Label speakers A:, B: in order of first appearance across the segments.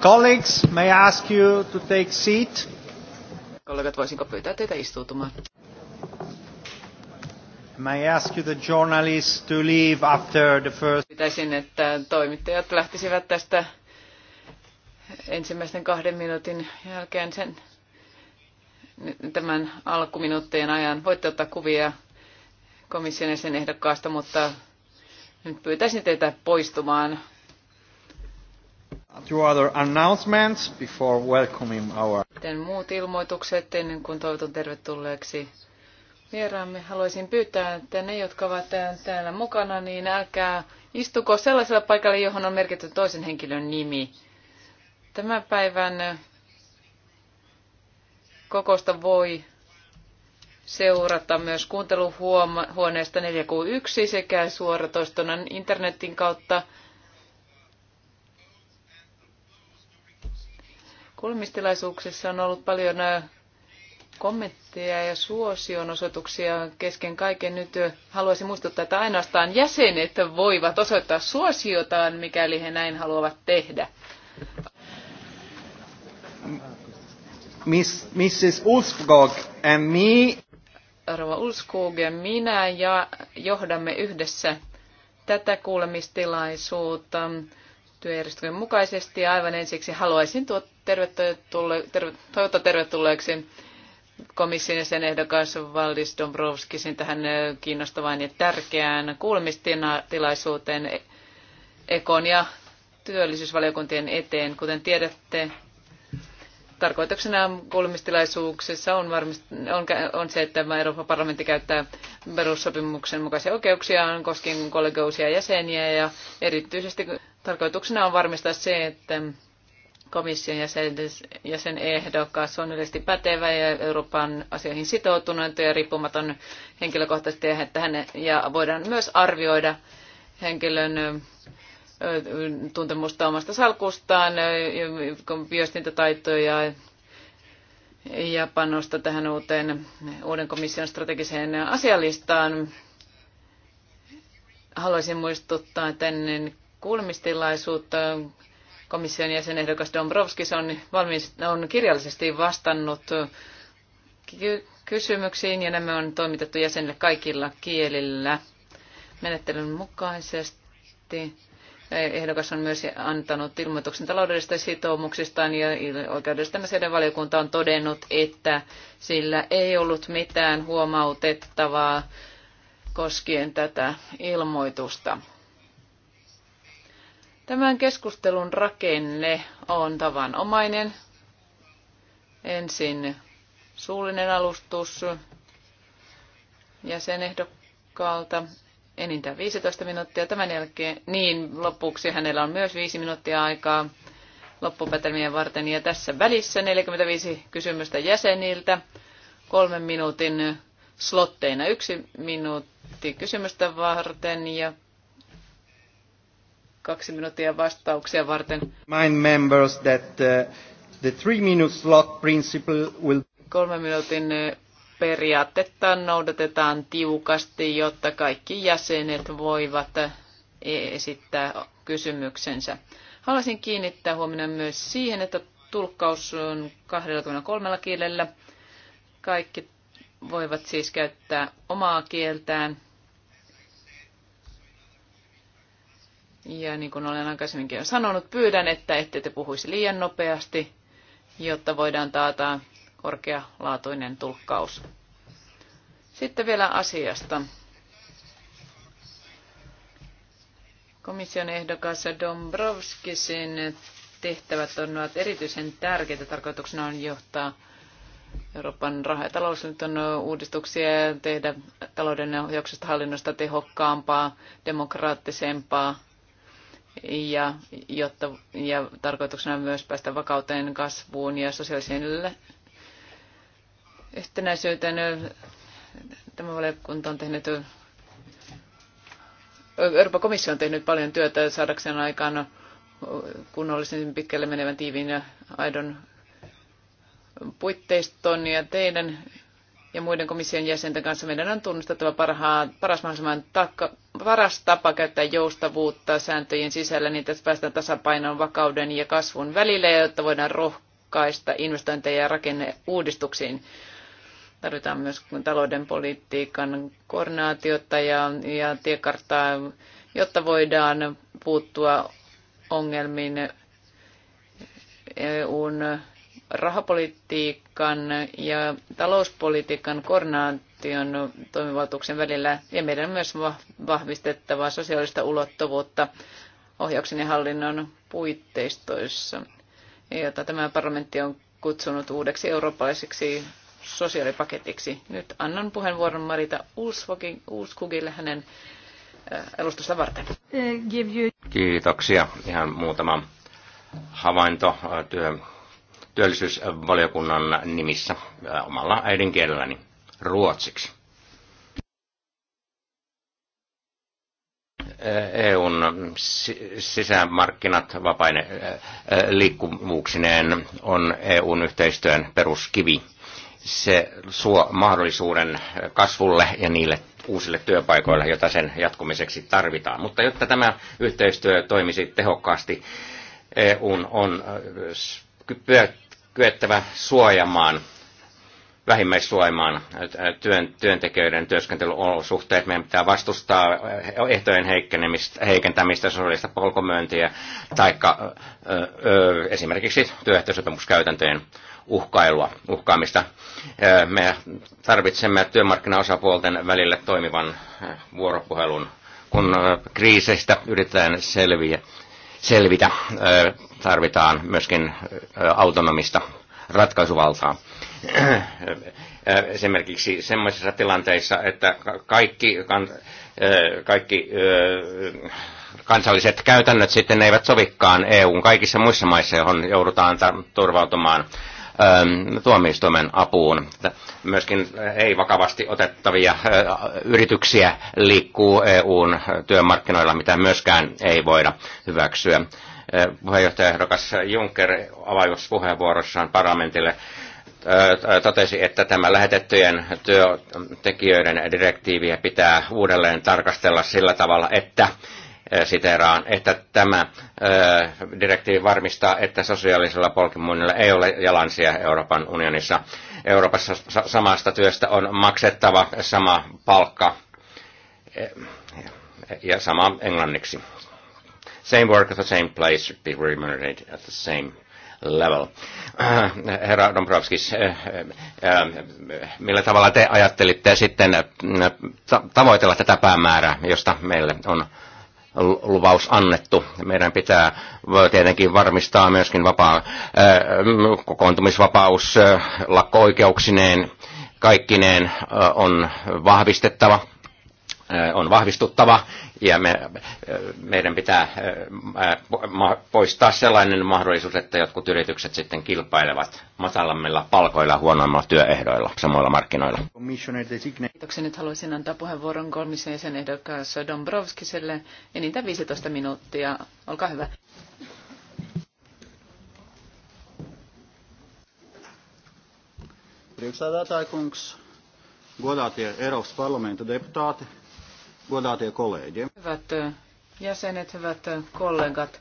A: Colleagues, may I ask you to take seat?
B: Kollegat, voisinko pyytää teitä istuutumaan?
A: May I ask you the journalists to leave after the first...
B: Pitäisin, että toimittajat lähtisivät tästä ensimmäisten kahden minuutin jälkeen sen tämän alkuminuuttien ajan. Voitte ottaa kuvia komission sen ehdokkaasta, mutta nyt pyytäisin teitä poistumaan
A: announcements before welcoming our...
B: Sitten muut ilmoitukset ennen kuin toivotan tervetulleeksi vieraamme. Haluaisin pyytää, että ne, jotka ovat täällä mukana, niin älkää istuko sellaisella paikalla, johon on merkitty toisen henkilön nimi. Tämän päivän kokosta voi seurata myös kuunteluhuoneesta 4Q1 sekä suoratoistona internetin kautta. Kuulemistilaisuuksissa on ollut paljon kommentteja ja suosionosoituksia kesken kaiken. Nyt haluaisin muistuttaa, että ainoastaan jäsenet voivat osoittaa suosiotaan, mikäli he näin haluavat tehdä.
A: Miss, Mrs. Ulskog and me.
B: Arvo Ulskog ja minä ja johdamme yhdessä tätä kuulemistilaisuutta työjärjestelmän mukaisesti. aivan ensiksi haluaisin tuottaa toivottaa tervetulleeksi komission sen ehdokas Valdis Dombrovskisin tähän kiinnostavaan ja tärkeään kuulemistilaisuuteen e- Ekon ja työllisyysvaliokuntien eteen. Kuten tiedätte, tarkoituksena kuulemistilaisuuksissa on, varmist, on, on se, että Euroopan parlamentti käyttää perussopimuksen mukaisia oikeuksiaan koskien kollegoisia jäseniä ja erityisesti tarkoituksena on varmistaa se, että komission jäsen, ehdokas on yleisesti pätevä ja Euroopan asioihin sitoutunut ja riippumaton henkilökohtaisesti, että hänen, ja voidaan myös arvioida henkilön tuntemusta omasta salkustaan, viestintätaitoja ja panosta tähän uuteen, uuden komission strategiseen asialistaan. Haluaisin muistuttaa, että ennen kuulemistilaisuutta komission jäsenehdokas Dombrovskis on, valmis, on kirjallisesti vastannut ky- kysymyksiin ja nämä on toimitettu jäsenille kaikilla kielillä menettelyn mukaisesti. Ehdokas on myös antanut ilmoituksen taloudellisista sitoumuksistaan ja oikeudellisten asioiden valiokunta on todennut, että sillä ei ollut mitään huomautettavaa koskien tätä ilmoitusta. Tämän keskustelun rakenne on tavanomainen. Ensin suullinen alustus jäsenehdokkaalta enintään 15 minuuttia. Tämän jälkeen, niin lopuksi hänellä on myös 5 minuuttia aikaa loppupätelmien varten. Ja tässä välissä 45 kysymystä jäseniltä, kolmen minuutin slotteina yksi minuutti kysymystä varten ja kaksi minuuttia vastauksia varten. Mind
A: members that uh, the three minute slot principle will...
B: Kolmen minuutin uh, periaatetta noudatetaan tiukasti, jotta kaikki jäsenet voivat uh, e- esittää kysymyksensä. Haluaisin kiinnittää huomenna myös siihen, että tulkkaus on 23 kielellä. Kaikki voivat siis käyttää omaa kieltään Ja niin kuin olen aikaisemminkin jo sanonut, pyydän, että ette te puhuisi liian nopeasti, jotta voidaan taata korkealaatuinen tulkkaus. Sitten vielä asiasta. Komission ehdokas Dombrovskisin tehtävät ovat erityisen tärkeitä. Tarkoituksena on johtaa Euroopan raha- ja talousliiton uudistuksia ja tehdä talouden ohjauksesta hallinnosta tehokkaampaa, demokraattisempaa ja, jotta, ja tarkoituksena on myös päästä vakauteen, kasvuun ja sosiaaliseen yhtenäisyyteen. Tämä valiokunta on tehnyt, Euroopan komissio on tehnyt paljon työtä saadakseen aikaan kunnollisen pitkälle menevän tiiviin ja aidon puitteiston ja teidän ja muiden komission jäsenten kanssa meidän on tunnustettava parhaa, paras mahdollisimman takka, paras tapa käyttää joustavuutta sääntöjen sisällä, niin että päästään tasapainoon vakauden ja kasvun välillä, jotta voidaan rohkaista investointeja ja rakenneuudistuksiin. Tarvitaan myös talouden politiikan koordinaatiota ja, ja tiekarttaa, jotta voidaan puuttua ongelmiin EUn rahapolitiikan ja talouspolitiikan koordinaatioon valtion toimivaltuuksien välillä ja meidän on myös vahvistettava sosiaalista ulottuvuutta ohjauksen ja hallinnon puitteistoissa, jota tämä parlamentti on kutsunut uudeksi eurooppalaiseksi sosiaalipaketiksi. Nyt annan puheenvuoron Marita Uuskugille hänen
C: äh, alustusta varten.
D: Kiitoksia. Ihan muutama havainto äh, työ, työllisyysvaliokunnan nimissä äh, omalla äidinkielelläni ruotsiksi. EUn e sisämarkkinat vapaine e-, liikkuvuuksineen on EUn yhteistyön peruskivi. Se suo mahdollisuuden kasvulle ja niille uusille työpaikoille, joita sen jatkumiseksi tarvitaan. Mutta jotta tämä yhteistyö toimisi tehokkaasti, EUn on e, kyettävä suojamaan vähimmäistuemaan työn, työntekijöiden työskentelyolosuhteet. Meidän pitää vastustaa ehtojen heikentämistä, sosiaalista polkomyöntiä tai esimerkiksi työehtosopimuskäytäntöjen uhkailua, uhkaamista. Me tarvitsemme työmarkkinaosapuolten välille toimivan vuoropuhelun, kun kriiseistä yritetään selviä, selvitä. Tarvitaan myöskin autonomista ratkaisuvaltaa Äh, esimerkiksi sellaisissa tilanteissa, että kaikki, äh, kaikki äh, kansalliset käytännöt sitten eivät sovikkaan EUn kaikissa muissa maissa, johon joudutaan turvautumaan ähm, tuomioistuimen apuun. Myöskin ei vakavasti otettavia yrityksiä liikkuu EUn työmarkkinoilla, mitä myöskään ei voida hyväksyä. Puheenjohtaja ehdokas Juncker puheenvuorossaan parlamentille totesi, että tämä lähetettyjen työntekijöiden direktiiviä pitää uudelleen tarkastella sillä tavalla, että siteraan, että tämä direktiivi varmistaa, että sosiaalisella polkimuunnilla ei ole jalansia Euroopan unionissa. Euroopassa samasta työstä on maksettava sama palkka e, ja sama englanniksi. Same work at the same place should be remunerated at the same level. Äh, herra Dombrovskis, äh, äh, millä tavalla te ajattelitte sitten tavoitella tätä päämäärää, josta meille on luvaus annettu. Meidän pitää tietenkin varmistaa myöskin vapaa, kokoontumisvapaus lakko-oikeuksineen, kaikkineen on vahvistettava on vahvistuttava ja me, meidän pitää poistaa sellainen mahdollisuus, että jotkut yritykset sitten kilpailevat matalammilla palkoilla, huonoimmilla työehdoilla, samoilla markkinoilla.
B: Kiitoksia. Nyt haluaisin antaa puheenvuoron komission ehdokas Dombrovskiselle enintään 15 minuuttia. Olkaa hyvä.
A: Priekšsēdētāji kungs, godātie Eiropas parlamenta deputāti,
B: Hyvät eh, jäsenet, hyvät eh, kollegat.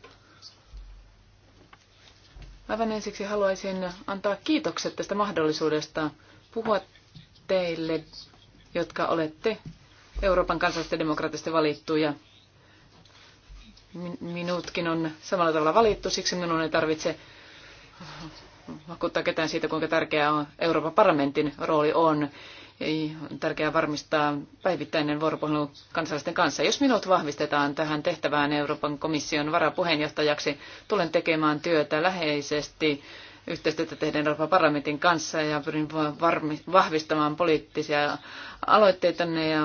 B: Aivan ensiksi haluaisin antaa kiitokset tästä mahdollisuudesta puhua teille, jotka olette Euroopan kansallisten demokraattisesti valittuja. Minutkin on samalla tavalla valittu, siksi minun ei tarvitse vakuuttaa ketään siitä, kuinka tärkeää on Euroopan parlamentin rooli on on tärkeää varmistaa päivittäinen vuoropuhelu kansalaisten kanssa. Jos minut vahvistetaan tähän tehtävään Euroopan komission varapuheenjohtajaksi, tulen tekemään työtä läheisesti yhteistyötä tehdään Euroopan parlamentin kanssa ja pyrin vahvistamaan poliittisia aloitteita ja,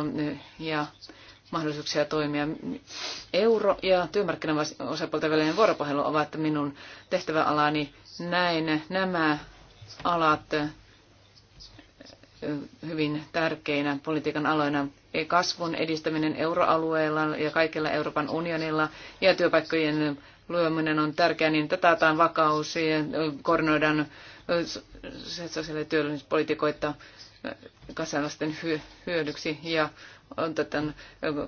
B: ja mahdollisuuksia toimia. Euro- ja työmarkkinaosapuolten välinen vuoropuhelu ovat minun tehtäväalani. Näin nämä alat hyvin tärkeinä politiikan aloina kasvun edistäminen euroalueella ja kaikilla Euroopan unionilla ja työpaikkojen luominen on tärkeää, niin tätä taataan vakaus ja koordinoidaan sosiaali- ja työllisyyspolitiikoita kansalaisten hyödyksi ja tämän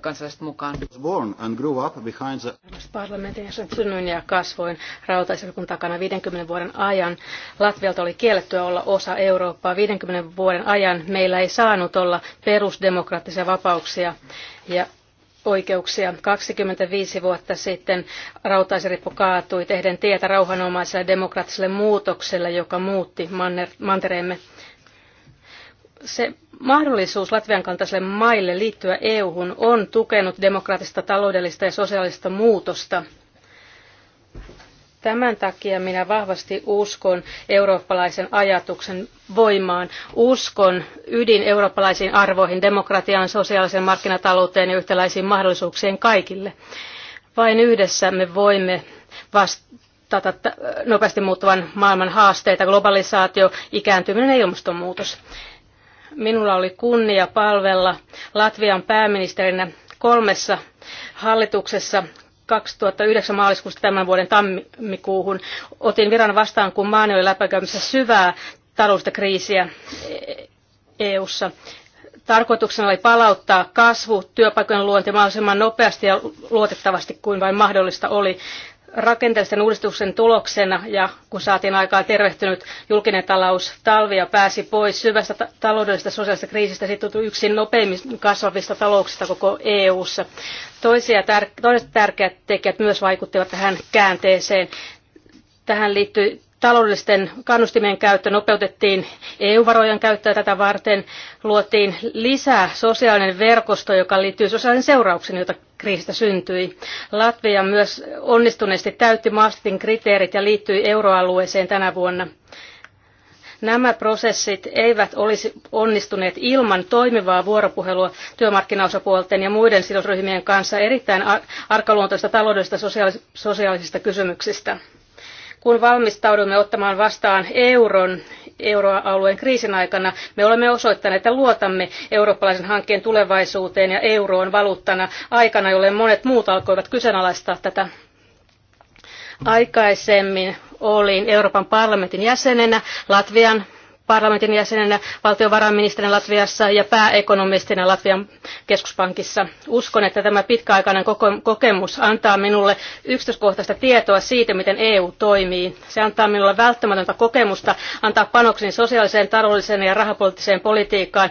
B: kansalaiset mukaan.
A: Born and grew up behind the...
C: Parlamentin synnyin ja kasvoin rautaiserkun takana 50 vuoden ajan. Latvialta oli kiellettyä olla osa Eurooppaa. 50 vuoden ajan meillä ei saanut olla perusdemokraattisia vapauksia ja oikeuksia. 25 vuotta sitten rautaisirippu kaatui tehden tietä rauhanomaiselle demokraattiselle muutokselle, joka muutti mantereemme se mahdollisuus Latvian kaltaiselle maille liittyä EU-hun on tukenut demokraattista, taloudellista ja sosiaalista muutosta. Tämän takia minä vahvasti uskon eurooppalaisen ajatuksen voimaan. Uskon ydin eurooppalaisiin arvoihin, demokratiaan, sosiaaliseen markkinatalouteen ja yhtäläisiin mahdollisuuksiin kaikille. Vain yhdessä me voimme vastata nopeasti muuttuvan maailman haasteita, globalisaatio, ikääntyminen ja ilmastonmuutos. Minulla oli kunnia palvella Latvian pääministerinä kolmessa hallituksessa 2009 maaliskuusta tämän vuoden tammikuuhun. Otin viran vastaan, kun maani oli läpikäymässä syvää taloudellista kriisiä EU:ssa. Tarkoituksena oli palauttaa kasvu, työpaikojen luonti mahdollisimman nopeasti ja luotettavasti kuin vain mahdollista oli rakenteellisen uudistuksen tuloksena ja kun saatiin aikaan tervehtynyt julkinen talous talvi ja pääsi pois syvästä taloudellisesta sosiaalisesta kriisistä, sitten tuli yksi nopeimmin kasvavista talouksista koko EU-ssa. Toisia tär- toiset tärkeät tekijät myös vaikuttivat tähän käänteeseen. Tähän liittyy taloudellisten kannustimien käyttö nopeutettiin EU-varojen käyttöä tätä varten, luotiin lisää sosiaalinen verkosto, joka liittyy sosiaalisen seurauksiin, jota kriisistä syntyi. Latvia myös onnistuneesti täytti Maastrichtin kriteerit ja liittyi euroalueeseen tänä vuonna. Nämä prosessit eivät olisi onnistuneet ilman toimivaa vuoropuhelua työmarkkinaosapuolten ja muiden sidosryhmien kanssa erittäin arkaluontoista taloudellisista sosiaalisista kysymyksistä. Kun valmistaudumme ottamaan vastaan euron euroalueen kriisin aikana, me olemme osoittaneet, että luotamme eurooppalaisen hankkeen tulevaisuuteen ja euroon valuuttana aikana, jolloin monet muut alkoivat kyseenalaistaa tätä aikaisemmin olin Euroopan parlamentin jäsenenä Latvian parlamentin jäsenenä, valtiovarainministerinä Latviassa ja pääekonomistina Latvian keskuspankissa. Uskon, että tämä pitkäaikainen kokemus antaa minulle yksityiskohtaista tietoa siitä, miten EU toimii. Se antaa minulle välttämätöntä kokemusta antaa panoksen sosiaaliseen, taloudelliseen ja rahapoliittiseen politiikkaan.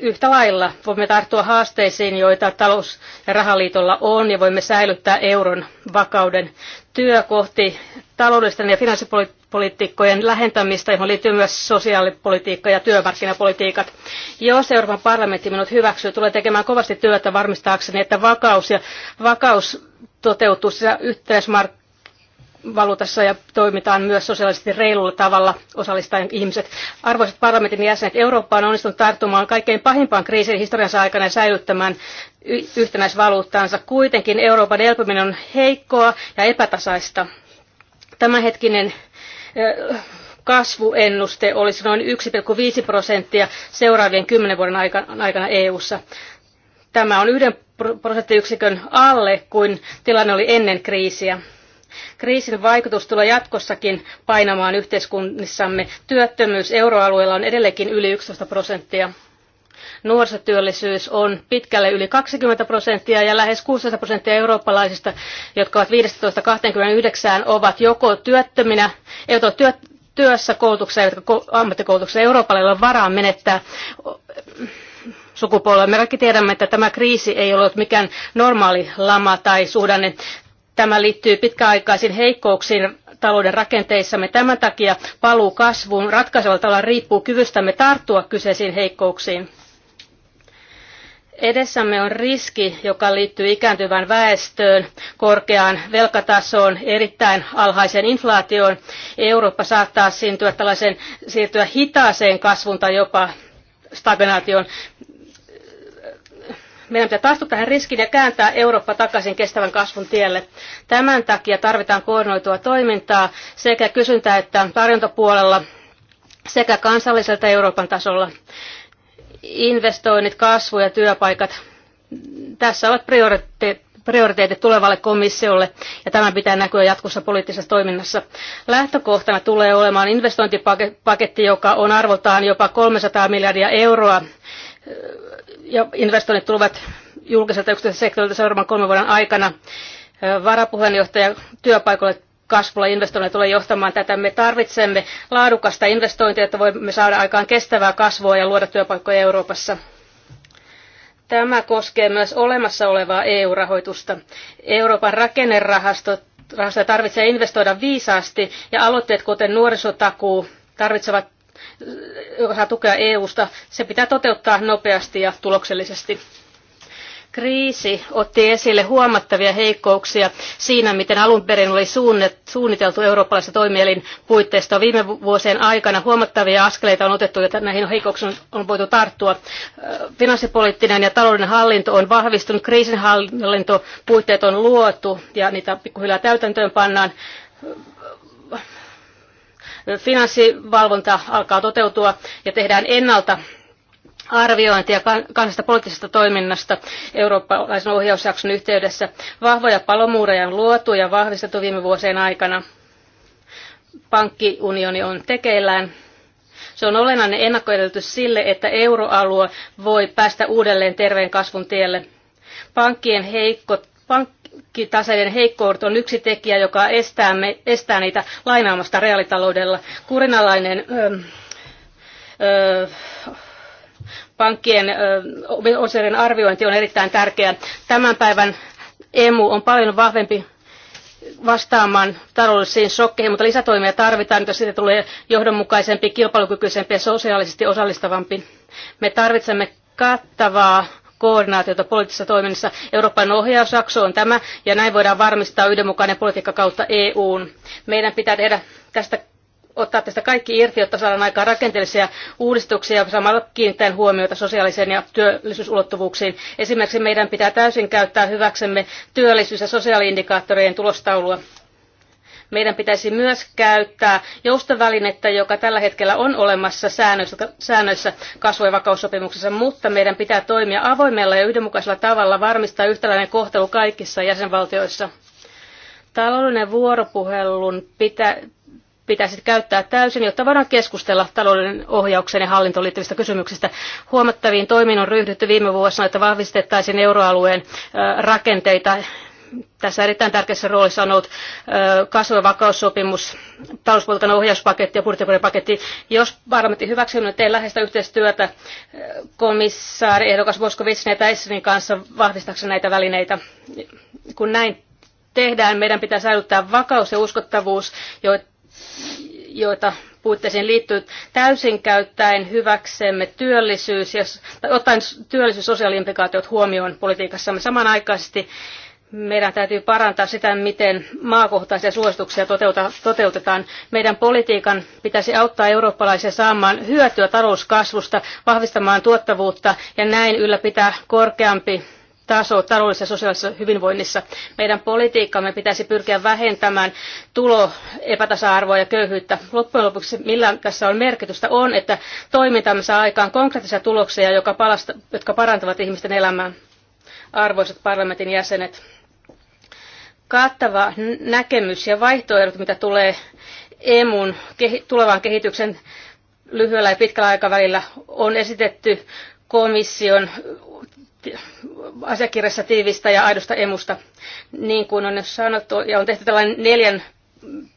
C: Yhtä lailla voimme tarttua haasteisiin, joita talous- ja rahaliitolla on, ja voimme säilyttää euron vakauden työ kohti taloudellisten ja finanssipoliittisten politiikkojen lähentämistä, johon liittyy myös sosiaalipolitiikka ja työmarkkinapolitiikat. Jos Euroopan parlamentti minut hyväksyy, tulee tekemään kovasti työtä varmistaakseni, että vakaus, ja, vakaus toteutuu yhteismarkkinoilla ja toimitaan myös sosiaalisesti reilulla tavalla osallistaen ihmiset. Arvoisat parlamentin jäsenet, Eurooppa on onnistunut tarttumaan kaikkein pahimpaan kriisiin historiansa aikana ja säilyttämään y- yhtenäisvaluuttaansa. Kuitenkin Euroopan elpyminen on heikkoa ja epätasaista. Tämänhetkinen kasvuennuste olisi noin 1,5 prosenttia seuraavien kymmenen vuoden aikana EU:ssa. Tämä on yhden prosenttiyksikön alle kuin tilanne oli ennen kriisiä. Kriisin vaikutus tulee jatkossakin painamaan yhteiskunnissamme. Työttömyys euroalueella on edelleenkin yli 11 prosenttia. Nuorisotyöllisyys on pitkälle yli 20 prosenttia ja lähes 16 prosenttia eurooppalaisista, jotka ovat 15-29, ovat joko työttöminä, eivät ole työssä koulutuksessa, eivätkä ammattikoulutuksessa. Euroopalla ei ole varaa menettää sukupolvea. Me kaikki tiedämme, että tämä kriisi ei ole mikään normaali lama tai suhdanne. Tämä liittyy pitkäaikaisiin heikkouksiin talouden rakenteissamme. Tämän takia paluu kasvuun ratkaisevalla tavalla riippuu kyvystämme tarttua kyseisiin heikkouksiin. Edessämme on riski, joka liittyy ikääntyvään väestöön, korkeaan velkatasoon, erittäin alhaiseen inflaatioon. Eurooppa saattaa syntyä tällaisen, siirtyä hitaaseen kasvun tai jopa stagnaation. Meidän pitää tarttua tähän riskiin ja kääntää Eurooppa takaisin kestävän kasvun tielle. Tämän takia tarvitaan koordinoitua toimintaa sekä kysyntä- että tarjontapuolella sekä kansallisella että Euroopan tasolla investoinnit, kasvu ja työpaikat, tässä ovat prioriteetit prioriteetit tulevalle komissiolle ja tämä pitää näkyä jatkossa poliittisessa toiminnassa. Lähtökohtana tulee olemaan investointipaketti, joka on arvoltaan jopa 300 miljardia euroa ja investoinnit tulevat julkiselta yksityiseltä sektorilta seuraavan kolmen vuoden aikana. Varapuheenjohtaja työpaikoille kasvulla investoinnit tulee johtamaan tätä. Me tarvitsemme laadukasta investointia, että voimme saada aikaan kestävää kasvua ja luoda työpaikkoja Euroopassa. Tämä koskee myös olemassa olevaa EU-rahoitusta. Euroopan rakennerahasto rahastoja tarvitsee investoida viisaasti ja aloitteet, kuten nuorisotakuu, tarvitsevat äh, tukea EU-sta, se pitää toteuttaa nopeasti ja tuloksellisesti. Kriisi otti esille huomattavia heikkouksia siinä, miten alun perin oli suunniteltu eurooppalaisen toimielin puitteista. Viime vuosien aikana huomattavia askeleita on otettu, ja näihin heikkouksiin on voitu tarttua. Finanssipoliittinen ja talouden hallinto on vahvistunut, kriisinhallintopuitteet on luotu, ja niitä pikkuhiljaa täytäntöön pannaan finanssivalvonta alkaa toteutua ja tehdään ennalta arviointia kansallisesta poliittisesta toiminnasta eurooppalaisen ohjausjakson yhteydessä. Vahvoja palomuureja on luotu ja vahvistettu viime vuosien aikana. Pankkiunioni on tekeillään. Se on olennainen ennakkoedellytys sille, että euroalue voi päästä uudelleen terveen kasvun tielle. Pankkien heikko, pankkitaseiden heikkoudet on yksi tekijä, joka estää, me, estää niitä lainaamasta reaalitaloudella. Kurinalainen öö, öö, pankkien osioiden arviointi on erittäin tärkeää. Tämän päivän emu on paljon vahvempi vastaamaan taloudellisiin shokkeihin, mutta lisätoimia tarvitaan, jotta siitä tulee johdonmukaisempi, kilpailukykyisempi ja sosiaalisesti osallistavampi. Me tarvitsemme kattavaa koordinaatiota poliittisessa toiminnassa. Euroopan ohjausjakso on tämä, ja näin voidaan varmistaa yhdenmukainen politiikka kautta EUn. Meidän pitää tehdä tästä ottaa tästä kaikki irti, jotta saadaan aikaan rakenteellisia uudistuksia samalla kiinnittäen huomiota sosiaaliseen ja työllisyysulottuvuuksiin. Esimerkiksi meidän pitää täysin käyttää hyväksemme työllisyys- ja sosiaaliindikaattoreiden tulostaulua. Meidän pitäisi myös käyttää joustovälinettä, joka tällä hetkellä on olemassa säännöissä, säännöissä kasvu- ja vakaussopimuksessa, mutta meidän pitää toimia avoimella ja yhdenmukaisella tavalla varmistaa yhtäläinen kohtelu kaikissa jäsenvaltioissa. Taloudellinen vuoropuhelun pitä, pitäisi käyttää täysin, jotta voidaan keskustella talouden ohjauksen ja hallintoon liittyvistä kysymyksistä. Huomattaviin toimiin on ryhdytty viime vuosina, että vahvistettaisiin euroalueen rakenteita. Tässä erittäin tärkeässä roolissa on ollut kasvu- ja vakaussopimus, talouspolitiikan ohjauspaketti ja budjettikuripaketti. Jos parlamentti hyväksyy, niin teen läheistä yhteistyötä komissaari ehdokas Voskovitsin ja Täissinin kanssa vahvistakseen näitä välineitä. Kun näin tehdään, meidän pitää säilyttää vakaus ja uskottavuus, joita joita puitteisiin liittyy täysin käyttäen hyväksemme työllisyys ja ottaen työllisyys- sosiaaliimplikaatiot huomioon politiikassamme samanaikaisesti meidän täytyy parantaa sitä, miten maakohtaisia suosituksia toteutetaan. Meidän politiikan pitäisi auttaa eurooppalaisia saamaan hyötyä talouskasvusta, vahvistamaan tuottavuutta ja näin ylläpitää korkeampi taso taloudellisessa ja sosiaalisessa hyvinvoinnissa. Meidän politiikkamme pitäisi pyrkiä vähentämään tulo, epätasa-arvoa ja köyhyyttä. Loppujen lopuksi, millä tässä on merkitystä, on, että toimintamme saa aikaan konkreettisia tuloksia, joka palasta, jotka parantavat ihmisten elämää. Arvoisat parlamentin jäsenet, kattava näkemys ja vaihtoehdot, mitä tulee EMUn tulevan kehityksen lyhyellä ja pitkällä aikavälillä, on esitetty komission asiakirjassa tiivistä ja aidosta emusta. Niin kuin on sanottu, ja on tehty tällainen neljän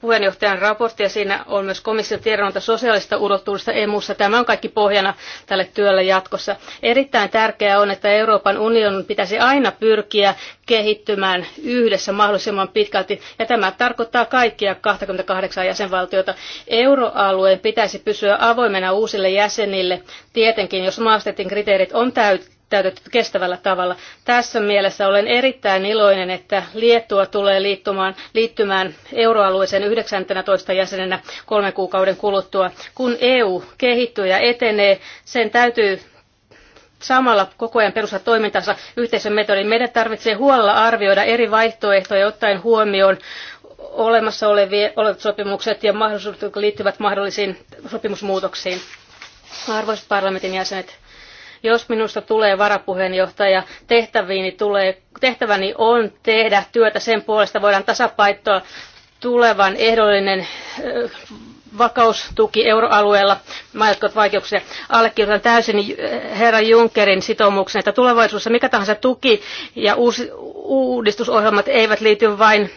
C: puheenjohtajan raportti, ja siinä on myös komission tiedonanto sosiaalista ulottuvuudesta emussa. Tämä on kaikki pohjana tälle työlle jatkossa. Erittäin tärkeää on, että Euroopan unionin pitäisi aina pyrkiä kehittymään yhdessä mahdollisimman pitkälti, ja tämä tarkoittaa kaikkia 28 jäsenvaltiota. Euroalueen pitäisi pysyä avoimena uusille jäsenille, tietenkin jos maastetin kriteerit on täytetty täytetty kestävällä tavalla. Tässä mielessä olen erittäin iloinen, että Liettua tulee liittymään, liittymään euroalueeseen 19 jäsenenä kolmen kuukauden kuluttua. Kun EU kehittyy ja etenee, sen täytyy samalla koko ajan perustaa toimintansa yhteisön metodin. Meidän tarvitsee huolella arvioida eri vaihtoehtoja ottaen huomioon olemassa olevat sopimukset ja mahdollisuudet, jotka liittyvät mahdollisiin sopimusmuutoksiin. Arvoisat parlamentin jäsenet, jos minusta tulee varapuheenjohtaja, tehtäviini tulee, tehtäväni on tehdä työtä sen puolesta, voidaan tasapaittoa tulevan ehdollinen vakaustuki euroalueella, maat, jotka ovat vaikeuksia. Allekirjoitan täysin herra Junckerin sitoumuksen, että tulevaisuudessa mikä tahansa tuki ja uusi, uudistusohjelmat eivät liity vain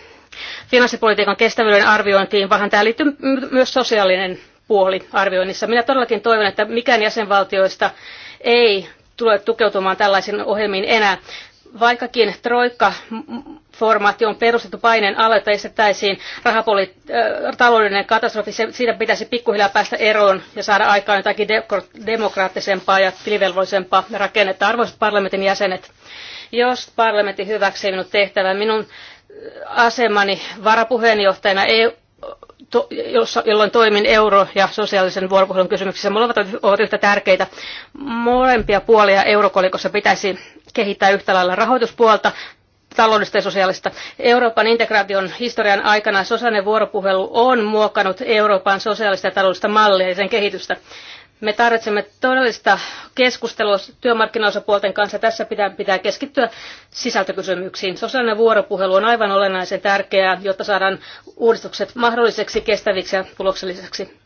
C: finanssipolitiikan kestävyyden arviointiin, vaan tämä liittyy myös sosiaalinen puoli arvioinnissa. Minä todellakin toivon, että mikään jäsenvaltioista ei tule tukeutumaan tällaisiin ohjelmiin enää. Vaikkakin Troikka-formaatti on perustettu paineen alle, että estettäisiin rahapoli- äh, taloudellinen katastrofi, siitä pitäisi pikkuhiljaa päästä eroon ja saada aikaan jotakin de- demokraattisempaa ja tilivelvollisempaa rakennetta. Arvoisat parlamentin jäsenet, jos parlamentti hyväksyy minun tehtävän, minun äh, asemani varapuheenjohtajana e- to, jolloin toimin euro- ja sosiaalisen vuoropuhelun kysymyksissä. Molemmat ovat yhtä tärkeitä. Molempia puolia eurokolikossa pitäisi kehittää yhtä lailla rahoituspuolta, taloudellista ja sosiaalista. Euroopan integraation historian aikana sosiaalinen vuoropuhelu on muokannut Euroopan sosiaalista ja taloudellista mallia ja sen kehitystä. Me tarvitsemme todellista keskustelua työmarkkinaosapuolten kanssa. Tässä pitää, pitää keskittyä sisältökysymyksiin. Sosiaalinen vuoropuhelu on aivan olennaisen tärkeää, jotta saadaan uudistukset mahdolliseksi, kestäviksi ja tulokselliseksi.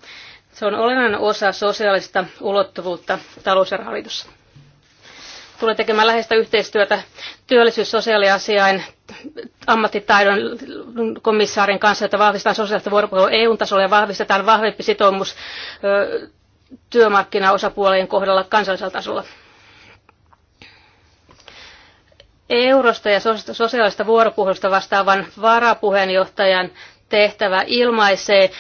C: Se on olennainen osa sosiaalista ulottuvuutta talous- ja rahaliitossa. Tulen tekemään läheistä yhteistyötä työllisyys- sosiaaliasiain ammattitaidon komissaarin kanssa, jotta vahvistetaan sosiaalista vuoropuhelua EU-tasolla ja vahvistetaan vahvempi sitoumus työmarkkinaosapuolien kohdalla kansallisella tasolla. Eurosta ja sosiaalista vuoropuhelusta vastaavan varapuheenjohtajan tehtävä ilmaisee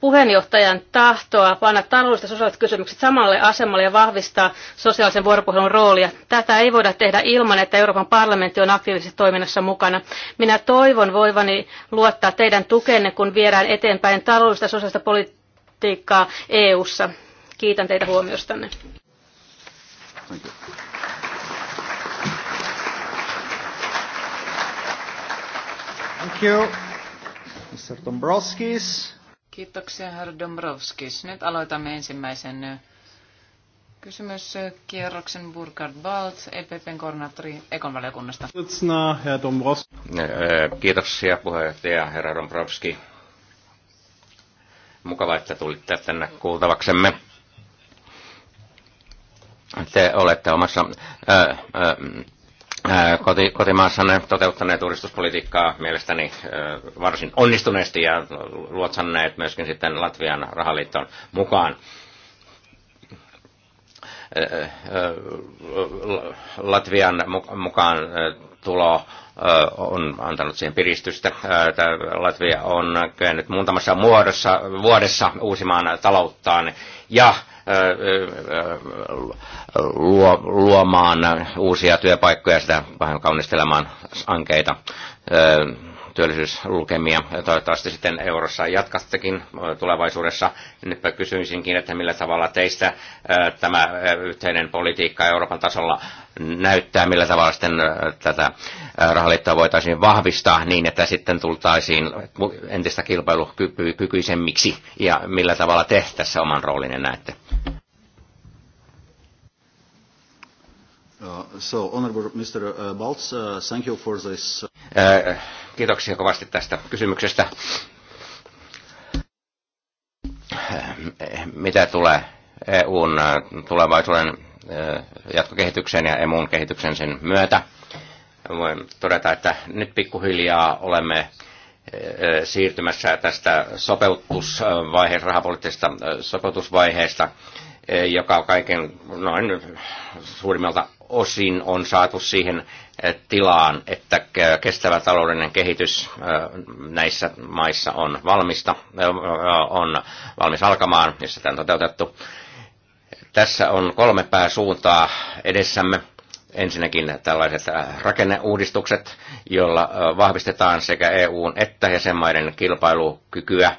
C: puheenjohtajan tahtoa panna taloudelliset ja sosiaaliset kysymykset samalle asemalle ja vahvistaa sosiaalisen vuoropuhelun roolia. Tätä ei voida tehdä ilman, että Euroopan parlamentti on aktiivisesti toiminnassa mukana. Minä toivon voivani luottaa teidän tukenne, kun viedään eteenpäin taloudellista ja sosiaalista politiikkaa EU-ssa. Kiitän teitä huomiostanne. Thank you.
A: Thank you. Mr. Dombrovskis.
B: Kiitoksia, herra Dombrovskis. Nyt aloitamme ensimmäisen Kysymyskierroksen Burkhard Balt, EPPn koordinaattori Ekon valiokunnasta.
D: Kiitoksia puheenjohtaja herra Dombrovski. Mukava, että tulitte tänne kuultavaksemme te olette omassa ää, ää, koti, kotimaassanne toteuttaneet uudistuspolitiikkaa mielestäni varsin onnistuneesti ja luotsanneet myöskin sitten Latvian rahaliiton mukaan. Latvian mukaan tulo on antanut siihen piristystä. Latvia on kyennyt muutamassa muodossa, vuodessa uusimaan talouttaan ja luo, luomaan uusia työpaikkoja, sitä vähän kaunistelemaan ankeita työllisyyslukemia. Toivottavasti sitten eurossa jatkattekin tulevaisuudessa. Nyt kysyisinkin, että millä tavalla teistä tämä yhteinen politiikka Euroopan tasolla näyttää, millä tavalla sitten tätä rahaliittoa voitaisiin vahvistaa niin, että sitten tultaisiin entistä kilpailukykyisemmiksi ja millä tavalla te tässä oman roolinne näette?
A: Uh, so, honorable Mr. Uh, uh, thank you for this. Uh,
D: Kiitoksia kovasti tästä kysymyksestä. Mitä tulee EUn äh, tulevaisuuden äh, jatkokehitykseen ja EMUn kehityksen sen myötä? Voin todeta, että nyt pikkuhiljaa olemme äh, siirtymässä tästä sopeutusvaiheesta, rahapoliittisesta sopeutusvaiheesta, joka kaiken noin suurimmalta osin on saatu siihen Eh, tilaan, että eh, kestävä taloudellinen kehitys eh, näissä maissa on valmista, on valmis alkamaan, jossa tämä on toteutettu. Tässä on kolme pääsuuntaa edessämme. Ensinnäkin tällaiset rakenneuudistukset, joilla vahvistetaan sekä EUn että jäsenmaiden kilpailukykyä,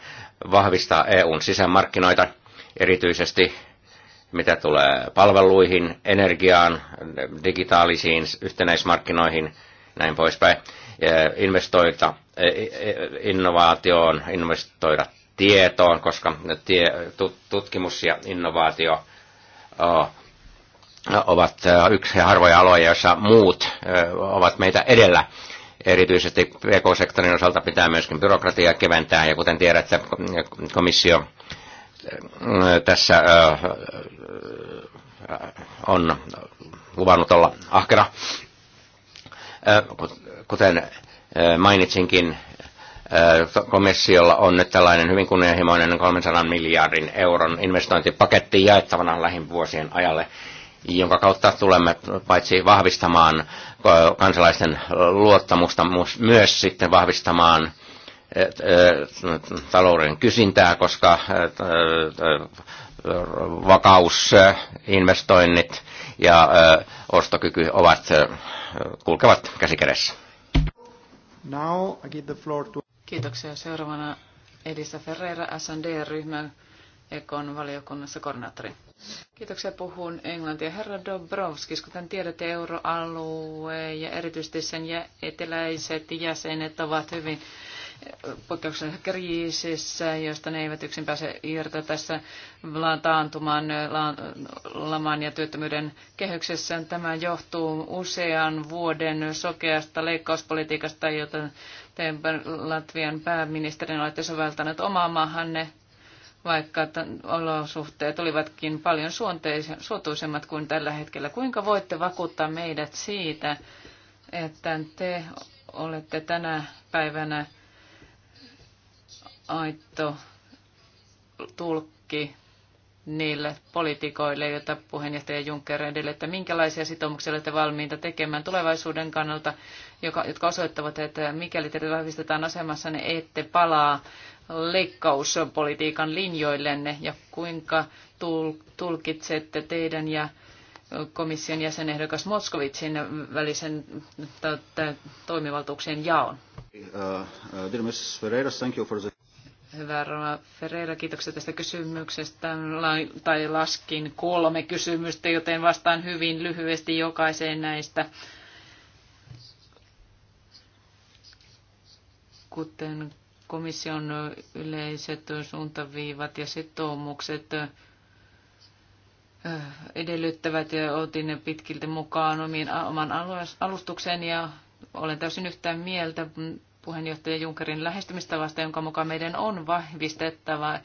D: vahvistaa EUn sisämarkkinoita, erityisesti mitä tulee palveluihin, energiaan, digitaalisiin yhtenäismarkkinoihin, näin poispäin, investoita e, e, e, innovaatioon, investoida tietoon, koska tie, tutkimus ja innovaatio ovat yksi harvoja aloja, joissa muut ovat meitä edellä. Erityisesti pk-sektorin osalta pitää myöskin byrokratiaa keventää, ja kuten tiedätte, komissio tässä on luvannut olla ahkera. Kuten mainitsinkin, komissiolla on nyt tällainen hyvin kunnianhimoinen 300 miljardin euron investointipaketti jaettavana lähivuosien ajalle, jonka kautta tulemme paitsi vahvistamaan kansalaisten luottamusta, myös sitten vahvistamaan talouden kysyntää, koska vakaus, investoinnit ja e, ostokyky ovat, e, kulkevat käsikädessä.
B: Now I give the floor to... Kiitoksia. Seuraavana Elisa Ferreira, SND-ryhmän Ekon valiokunnassa koordinaattori. Kiitoksia. Puhun englantia. Herra Dobrovskis, kuten tiedätte, euroalue ja erityisesti sen eteläiset jäsenet ovat hyvin poikkeuksellisessa kriisissä, josta ne eivät yksin pääse irti tässä taantuman, laman ja työttömyyden kehyksessä. Tämä johtuu usean vuoden sokeasta leikkauspolitiikasta, jota te Latvian pääministerin olette soveltaneet omaa maahanne vaikka olosuhteet olivatkin paljon suotuisemmat kuin tällä hetkellä. Kuinka voitte vakuuttaa meidät siitä, että te olette tänä päivänä aito tulkki niille poliitikoille, joita puheenjohtaja Juncker että minkälaisia sitoumuksia olette valmiita tekemään tulevaisuuden kannalta, joka, jotka osoittavat, että mikäli teitä vahvistetaan asemassa, ne niin ette palaa leikkauspolitiikan linjoillenne ja kuinka tul, tulkitsette teidän ja komission jäsenehdokas Moskovitsin välisen toimivaltuuksien jaon.
A: Uh, uh,
B: Hyvä Rova Ferreira, kiitoksia tästä kysymyksestä. Tai laskin kolme kysymystä, joten vastaan hyvin lyhyesti jokaiseen näistä. Kuten komission yleiset suuntaviivat ja sitoumukset edellyttävät ja otin ne pitkiltä mukaan omien, oman alustukseen ja olen täysin yhtään mieltä puheenjohtaja Junckerin lähestymistavasta, jonka mukaan meidän on vahvistettava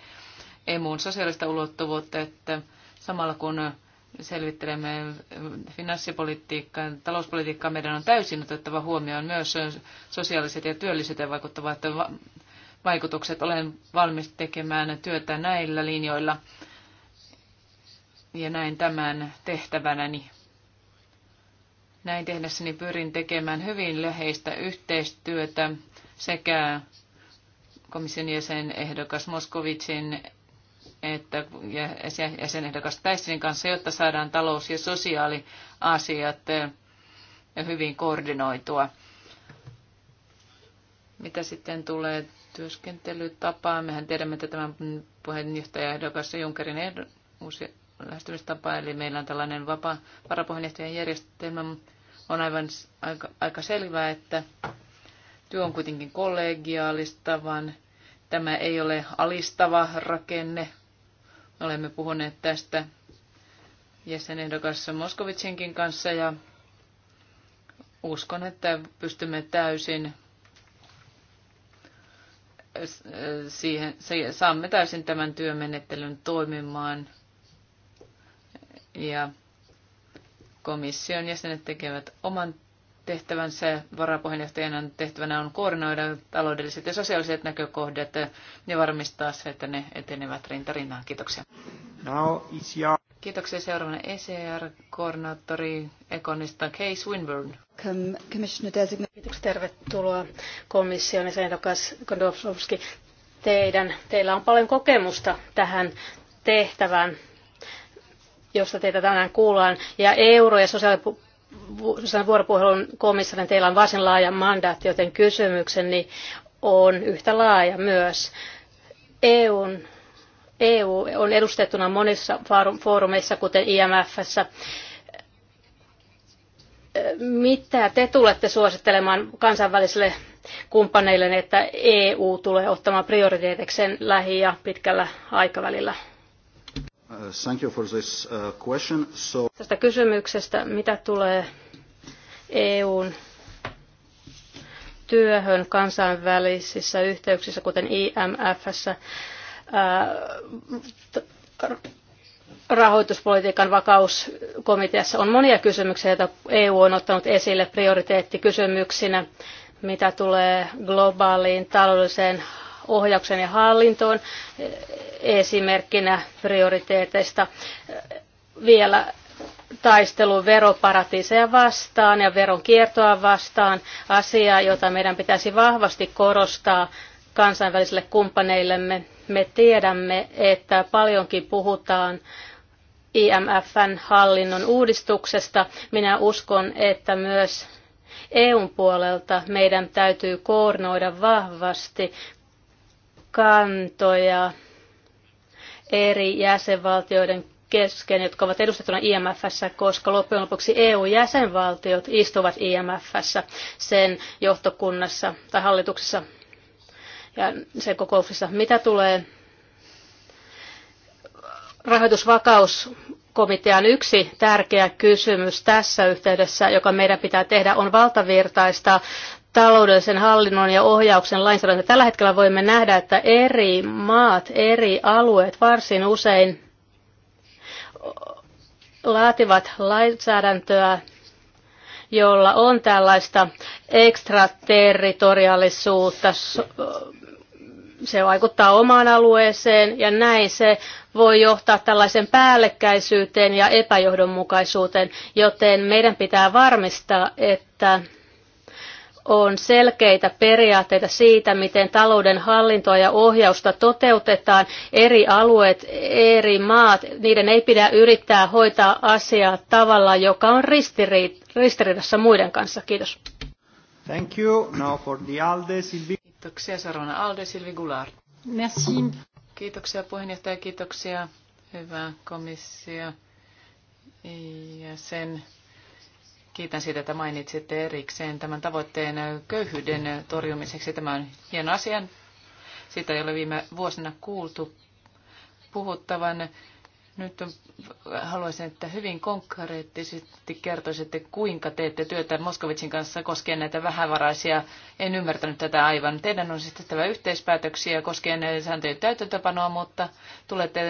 B: EMUn sosiaalista ulottuvuutta, että samalla kun selvittelemme finanssipolitiikkaa, talouspolitiikkaa, meidän on täysin otettava huomioon myös sosiaaliset ja työllisyyteen vaikuttavat vaikutukset. Olen valmis tekemään työtä näillä linjoilla ja näin tämän tehtävänäni. Näin tehdessäni pyrin tekemään hyvin läheistä yhteistyötä sekä komission jäsenehdokas Moskovitsin että jäsenehdokas Täissin kanssa, jotta saadaan talous- ja sosiaaliasiat eh, hyvin koordinoitua. Mitä sitten tulee työskentelytapaan? Mehän tiedämme, että tämän puheenjohtajaehdokas Junkerin ehdo, uusi lähestymistapa, eli meillä on tällainen vapaa varapuheenjohtajan järjestelmä, on aivan aika, aika selvää, että työ on kuitenkin kollegiaalista, vaan tämä ei ole alistava rakenne. Olemme puhuneet tästä jäsenehdokassa Moskovitsinkin kanssa ja uskon, että pystymme täysin siihen, saamme täysin tämän työmenettelyn toimimaan ja komission jäsenet tekevät oman tehtävänsä. Varapuheenjohtajan tehtävänä on koordinoida taloudelliset ja sosiaaliset näkökohdat ja varmistaa se, että ne etenevät rinta rinnaan. Kiitoksia. Now it's your... Kiitoksia seuraavana ECR-koordinaattori Ekonista Kay Swinburne.
C: Kiitoksia, tervetuloa komission jäsenedokas Kondopsovski. Teidän, teillä on paljon kokemusta tähän tehtävään josta teitä tänään kuullaan. Ja euro- ja sosiaalisen vuoropuhelun komissarin teillä on varsin laaja mandaatti, joten kysymykseni on yhtä laaja myös. EUn, EU on edustettuna monissa foorumeissa, kuten IMFssä. Mitä te tulette suosittelemaan kansainvälisille kumppaneille, että EU tulee ottamaan prioriteetikseen lähi- ja pitkällä aikavälillä?
A: Uh, thank you for this uh, question. So...
C: Tästä kysymyksestä, mitä tulee EUn työhön kansainvälisissä yhteyksissä, kuten IMFssä, äh, rahoituspolitiikan vakauskomiteassa on monia kysymyksiä, joita EU on ottanut esille prioriteettikysymyksinä, mitä tulee globaaliin taloudelliseen ohjaukseen ja hallintoon esimerkkinä prioriteeteista vielä taistelun veroparatiiseja vastaan ja veronkiertoa vastaan, asia, jota meidän pitäisi vahvasti korostaa kansainvälisille kumppaneillemme. Me tiedämme, että paljonkin puhutaan IMFn hallinnon uudistuksesta. Minä uskon, että myös EUn puolelta meidän täytyy koordinoida vahvasti kantoja eri jäsenvaltioiden kesken, jotka ovat edustettuna IMFssä, koska loppujen lopuksi EU-jäsenvaltiot istuvat IMFssä sen johtokunnassa tai hallituksessa ja sen kokouksessa. Mitä tulee Komitean yksi tärkeä kysymys tässä yhteydessä, joka meidän pitää tehdä, on valtavirtaista taloudellisen hallinnon ja ohjauksen lainsäädäntö. Tällä hetkellä voimme nähdä, että eri maat, eri alueet varsin usein laativat lainsäädäntöä, jolla on tällaista ekstraterritoriaalisuutta. Se vaikuttaa omaan alueeseen ja näin se voi johtaa tällaisen päällekkäisyyteen ja epäjohdonmukaisuuteen, joten meidän pitää varmistaa, että on selkeitä periaatteita siitä, miten talouden hallintoa ja ohjausta toteutetaan. Eri alueet, eri maat, niiden ei pidä yrittää hoitaa asiaa tavalla, joka on ristiriidassa muiden kanssa. Kiitos.
B: Thank you. Now for the Alde, Silvi. Kiitoksia Sarona Alde, Silvi Goulart. Merci. Kiitoksia puheenjohtaja, kiitoksia hyvä komissio ja sen Kiitän siitä, että mainitsitte erikseen tämän tavoitteen köyhyyden torjumiseksi. Tämä on hieno asia. Sitä ei ole viime vuosina kuultu puhuttavan. Nyt on, haluaisin, että hyvin konkreettisesti kertoisitte, kuinka teette työtä Moskovitsin kanssa koskien näitä vähävaraisia. En ymmärtänyt tätä aivan. Teidän on siis tehtävä yhteispäätöksiä koskien sääntöjen täytäntöpanoa, mutta tulette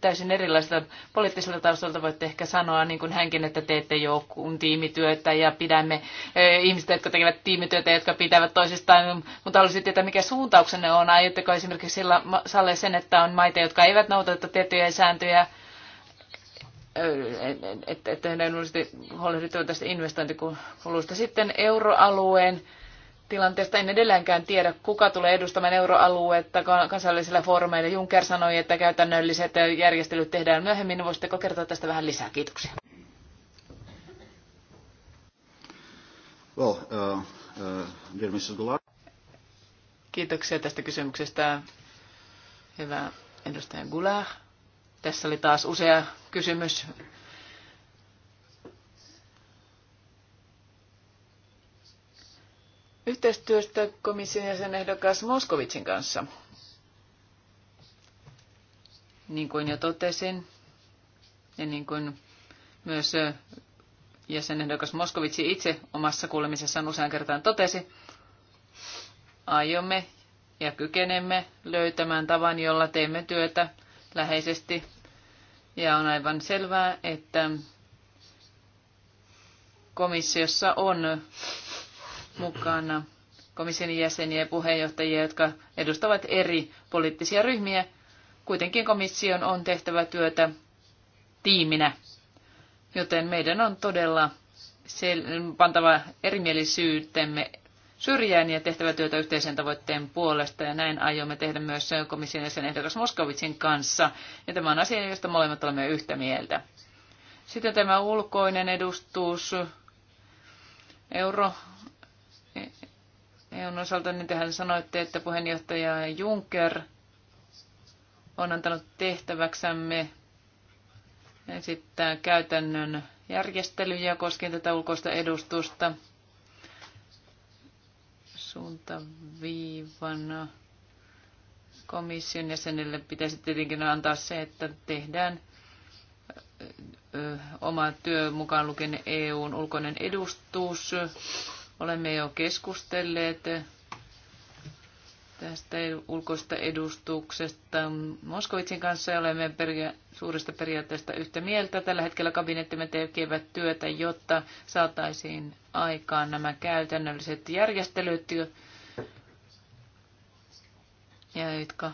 B: täysin erilaiselta poliittiselta taustalta. Voitte ehkä sanoa, niin kuin hänkin, että teette jonkun tiimityötä ja pidämme e, ihmistä, jotka tekevät tiimityötä, jotka pitävät toisistaan. Mutta haluaisin tietää, mikä suuntauksenne on. Aiotteko esimerkiksi sillä, salle sen, että on maita, jotka eivät noudata tiettyjä sääntöjä että, että heidän olisi huolehdittava tästä investointikulusta. Sitten euroalueen tilanteesta en edelleenkään tiedä, kuka tulee edustamaan euroaluetta kansallisilla foorumeilla. Juncker sanoi, että käytännölliset järjestelyt tehdään myöhemmin. Voisitteko kertoa tästä vähän lisää? Kiitoksia.
A: Well, uh, uh, dear Mrs.
B: Kiitoksia tästä kysymyksestä, hyvä edustaja Goulart. Tässä oli taas usea kysymys. Yhteistyöstä komission ehdokas Moskovitsin kanssa. Niin kuin jo totesin, ja niin kuin myös jäsenehdokas Moskovitsi itse omassa kuulemisessaan usean kertaan totesi, aiomme ja kykenemme löytämään tavan, jolla teemme työtä läheisesti. Ja on aivan selvää, että komissiossa on mukana komission jäseniä ja puheenjohtajia, jotka edustavat eri poliittisia ryhmiä. Kuitenkin komission on tehtävä työtä tiiminä, joten meidän on todella pantava erimielisyytemme syrjään ja tehtävä työtä yhteisen tavoitteen puolesta. Ja näin aiomme tehdä myös komission jäsen ehdokas Moskovitsin kanssa. Ja tämä on asia, josta molemmat olemme yhtä mieltä. Sitten tämä ulkoinen edustus euro EUn osalta, niin tehän sanoitte, että puheenjohtaja Juncker on antanut tehtäväksämme esittää käytännön järjestelyjä koskien tätä ulkoista edustusta suuntaviivana komission jäsenelle pitäisi tietenkin antaa se, että tehdään oma työ mukaan lukien EUn ulkoinen edustus. Olemme jo keskustelleet tästä ulkoista edustuksesta Moskovitsin kanssa olemme peria- suuresta periaatteesta yhtä mieltä. Tällä hetkellä kabinettimme tekevät työtä, jotta saataisiin aikaan nämä käytännölliset järjestelyt, ja jotka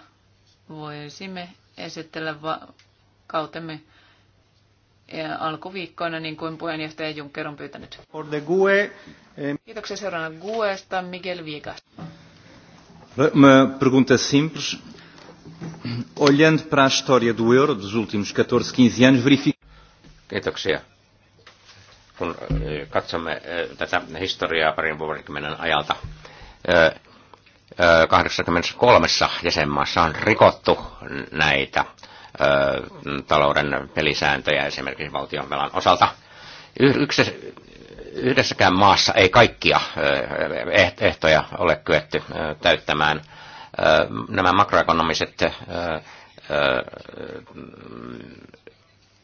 B: voisimme esitellä va- kautemme ja alkuviikkoina, niin kuin puheenjohtaja Juncker on pyytänyt. E, eh, Kiitoksia seuraavana GUEsta, Miguel Viegas.
A: Uma pergunta simples. Olhando para a história do euro dos últimos 14, 15 anos, verifica... Kiitoksia.
D: Kun eh, katsomme eh, tätä historiaa parin vuosikymmenen ajalta, 83 eh, jäsenmaassa on rikottu näitä talouden pelisääntöjä esimerkiksi valtionvelan osalta. Yksi yhdessäkään maassa ei kaikkia eh, eh, ehtoja ole kyetty täyttämään. Nämä makroekonomiset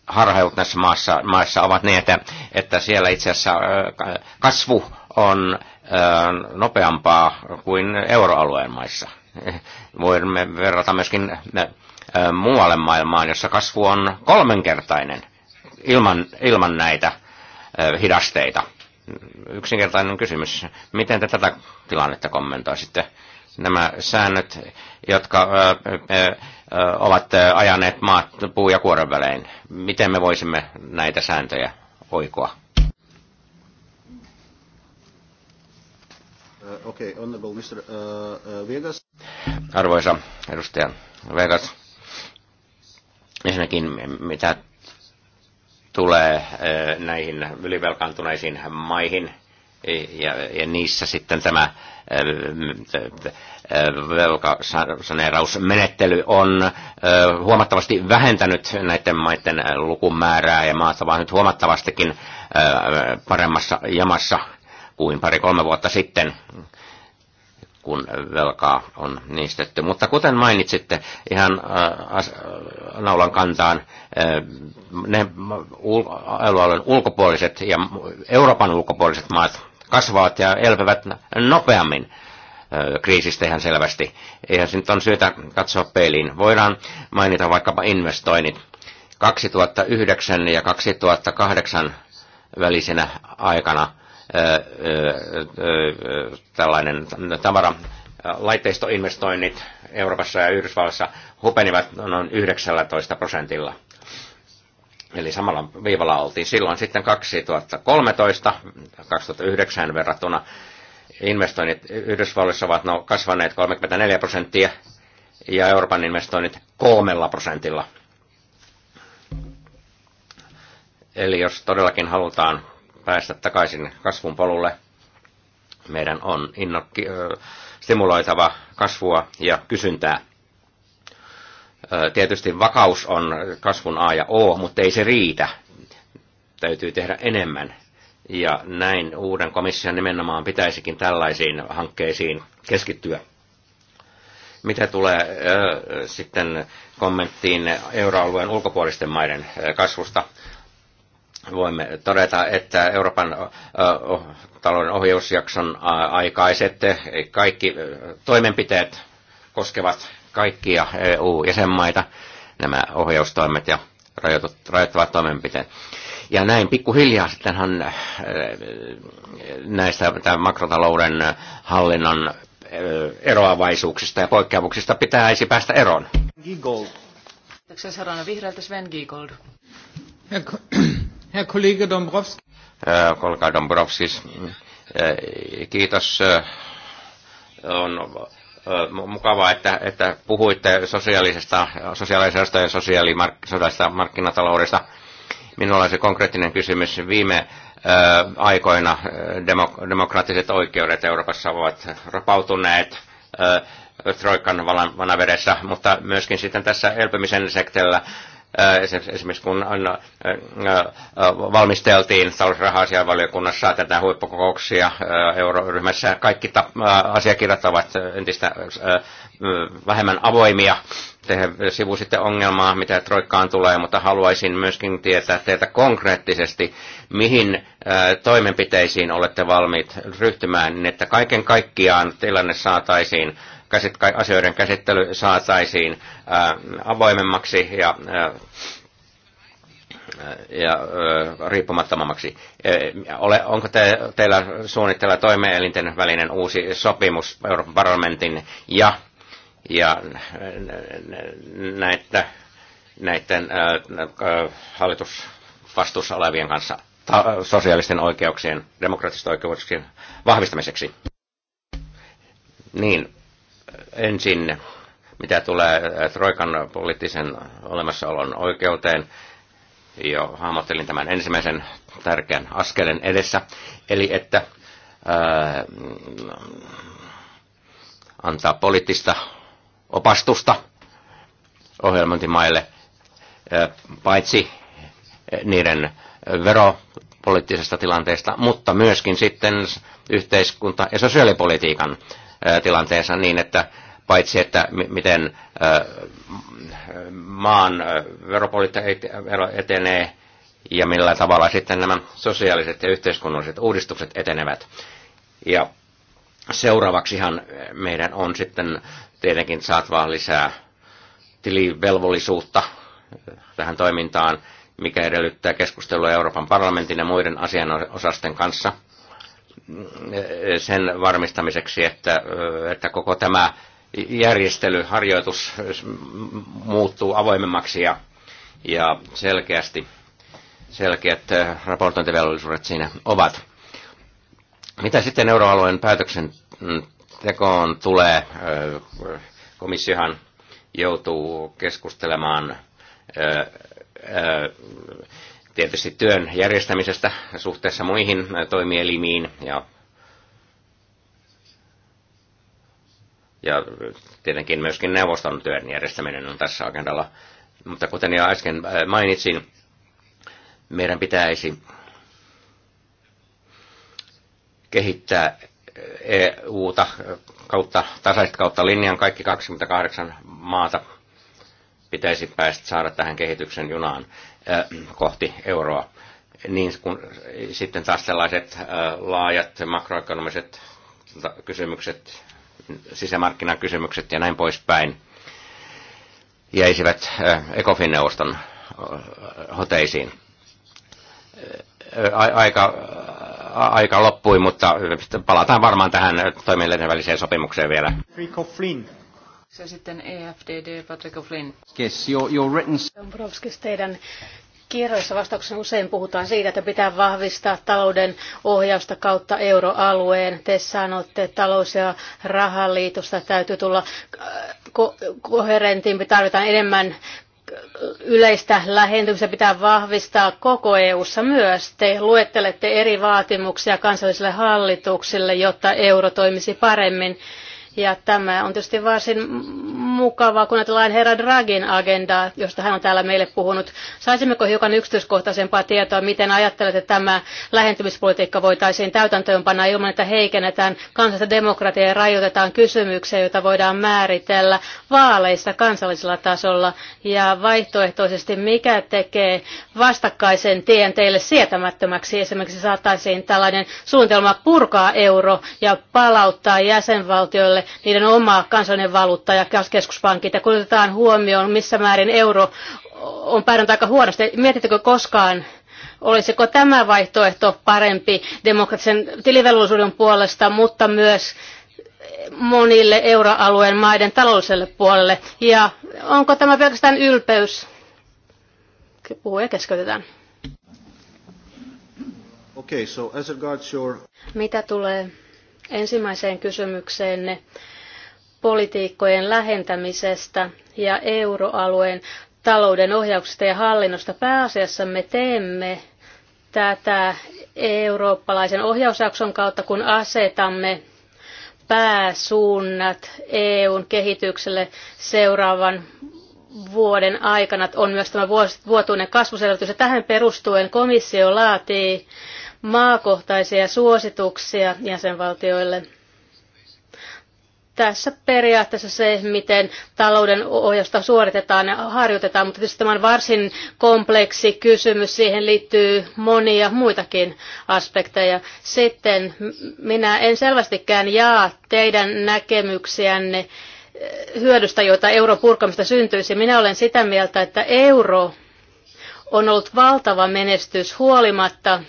D: harhailut näissä maassa, maissa ovat ne, että, että siellä itse asiassa kasvu on nopeampaa kuin euroalueen maissa. Voimme verrata myöskin muualle maailmaan, jossa kasvu on kolmenkertainen ilman, ilman näitä hidasteita. Yksinkertainen kysymys. Miten te tätä tilannetta kommentoisitte? Nämä säännöt, jotka ovat ajaneet maat puu- ja kuoren välein. Miten me voisimme näitä sääntöjä oikoa?
A: Okay, honorable Mr. Vegas.
D: Arvoisa edustaja Vegas, ensinnäkin mitä tulee eh, näihin ylivelkaantuneisiin maihin eh, ja, ja niissä sitten tämä eh, velkasaneerausmenettely on huomattavasti vähentänyt näiden maiden lukumäärää ja maat ovat nyt huomattavastikin paremmassa jamassa kuin pari-kolme vuotta sitten kun velkaa on niistetty. Mutta kuten mainitsitte ihan äh, naulan kantaan, äh, ne alueen ulkopuoliset ja Euroopan ulkopuoliset maat kasvavat ja elpyvät nopeammin äh, kriisistä ihan selvästi. Eihän se nyt on syytä katsoa peiliin. Voidaan mainita vaikkapa investoinnit. 2009 ja 2008 välisenä aikana – tällainen tavara laitteistoinvestoinnit Euroopassa ja Yhdysvalloissa hupenivat noin 19 prosentilla. Eli samalla viivalla oltiin silloin sitten 2013, 2009 verrattuna investoinnit Yhdysvalloissa ovat no, kasvaneet 34 prosenttia ja Euroopan investoinnit kolmella prosentilla. Eli jos todellakin halutaan päästä takaisin kasvun polulle. Meidän on innokki, stimuloitava kasvua ja kysyntää. Tietysti vakaus on kasvun A ja O, mutta ei se riitä. Täytyy tehdä enemmän. Ja näin uuden komission nimenomaan pitäisikin tällaisiin hankkeisiin keskittyä. Mitä tulee äh, sitten kommenttiin euroalueen ulkopuolisten maiden kasvusta, voimme todeta, että Euroopan talouden ohjausjakson aikaiset eh, kaikki toimenpiteet koskevat kaikkia EU-jäsenmaita, nämä ohjaustoimet ja rajoittavat toimenpiteet. Ja näin pikkuhiljaa sittenhan näistä tämän makrotalouden hallinnan eroavaisuuksista ja poikkeavuuksista pitäisi päästä eroon.
A: Giegold.
B: Seuraavana vihreältä Sven Giegold.
A: Herr Kollege Dombrovskis.
D: Äh, kollega Dombrovskis, äh, kiitos. Äh, on mukavaa, että, että puhuitte sosiaalisesta, sosiaalisesta ja sosiaalisesta markkinataloudesta. Minulla on se konkreettinen kysymys. Viime aikoina demokraattiset oikeudet Euroopassa ovat rapautuneet troikan vanavedessä, mutta myöskin sitten tässä elpymisen sektellä esimerkiksi kun valmisteltiin talousraha-asianvaliokunnassa tätä huippukokouksia euroryhmässä, kaikki asiakirjat ovat entistä vähemmän avoimia. sivu sivusitte ongelmaa, mitä Troikkaan tulee, mutta haluaisin myöskin tietää teiltä konkreettisesti, mihin toimenpiteisiin olette valmiit ryhtymään, niin että kaiken kaikkiaan tilanne saataisiin asioiden käsittely saataisiin avoimemmaksi ja ja riippumattomammaksi. onko te, teillä suunnitteilla toimeelinten välinen uusi sopimus Euroopan parlamentin ja, ja näitä, näiden hallitusvastuussa olevien kanssa ta, sosiaalisten oikeuksien, demokraattisten oikeuksien vahvistamiseksi? Niin, Ensin, mitä tulee äh, Troikan poliittisen olemassaolon oikeuteen, jo hahmottelin tämän ensimmäisen tärkeän askelen edessä, eli että ää, äh, antaa poliittista opastusta ohjelmointimaille, ää, äh, paitsi niiden veropoliittisesta tilanteesta, mutta myöskin sitten yhteiskunta- ja sosiaalipolitiikan tilanteensa niin, että paitsi että miten maan veropolitiikka etenee ja millä tavalla sitten nämä sosiaaliset ja yhteiskunnalliset uudistukset etenevät. Ja seuraavaksihan meidän on sitten tietenkin saatava lisää tilivelvollisuutta tähän toimintaan, mikä edellyttää keskustelua Euroopan parlamentin ja muiden asianosasten kanssa – sen varmistamiseksi, että, että koko tämä järjestelyharjoitus muuttuu avoimemmaksi ja, ja selkeästi selkeät äh, raportointivelvollisuudet siinä ovat. Mitä sitten euroalueen päätöksentekoon tulee? Äh, komissiohan joutuu keskustelemaan äh, tietysti työn järjestämisestä suhteessa muihin toimielimiin ja, ja tietenkin myöskin neuvoston työn järjestäminen on tässä agendalla. Mutta kuten jo äsken mainitsin, meidän pitäisi kehittää EUta kautta, tasaiset kautta linjan kaikki 28 maata pitäisi päästä saada tähän kehityksen junaan äh, kohti euroa. Niin kun sitten taas sellaiset äh, laajat makroekonomiset tota, kysymykset, sisämarkkinakysymykset ja näin poispäin jäisivät äh, ECOFIN-neuvoston hoteisiin. Aika, aika loppui, mutta palataan varmaan tähän toimijoiden väliseen sopimukseen vielä.
B: Rico Flynn. Se sitten EFDD, Patrick O'Flynn.
D: Yes, your, your written...
C: Dombrovskis, teidän kierroissa vastauksessa usein puhutaan siitä, että pitää vahvistaa talouden ohjausta kautta euroalueen. Te sanotte, että talous- ja rahaliitosta täytyy tulla äh, ko- koherentimpi, tarvitaan enemmän äh, yleistä lähentymistä pitää vahvistaa koko EU:ssa myös. Te luettelette eri vaatimuksia kansallisille hallituksille, jotta euro toimisi paremmin ja tämä on tietysti varsin mukavaa, kun ajatellaan herra Dragin agendaa, josta hän on täällä meille puhunut. Saisimmeko hiukan yksityiskohtaisempaa tietoa, miten ajattelet, että tämä lähentymispolitiikka voitaisiin täytäntöönpanna ilman, että heikennetään kansallista demokratiaa ja rajoitetaan kysymyksiä, joita voidaan määritellä vaaleissa kansallisella tasolla ja vaihtoehtoisesti mikä tekee vastakkaisen tien teille sietämättömäksi. Esimerkiksi saataisiin tällainen suunnitelma purkaa euro ja palauttaa jäsenvaltioille niiden oma kansallinen valuutta ja keskuspankit. Ja kun otetaan huomioon, missä määrin euro on pärjännyt aika huonosti, mietittekö koskaan, olisiko tämä vaihtoehto parempi demokratisen tilivelvollisuuden puolesta, mutta myös monille euroalueen maiden taloudelliselle puolelle. Ja onko tämä pelkästään ylpeys? Puhuja keskeytetään.
A: Okay, so as regards your...
C: Mitä tulee ensimmäiseen kysymykseenne politiikkojen lähentämisestä ja euroalueen talouden ohjauksesta ja hallinnosta. Pääasiassa me teemme tätä eurooppalaisen ohjausjakson kautta, kun asetamme pääsuunnat EUn kehitykselle seuraavan vuoden aikana. On myös tämä vuotuinen kasvuselvitys ja tähän perustuen komissio laatii maakohtaisia suosituksia jäsenvaltioille. Tässä periaatteessa se, miten talouden ohjausta suoritetaan ja harjoitetaan, mutta tietysti tämä on varsin kompleksi kysymys. Siihen liittyy monia muitakin aspekteja. Sitten minä en selvästikään jaa teidän näkemyksiänne hyödystä, joita euron purkamista syntyisi. Minä olen sitä mieltä, että euro on ollut valtava menestys huolimatta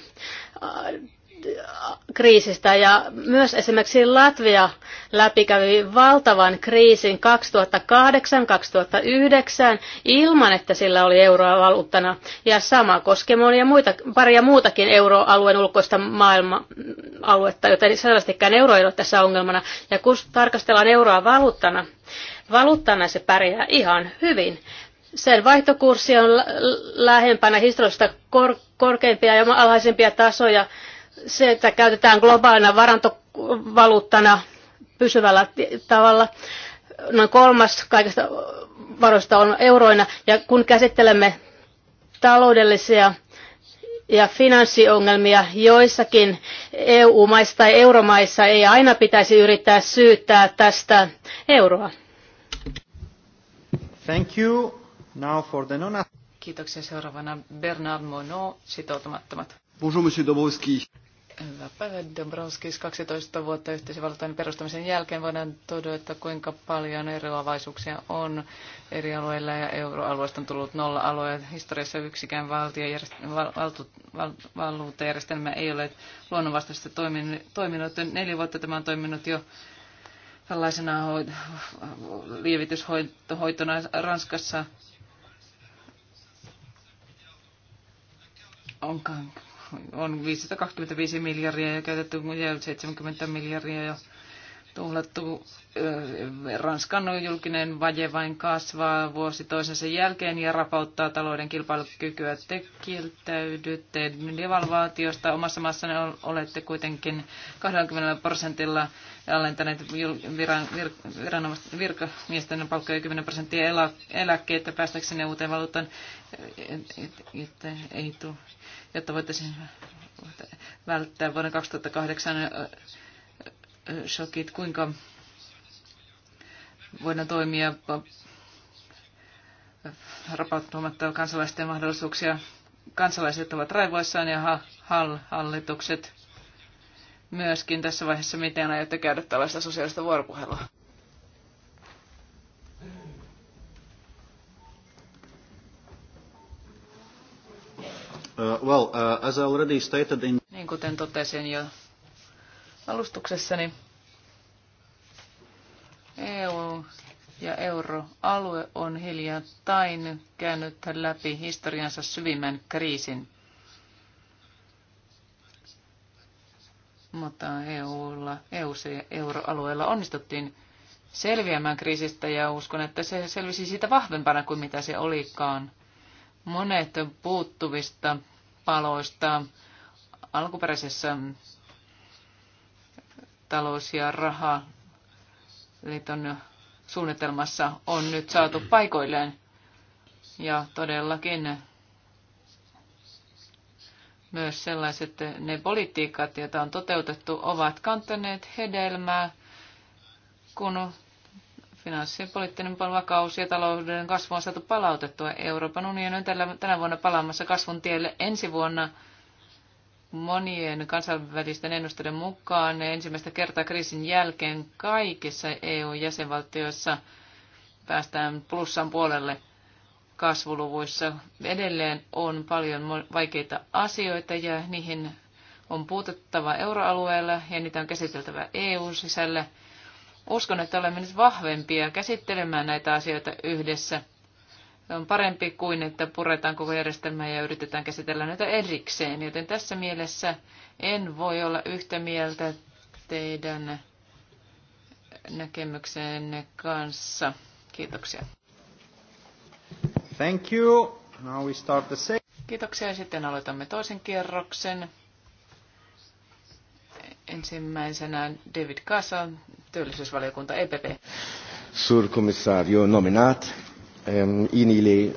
C: kriisistä ja myös esimerkiksi Latvia läpikävi valtavan kriisin 2008-2009 ilman, että sillä oli euroa valuuttana. Ja sama koskee monia muita, paria muutakin euroalueen ulkoista maailma-aluetta, joten sellaistikään euro ei ole tässä ongelmana. Ja kun tarkastellaan euroa valuuttana, valuuttana se pärjää ihan hyvin. Sen vaihtokurssi on lähempänä historiallista kor- korkeimpia ja alhaisempia tasoja. Se, että käytetään globaalina varantovaluuttana pysyvällä tavalla. Noin kolmas kaikista varoista on euroina. Ja kun käsittelemme taloudellisia ja finanssiongelmia joissakin EU-maissa tai euromaissa ei aina pitäisi yrittää syyttää tästä euroa.
A: Thank you. Now for the non
B: Kiitoksia seuraavana Bernard Monod, sitoutumattomat.
A: Bonjour, monsieur Dobrowski.
B: Hyvä päivä, Dombrovskis. 12 vuotta yhteisvaltain perustamisen jälkeen voidaan todeta, kuinka paljon eroavaisuuksia on eri alueilla ja euroalueesta on tullut nolla alue. Historiassa yksikään valuuttajärjestelmä ei ole luonnonvastaisesti toiminut. Neljä vuotta tämä on toiminut jo tällaisena lievityshoitona Ranskassa onkaan, on 525 miljardia ja käytetty 70 miljardia jo tuhlattu. Ranskan julkinen vaje vain kasvaa vuosi toisensa jälkeen ja rapauttaa talouden kilpailukykyä. Te kieltäydytte devalvaatiosta. Omassa maassanne olette kuitenkin 20 prosentilla alentaneet viran, vir, viranomaisten virkamiesten palkkoja 10 prosenttia elä, eläkkeitä päästäkseen uuteen valuuttaan, jotta, jotta voitaisiin välttää vuoden 2008 shokit, kuinka voidaan toimia rapauttamatta kansalaisten mahdollisuuksia. Kansalaiset ovat raivoissaan ja hallitukset myöskin tässä vaiheessa. Miten aiotte käydä tällaista sosiaalista vuoropuhelua?
A: Uh, well, uh, as I already stated in...
B: Niin kuten totesin jo alustuksessani. EU ja euroalue on hiljattain käynyt läpi historiansa syvimmän kriisin. Mutta EUlla, EU ja euroalueella onnistuttiin selviämään kriisistä ja uskon, että se selvisi siitä vahvempana kuin mitä se olikaan. Monet puuttuvista paloista alkuperäisessä talous- ja liiton suunnitelmassa on nyt saatu paikoilleen. Ja todellakin myös sellaiset ne politiikat, joita on toteutettu, ovat kantaneet hedelmää, kun finanssipoliittinen vakaus ja talouden kasvu on saatu palautettua. Euroopan unionin tällä, tänä vuonna palaamassa kasvun tielle ensi vuonna Monien kansainvälisten ennusteiden mukaan ensimmäistä kertaa kriisin jälkeen kaikissa EU-jäsenvaltioissa päästään plussan puolelle kasvuluvuissa. Edelleen on paljon vaikeita asioita ja niihin on puututtava euroalueella ja niitä on käsiteltävä EU-sisällä. Uskon, että olemme nyt vahvempia käsittelemään näitä asioita yhdessä – on parempi kuin, että puretaan koko järjestelmää ja yritetään käsitellä näitä erikseen. Joten tässä mielessä en voi olla yhtä mieltä teidän näkemyksenne kanssa. Kiitoksia.
A: Thank you. Now we start the second.
B: Kiitoksia. Sitten aloitamme toisen kierroksen. Ensimmäisenä David Kasa, työllisyysvaliokunta
D: EPP. Suurkomissaario nominaat. Ähm, Inili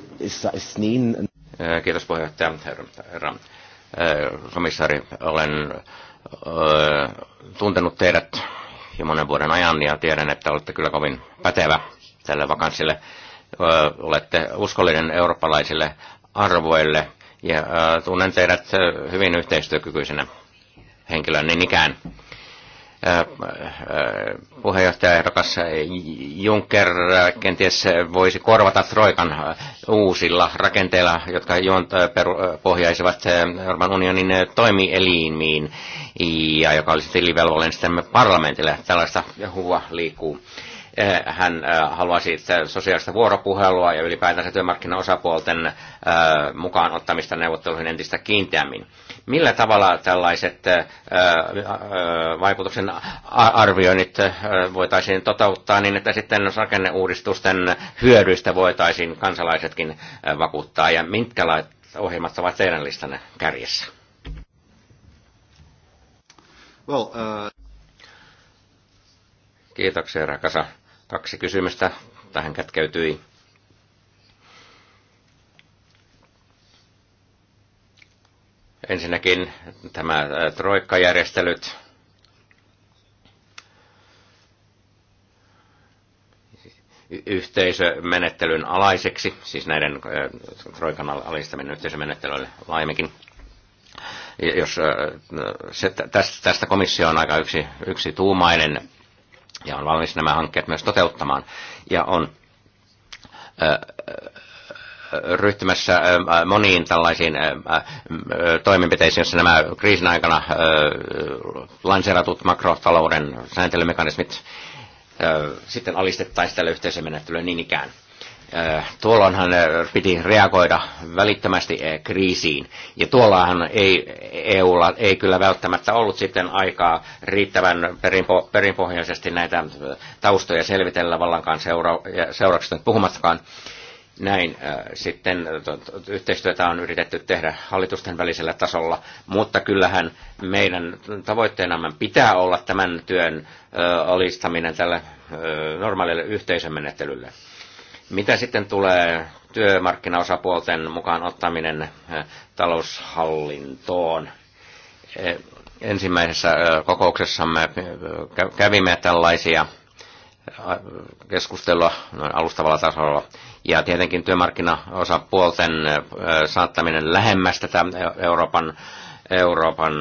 D: Snin. Äh, kiitos puheenjohtaja, herra, äh, komissaari. Olen äh, tuntenut teidät jo monen vuoden ajan ja tiedän, että olette kyllä kovin pätevä tälle vakanssille. olette uskollinen eurooppalaisille arvoille ja tunnen teidät hyvin yhteistyökykyisenä henkilön niin ikään puheenjohtajaehdokas Juncker kenties voisi korvata Troikan uusilla rakenteilla, jotka pohjaisivat Euroopan unionin toimielimiin, ja joka olisi tilivelvollinen sitten parlamentille. Tällaista hua liikkuu Eh, hän eh, haluaisi sosiaalista vuoropuhelua ja ylipäätänsä työmarkkinaosapuolten eh, mukaan ottamista neuvotteluihin entistä kiinteämmin. Millä tavalla tällaiset vaikutuksen arvioinnit voitaisiin toteuttaa niin, että sitten rakenneuudistusten hyödyistä voitaisiin kansalaisetkin vakuuttaa ja mitkä ohjelmat ovat teidän listanne kärjessä? Well, uh... Kiitoksia, rakasa Kaksi kysymystä tähän kätkeytyi. Ensinnäkin tämä troikkajärjestelyt. yhteisömenettelyn alaiseksi, siis näiden Troikan alistaminen yhteisömenettelylle laajemminkin. Jos, se, tästä, tästä komissio on aika yksi, yksi tuumainen ja on valmis nämä hankkeet myös toteuttamaan ja on ryhtymässä moniin tällaisiin toimenpiteisiin, joissa nämä kriisin aikana lanseeratut makrotalouden sääntelymekanismit sitten alistettaisiin tälle yhteisömenettelylle niin ikään. Äh, tuolloinhan äh, piti reagoida välittömästi äh, kriisiin, ja tuollahan ei, EUlla ei kyllä välttämättä ollut sitten aikaa riittävän perinpo, perinpohjaisesti näitä taustoja selvitellä vallankaan seura, seurauksista puhumattakaan. Näin sitten yhteistyötä on yritetty tehdä hallitusten välisellä tasolla, mutta kyllähän meidän tavoitteenamme pitää olla tämän työn alistaminen tälle normaalille yhteisömenettelylle. Mitä sitten tulee työmarkkinaosapuolten mukaan ottaminen eh, taloushallintoon? Eh, ensimmäisessä eh, kokouksessamme kävimme tällaisia keskustelua alustavalla tasolla. Ja tietenkin työmarkkinaosapuolten saattaminen lähemmäs tätä Euroopan, Euroopan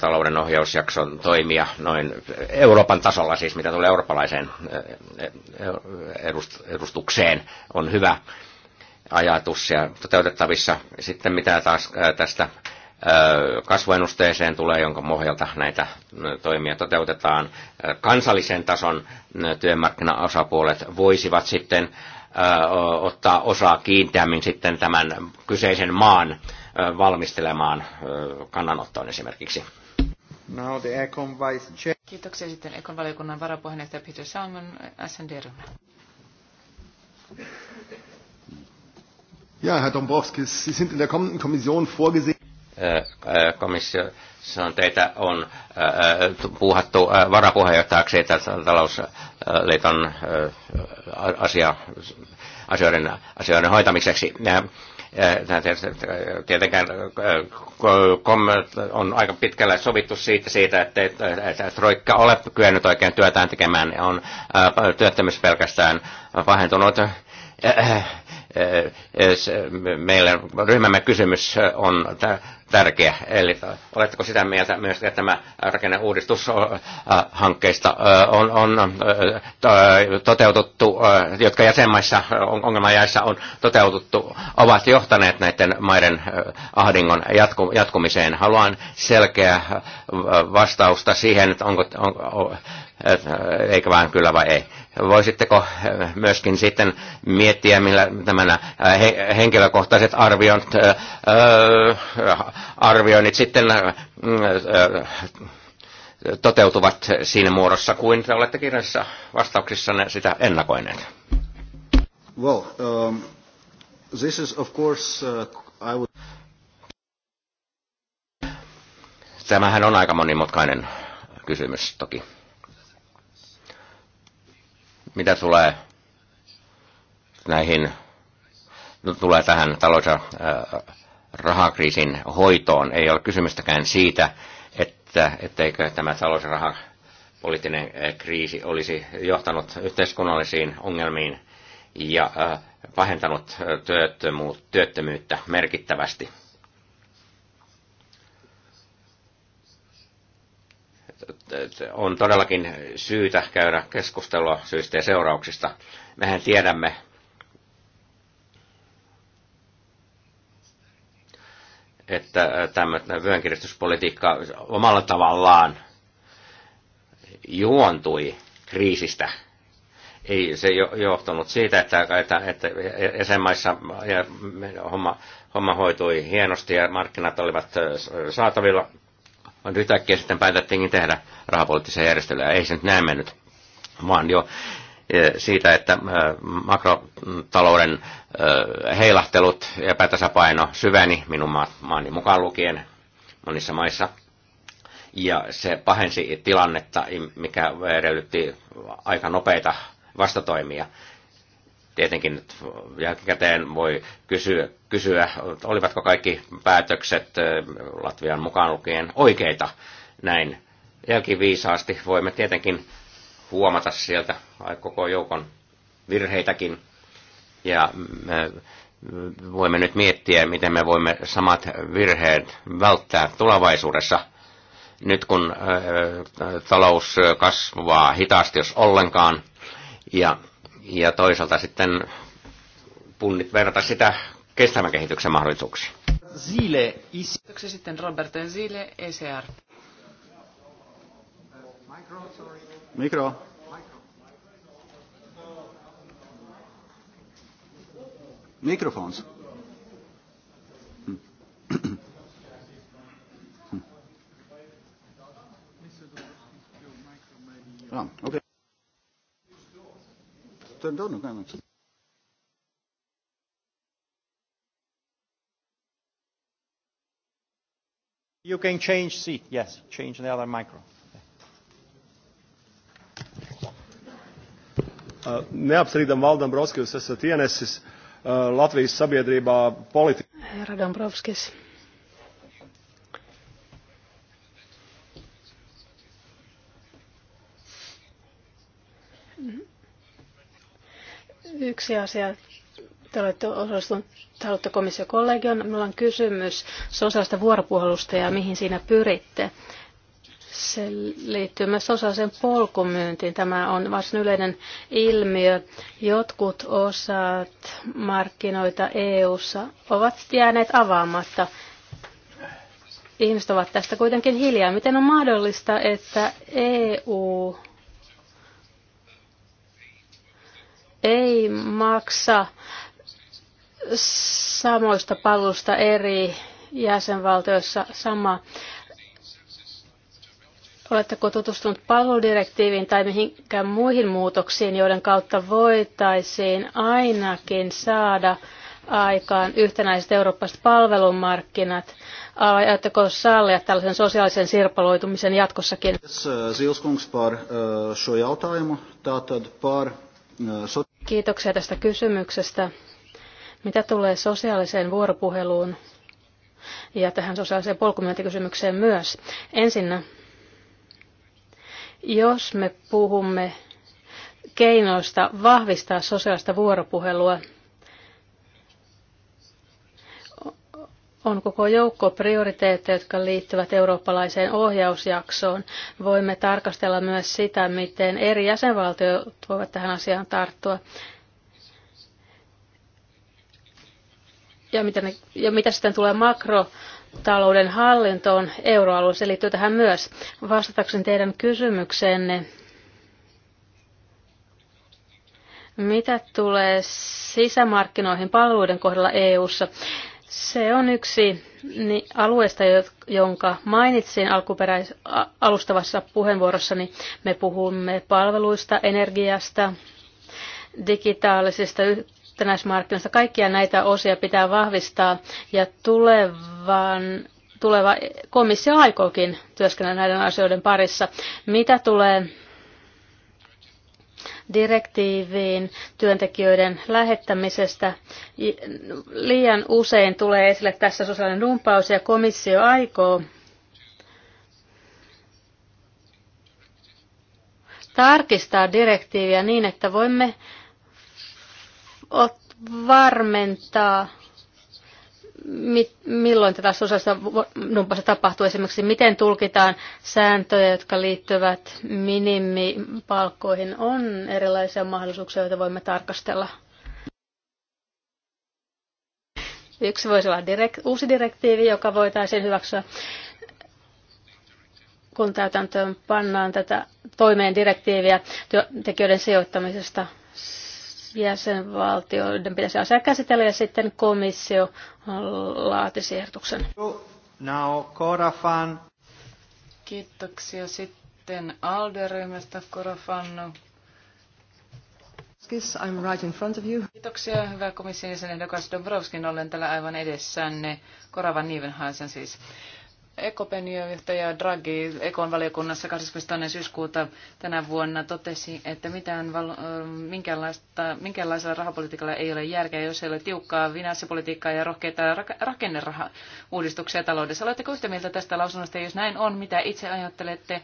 D: talouden ohjausjakson toimia noin Euroopan tasolla, siis mitä tulee eurooppalaiseen edustukseen, on hyvä ajatus ja toteutettavissa. Sitten mitä taas tästä kasvuennusteeseen tulee, jonka mohjalta näitä toimia toteutetaan. Kansallisen tason työmarkkinaosapuolet voisivat sitten ottaa osaa kiinteämmin sitten tämän kyseisen maan valmistelemaan kannanottoon esimerkiksi.
B: Now the Econ Vice Chair. Kiitoksia sitten Econ valiokunnan varapuheenjohtaja Peter Salmon, SND-ryhmä.
A: Ja, Herr Dombrovskis, Sie sind in der kommenden Kommission vorgesehen.
D: Komissio, on teitä on puuhattu varapuheenjohtajaksi talousliiton asia, asioiden, asioiden hoitamiseksi. Tietenkään on aika pitkälle sovittu siitä, siitä että, Troikka ole kyennyt oikein työtään tekemään. On työttömyys pelkästään vahentunut meille ryhmämme kysymys on tärkeä. Eli oletteko sitä mieltä myös, että tämä rakenneuudistushankkeista on, on toteutettu, jotka jäsenmaissa ongelmajaissa on toteutettu, ovat johtaneet näiden maiden ahdingon jatku, jatkumiseen? Haluan selkeä vastausta siihen, että onko, on, eikä vaan kyllä vai ei Voisitteko eh, myöskin sitten miettiä, millä tämän eh, henkilökohtaiset arvioinnit, eh, arvioinnit sitten toteutuvat siinä muodossa, kuin te olette kirjallisissa vastauksissanne sitä ennakoineet?
A: Well, um, this is of course, uh, I would...
D: Tämähän on aika monimutkainen kysymys toki. Mitä tulee näihin, no, tulee tähän talous- ja rahakriisin hoitoon, ei ole kysymystäkään siitä, että, etteikö tämä talous- ja rahapoliittinen kriisi olisi johtanut yhteiskunnallisiin ongelmiin ja pahentanut työttömyyttä merkittävästi. on todellakin syytä käydä keskustelua syistä ja seurauksista. Mehän tiedämme, että äh, tämmöinen vyönkiristyspolitiikka omalla tavallaan juontui kriisistä. Ei se johtunut siitä, että, että, että jäsenmaissa homma, homma hoitui hienosti ja markkinat olivat äh, saatavilla – vaan yhtäkkiä sitten päätettiinkin tehdä rahapoliittisia järjestelyjä. Ei se nyt näin mennyt, vaan jo e, siitä, että e, makrotalouden e, heilahtelut ja epätasapaino syveni minun maani mukaan lukien monissa maissa. Ja se pahensi tilannetta, mikä edellytti aika nopeita vastatoimia. Tietenkin nyt jälkikäteen voi kysyä, kysyä, olivatko kaikki päätökset Latvian mukaan lukien oikeita näin jälkiviisaasti. Voimme tietenkin huomata sieltä koko joukon virheitäkin. Ja me voimme nyt miettiä, miten me voimme samat virheet välttää tulevaisuudessa. Nyt kun talous kasvaa hitaasti, jos ollenkaan, ja ja toisaalta sitten punnit verrata sitä kestävän kehityksen mahdollisuuksia.
B: Zile, is... sitten Robert Zile, ECR.
A: Mikro. Mikrofons. Ah, okay den då nog annars. You can change
D: seat, yes, change the other micro.
A: Uh, Neapstrīdam Valdam Brovskis, esat ienesis uh, Latvijas sabiedrībā politiku.
C: Herra Dombrovskis, Yksi asia, te olette osallistunut haluttokomissiokollegion. Minulla on kysymys sosiaalista vuoropuhelusta ja mihin siinä pyritte. Se liittyy myös sosiaaliseen polkumyyntiin. Tämä on varsin yleinen ilmiö. Jotkut osat markkinoita EU:ssa ovat jääneet avaamatta. Ihmiset ovat tästä kuitenkin hiljaa. Miten on mahdollista, että EU ei maksa samoista palusta eri jäsenvaltioissa sama. Oletteko tutustunut palveludirektiiviin tai mihinkään muihin muutoksiin, joiden kautta voitaisiin ainakin saada aikaan yhtenäiset eurooppalaiset palvelumarkkinat? Ajatteko sallia tällaisen sosiaalisen sirpaloitumisen jatkossakin? Eh, Kiitoksia tästä kysymyksestä. Mitä tulee sosiaaliseen vuoropuheluun ja tähän sosiaaliseen polkumyöntikysymykseen myös? Ensinnä, jos me puhumme keinoista vahvistaa sosiaalista vuoropuhelua, on koko joukko prioriteetteja, jotka liittyvät eurooppalaiseen ohjausjaksoon. Voimme tarkastella myös sitä, miten eri jäsenvaltiot voivat tähän asiaan tarttua. Ja mitä, ne, ja mitä sitten tulee makrotalouden hallintoon euroalueella, se liittyy tähän myös. Vastatakseni teidän kysymykseenne, mitä tulee sisämarkkinoihin palveluiden kohdalla EU:ssa, ssa se on yksi alueesta, jonka mainitsin alkuperäis- alustavassa puheenvuorossani. Me puhumme palveluista, energiasta, digitaalisista yhtenäismarkkinoista. Kaikkia näitä osia pitää vahvistaa ja tulevan, tuleva komissio aikookin työskennellä näiden asioiden parissa. Mitä tulee direktiiviin työntekijöiden lähettämisestä. Liian usein tulee esille tässä sosiaalinen dumpaus ja komissio aikoo tarkistaa direktiiviä niin, että voimme varmentaa mit, milloin tätä sosiaalista numpasta tapahtuu, esimerkiksi miten tulkitaan sääntöjä, jotka liittyvät minimipalkkoihin, on erilaisia mahdollisuuksia, joita voimme tarkastella. Yksi voisi olla direk, uusi direktiivi, joka voitaisiin hyväksyä, kun täytäntöön pannaan tätä toimeen direktiiviä työntekijöiden sijoittamisesta – jäsenvaltioiden pitäisi asia käsitellä ja sitten komissio laatisi ehdotuksen.
B: Kiitoksia sitten ALDE-ryhmästä
C: I'm right in front of you.
B: Kiitoksia, hyvä komission jäsen ehdokas Dombrovskin. Olen täällä aivan edessänne. Koravan Nivenhaisen siis. EKPn johtaja Draghi Ekon valiokunnassa 22. syyskuuta tänä vuonna totesi, että mitään minkäänlaista, minkäänlaisella rahapolitiikalla ei ole järkeä, jos ei ole tiukkaa finanssipolitiikkaa ja rohkeita ra- uudistuksia taloudessa. Oletteko yhtä mieltä tästä lausunnosta, jos näin on, mitä itse ajattelette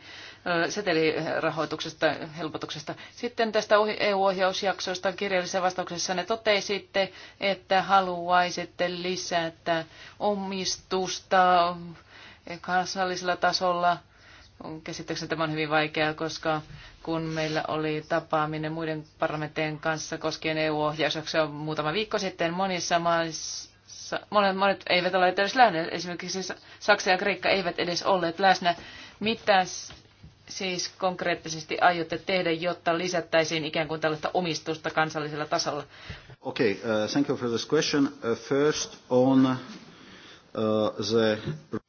B: setelirahoituksesta, helpotuksesta? Sitten tästä EU-ohjausjaksosta kirjallisessa vastauksessa ne totesitte, että haluaisitte lisätä omistusta kansallisella tasolla. Käsittääkseni tämä on hyvin vaikeaa, koska kun meillä oli tapaaminen muiden parlamenttien kanssa koskien eu ohjauksia muutama viikko sitten, monissa maissa, monet, monet eivät ole edes läsnä, esimerkiksi Saksa ja Kreikka eivät edes olleet läsnä. Mitä siis konkreettisesti aiotte tehdä, jotta lisättäisiin ikään kuin tällaista omistusta kansallisella tasolla?
A: Okay, uh, thank you for this question. Uh, first on uh, the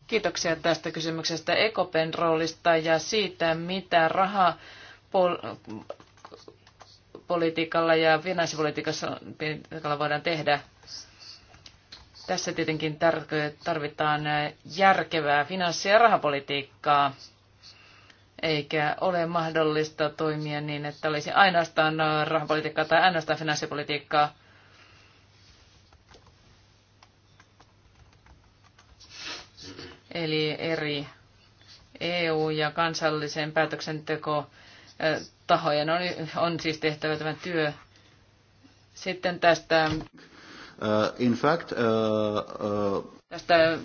B: Kiitoksia tästä kysymyksestä Ekopen roolista ja siitä, mitä rahapolitiikalla ja finanssipolitiikalla voidaan tehdä. Tässä tietenkin tarvitaan järkevää finanssi- ja rahapolitiikkaa, eikä ole mahdollista toimia niin, että olisi ainoastaan rahapolitiikkaa tai ainoastaan finanssipolitiikkaa eli eri EU- ja kansallisen päätöksenteko tahojen on, on siis tehtävä tämä työ. Sitten tästä, uh,
A: in fact, uh, uh,
B: tästä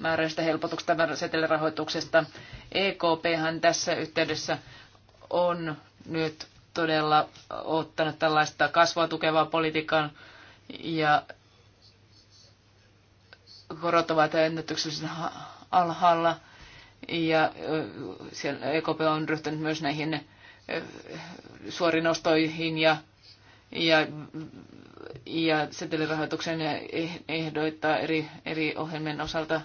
B: määräistä helpotuksesta, setelirahoituksesta. EKPhan tässä yhteydessä on nyt todella ottanut tällaista kasvua tukevaa politiikkaa ja korot ovat ennätyksellisen alhaalla ja siellä EKP on ryhtynyt myös näihin suorinostoihin ja, ja, ja setelirahoituksen ehdoita eri, eri ohjelmien osalta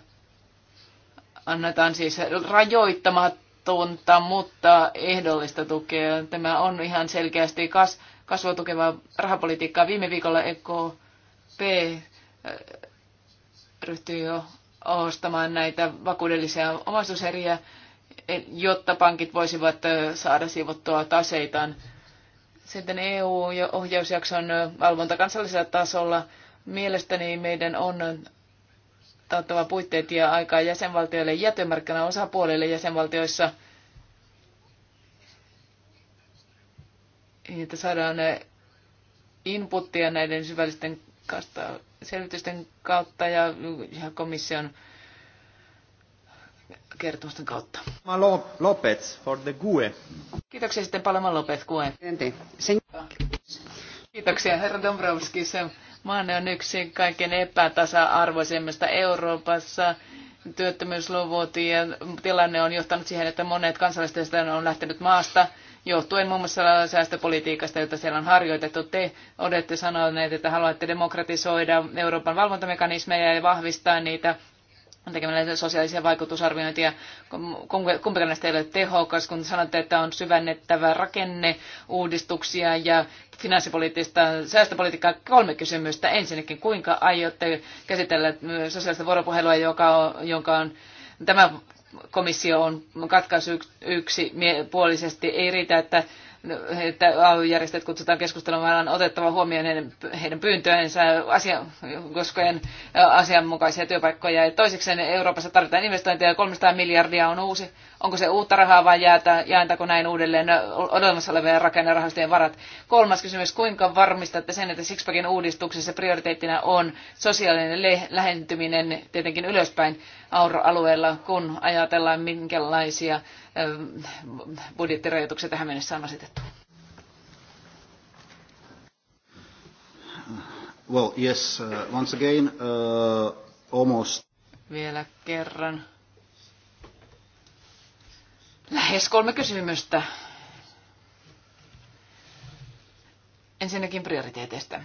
B: annetaan siis rajoittamatonta, mutta ehdollista tukea. Tämä on ihan selkeästi kas, kasvua tukevaa rahapolitiikkaa. Viime viikolla EKP ryhtyi jo ostamaan näitä vakuudellisia omaisuuseriä, jotta pankit voisivat saada siivottua taseitaan. Sitten EU-ohjausjakson valvonta kansallisella tasolla. Mielestäni meidän on taattava puitteet ja aikaa jäsenvaltioille ja työmarkkinaosapuolille jäsenvaltioissa, että saadaan inputtia näiden syvällisten kautta, selvitysten kautta ja, ja komission kertomusten kautta. Malo
A: Lopez for the GUE.
B: Kiitoksia sitten Paloma Lopez GUE. Kiitoksia herra Dombrovski. Se maan on yksi kaiken epätasa-arvoisemmista Euroopassa. Työttömyysluvut ja tilanne on johtanut siihen, että monet kansalaiset on lähtenyt maasta johtuen muun muassa säästöpolitiikasta, jota siellä on harjoitettu. Te olette sanoneet, että haluatte demokratisoida Euroopan valvontamekanismeja ja vahvistaa niitä tekemällä sosiaalisia vaikutusarviointia. Kumpikaan näistä ei ole tehokas, kun sanotte, että on syvennettävä rakenneuudistuksia ja finanssipoliittista säästöpolitiikkaa. Kolme kysymystä. Ensinnäkin, kuinka aiotte käsitellä sosiaalista vuoropuhelua, joka on, jonka on tämä komissio on katkaisu yksi puolisesti. Ei riitä, että, että AY-järjestöt kutsutaan keskustelemaan, vaan on otettava huomioon heidän, heidän pyyntöönsä koskien asianmukaisia työpaikkoja. Ja toiseksi Euroopassa tarvitaan investointeja. 300 miljardia on uusi. Onko se uutta rahaa vai jaetaanko näin uudelleen olemassa olevien rakennerahastojen varat? Kolmas kysymys, kuinka varmistatte sen, että Sixpackin uudistuksessa prioriteettina on sosiaalinen lähentyminen tietenkin ylöspäin, euroalueella, kun ajatellaan minkälaisia budjettirajoituksia tähän mennessä on asetettu?
A: Well, yes, uh, once again, uh, almost.
B: Vielä kerran. Lähes kolme kysymystä. Ensinnäkin prioriteeteista.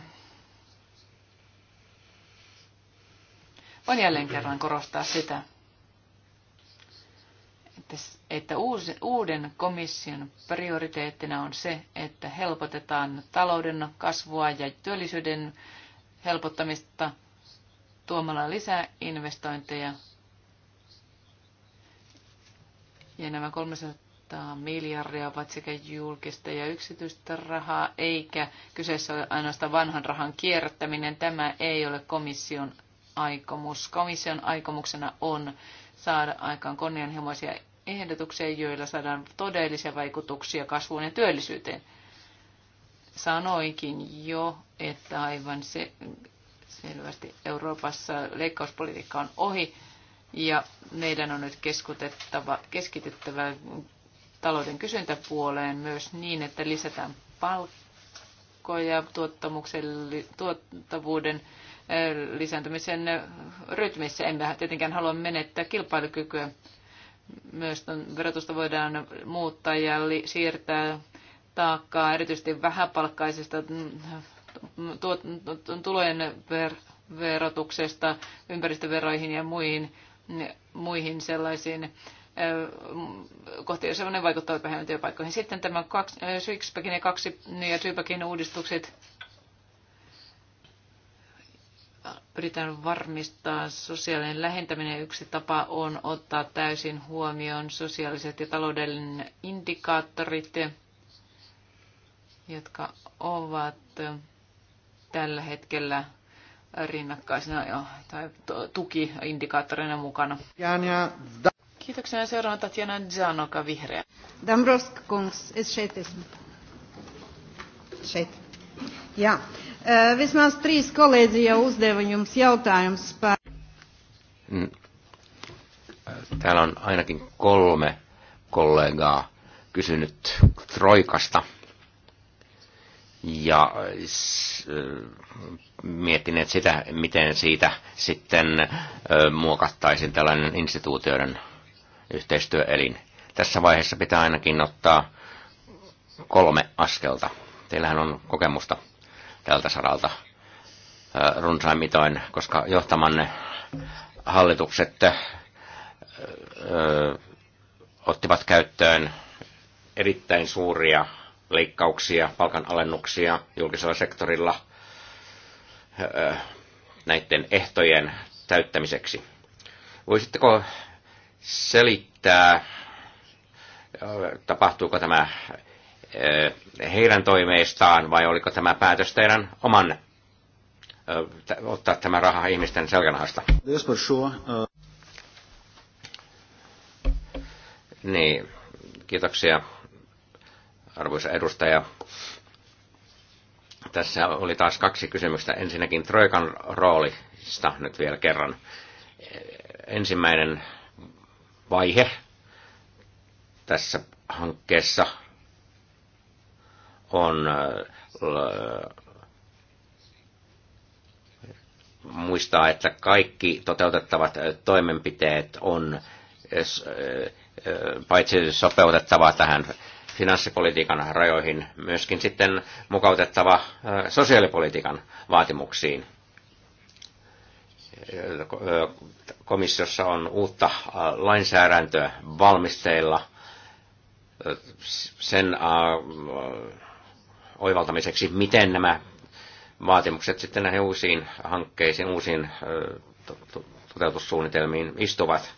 B: voin jälleen kerran korostaa sitä, että, että uuden komission prioriteettina on se, että helpotetaan talouden kasvua ja työllisyyden helpottamista tuomalla lisää investointeja. Ja nämä 300 miljardia ovat sekä julkista ja yksityistä rahaa, eikä kyseessä ole ainoastaan vanhan rahan kierrättäminen. Tämä ei ole komission aikomus. Komission aikomuksena on saada aikaan kunnianhimoisia ehdotuksia, joilla saadaan todellisia vaikutuksia kasvuun ja työllisyyteen. Sanoinkin jo, että aivan se, selvästi Euroopassa leikkauspolitiikka on ohi ja meidän on nyt keskityttävä talouden kysyntäpuoleen myös niin, että lisätään palkkoja tuottavuuden lisääntymisen rytmissä. Emme tietenkään halua menettää kilpailukykyä. Myös verotusta voidaan muuttaa ja siirtää taakkaa erityisesti vähäpalkkaisista mm, mm, tulojen verotuksesta ympäristöveroihin ja muihin, muihin sellaisiin mm, kohti, sellainen ne vaikuttavat vähemmän työpaikkoihin. Sitten tämä kaksi, Sixpackin ja kaksi ja uudistukset pyritään varmistaa sosiaalinen lähentäminen. Yksi tapa on ottaa täysin huomioon sosiaaliset ja taloudellinen indikaattorit, jotka ovat tällä hetkellä rinnakkaisena jo, tai tukiindikaattoreina mukana. Kiitoksena da- Kiitoksia seuraavana Tatjana Dzanoka, vihreä.
C: Dambrovsk kungs, es šeit Šeit. Ja. Vismaz trīs kolēģi jau uzdeva jums jautājumus par.
D: Mm. Täällä on ainakin kolme kollegaa kysynyt Troikasta ja miettineet sitä, miten siitä sitten muokattaisiin tällainen instituutioiden yhteistyöelin. Tässä vaiheessa pitää ainakin ottaa kolme askelta. Teillähän on kokemusta tältä saralta runsaimmitoin, koska johtamanne hallitukset ottivat käyttöön erittäin suuria leikkauksia, palkanalennuksia julkisella sektorilla näiden ehtojen täyttämiseksi. Voisitteko selittää, tapahtuuko tämä heidän toimeistaan vai oliko tämä päätös teidän oman ottaa tämä raha ihmisten selkänahasta.
A: Uh,
D: niin, kiitoksia arvoisa edustaja. Tässä oli taas kaksi kysymystä. Ensinnäkin Troikan roolista nyt vielä kerran. Ensimmäinen vaihe tässä hankkeessa on äh, muistaa, että kaikki toteutettavat toimenpiteet on äh, äh, paitsi sopeutettava tähän finanssipolitiikan rajoihin, myöskin sitten mukautettava sosiaalipolitiikan vaatimuksiin. Komissiossa on uutta lainsäädäntöä valmisteilla. Sen oivaltamiseksi, miten nämä vaatimukset sitten näihin uusiin hankkeisiin, uusiin toteutussuunnitelmiin istuvat.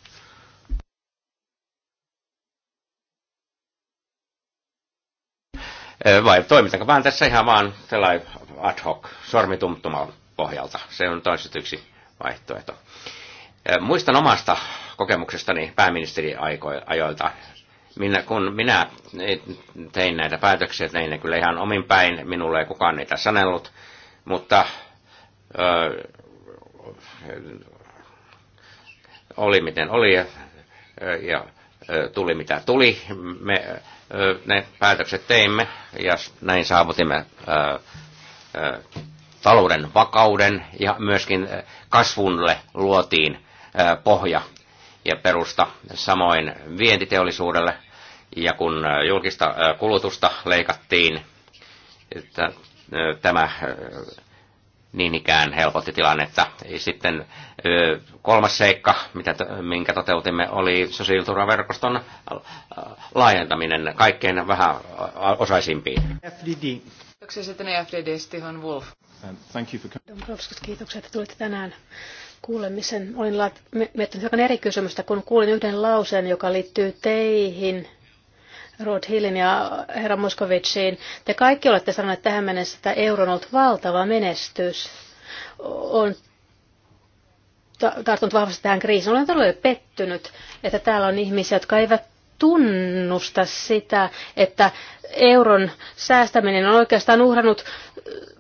D: Vai toimitanko vaan tässä ihan vaan sellainen ad hoc, sormitumtuman pohjalta. Se on toiset yksi vaihtoehto. Muistan omasta kokemuksestani pääministeri ajoilta minä, kun minä tein näitä päätöksiä, tein ne kyllä ihan omin päin, minulle ei kukaan niitä sanellut, mutta ö, oli miten oli ja, ja tuli mitä tuli. Me ö, ne päätökset teimme ja näin saavutimme ö, ö, talouden vakauden ja myöskin kasvulle luotiin ö, pohja ja perusta, samoin vientiteollisuudelle. Ja kun julkista kulutusta leikattiin, että tämä niin ikään helpotti tilannetta. Sitten kolmas seikka, mitä, minkä toteutimme, oli sosiaaliturvaverkoston laajentaminen kaikkein vähän osaisimpiin. FDD.
B: Kiitoksia sitten FDD, Stefan Wolf.
D: Thank you
C: for... Kiitoksia, että tulitte tänään kuulemisen olin miettinyt hiukan eri kysymystä, kun kuulin yhden lauseen, joka liittyy teihin, Rod Hillin ja herra Moskovitsiin. Te kaikki olette sanoneet tähän mennessä, että euro on ollut valtava menestys. On tartunut vahvasti tähän kriisiin. Olen todella pettynyt, että täällä on ihmisiä, jotka eivät tunnusta sitä, että euron säästäminen on oikeastaan uhrannut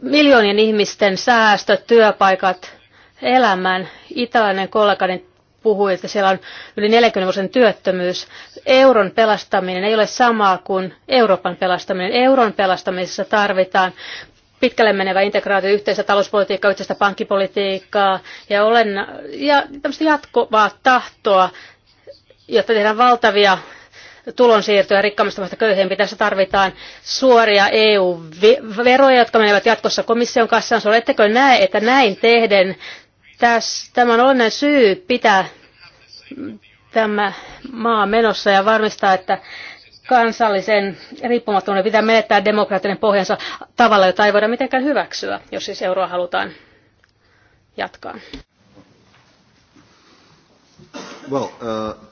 C: miljoonien ihmisten säästöt, työpaikat, elämään. Italainen kollegani puhui, että siellä on yli 40 vuoden työttömyys. Euron pelastaminen ei ole samaa kuin Euroopan pelastaminen. Euron pelastamisessa tarvitaan pitkälle menevä integraatio, yhteistä talouspolitiikkaa, yhteistä pankkipolitiikkaa ja, olen, ja jatkuvaa tahtoa, jotta tehdään valtavia tulonsiirtoja rikkaammista maista köyhempi. Tässä tarvitaan suoria EU-veroja, jotka menevät jatkossa komission kassaan. Oletteko näe, että näin tehden Täs, tämä on olennainen syy pitää tämä maa menossa ja varmistaa, että kansallisen riippumattomuuden pitää menettää demokraattinen pohjansa tavalla, jota ei voida mitenkään hyväksyä, jos siis euroa halutaan jatkaa.
A: Well, uh,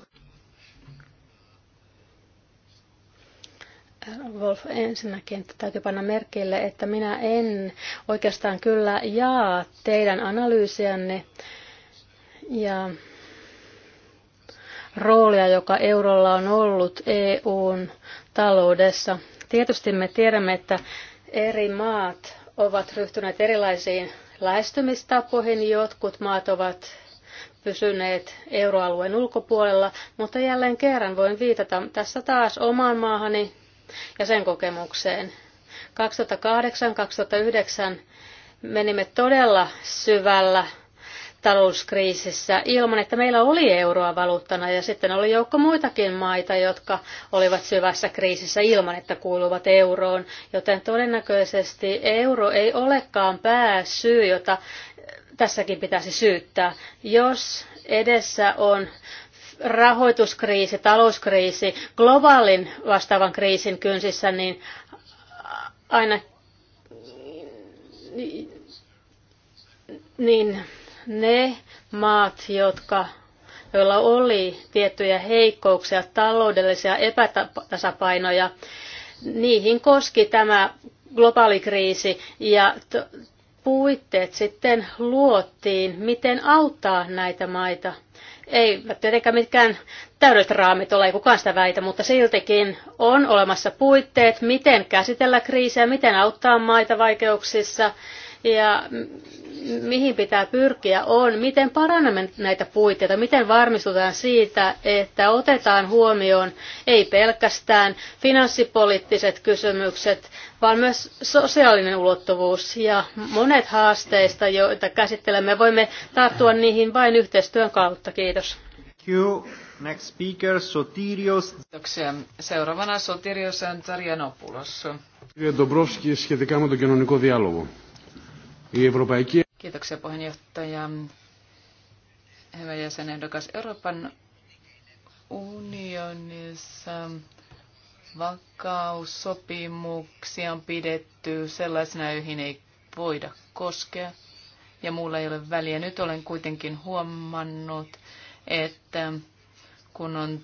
C: Wolf, ensinnäkin täytyy panna merkille, että minä en oikeastaan kyllä jaa teidän analyysianne ja roolia, joka eurolla on ollut EUn taloudessa. Tietysti me tiedämme, että eri maat ovat ryhtyneet erilaisiin lähestymistapoihin. Jotkut maat ovat pysyneet euroalueen ulkopuolella, mutta jälleen kerran voin viitata tässä taas omaan maahani, ja sen kokemukseen. 2008-2009 menimme todella syvällä talouskriisissä ilman, että meillä oli euroa valuuttana ja sitten oli joukko muitakin maita, jotka olivat syvässä kriisissä ilman, että kuuluvat euroon, joten todennäköisesti euro ei olekaan pääsyy, jota tässäkin pitäisi syyttää. Jos edessä on rahoituskriisi, talouskriisi, globaalin vastaavan kriisin kynsissä, niin aina niin ne maat, jotka joilla oli tiettyjä heikkouksia, taloudellisia epätasapainoja, niihin koski tämä globaali kriisi ja puitteet sitten luotiin, miten auttaa näitä maita ei tietenkään mitkään täydelliset raamit ole, ei kukaan sitä väitä, mutta siltikin on olemassa puitteet, miten käsitellä kriisejä, miten auttaa maita vaikeuksissa, ja mihin pitää pyrkiä on, miten parannamme näitä puitteita, miten varmistutaan siitä, että otetaan huomioon ei pelkästään finanssipoliittiset kysymykset, vaan myös sosiaalinen ulottuvuus ja monet haasteista, joita käsittelemme, voimme tarttua niihin vain yhteistyön kautta. Kiitos. Next speaker, Sotirios. Kiitoksia. Seuraavana Sotirios Antarianopoulos. Κύριε Ντομπρόφσκι, σχετικά με
B: Kiitoksia puheenjohtaja. Hyvä jäsenehdokas. Euroopan unionissa vakaussopimuksia on pidetty sellaisena, joihin ei voida koskea ja muulla ei ole väliä. Nyt olen kuitenkin huomannut, että kun on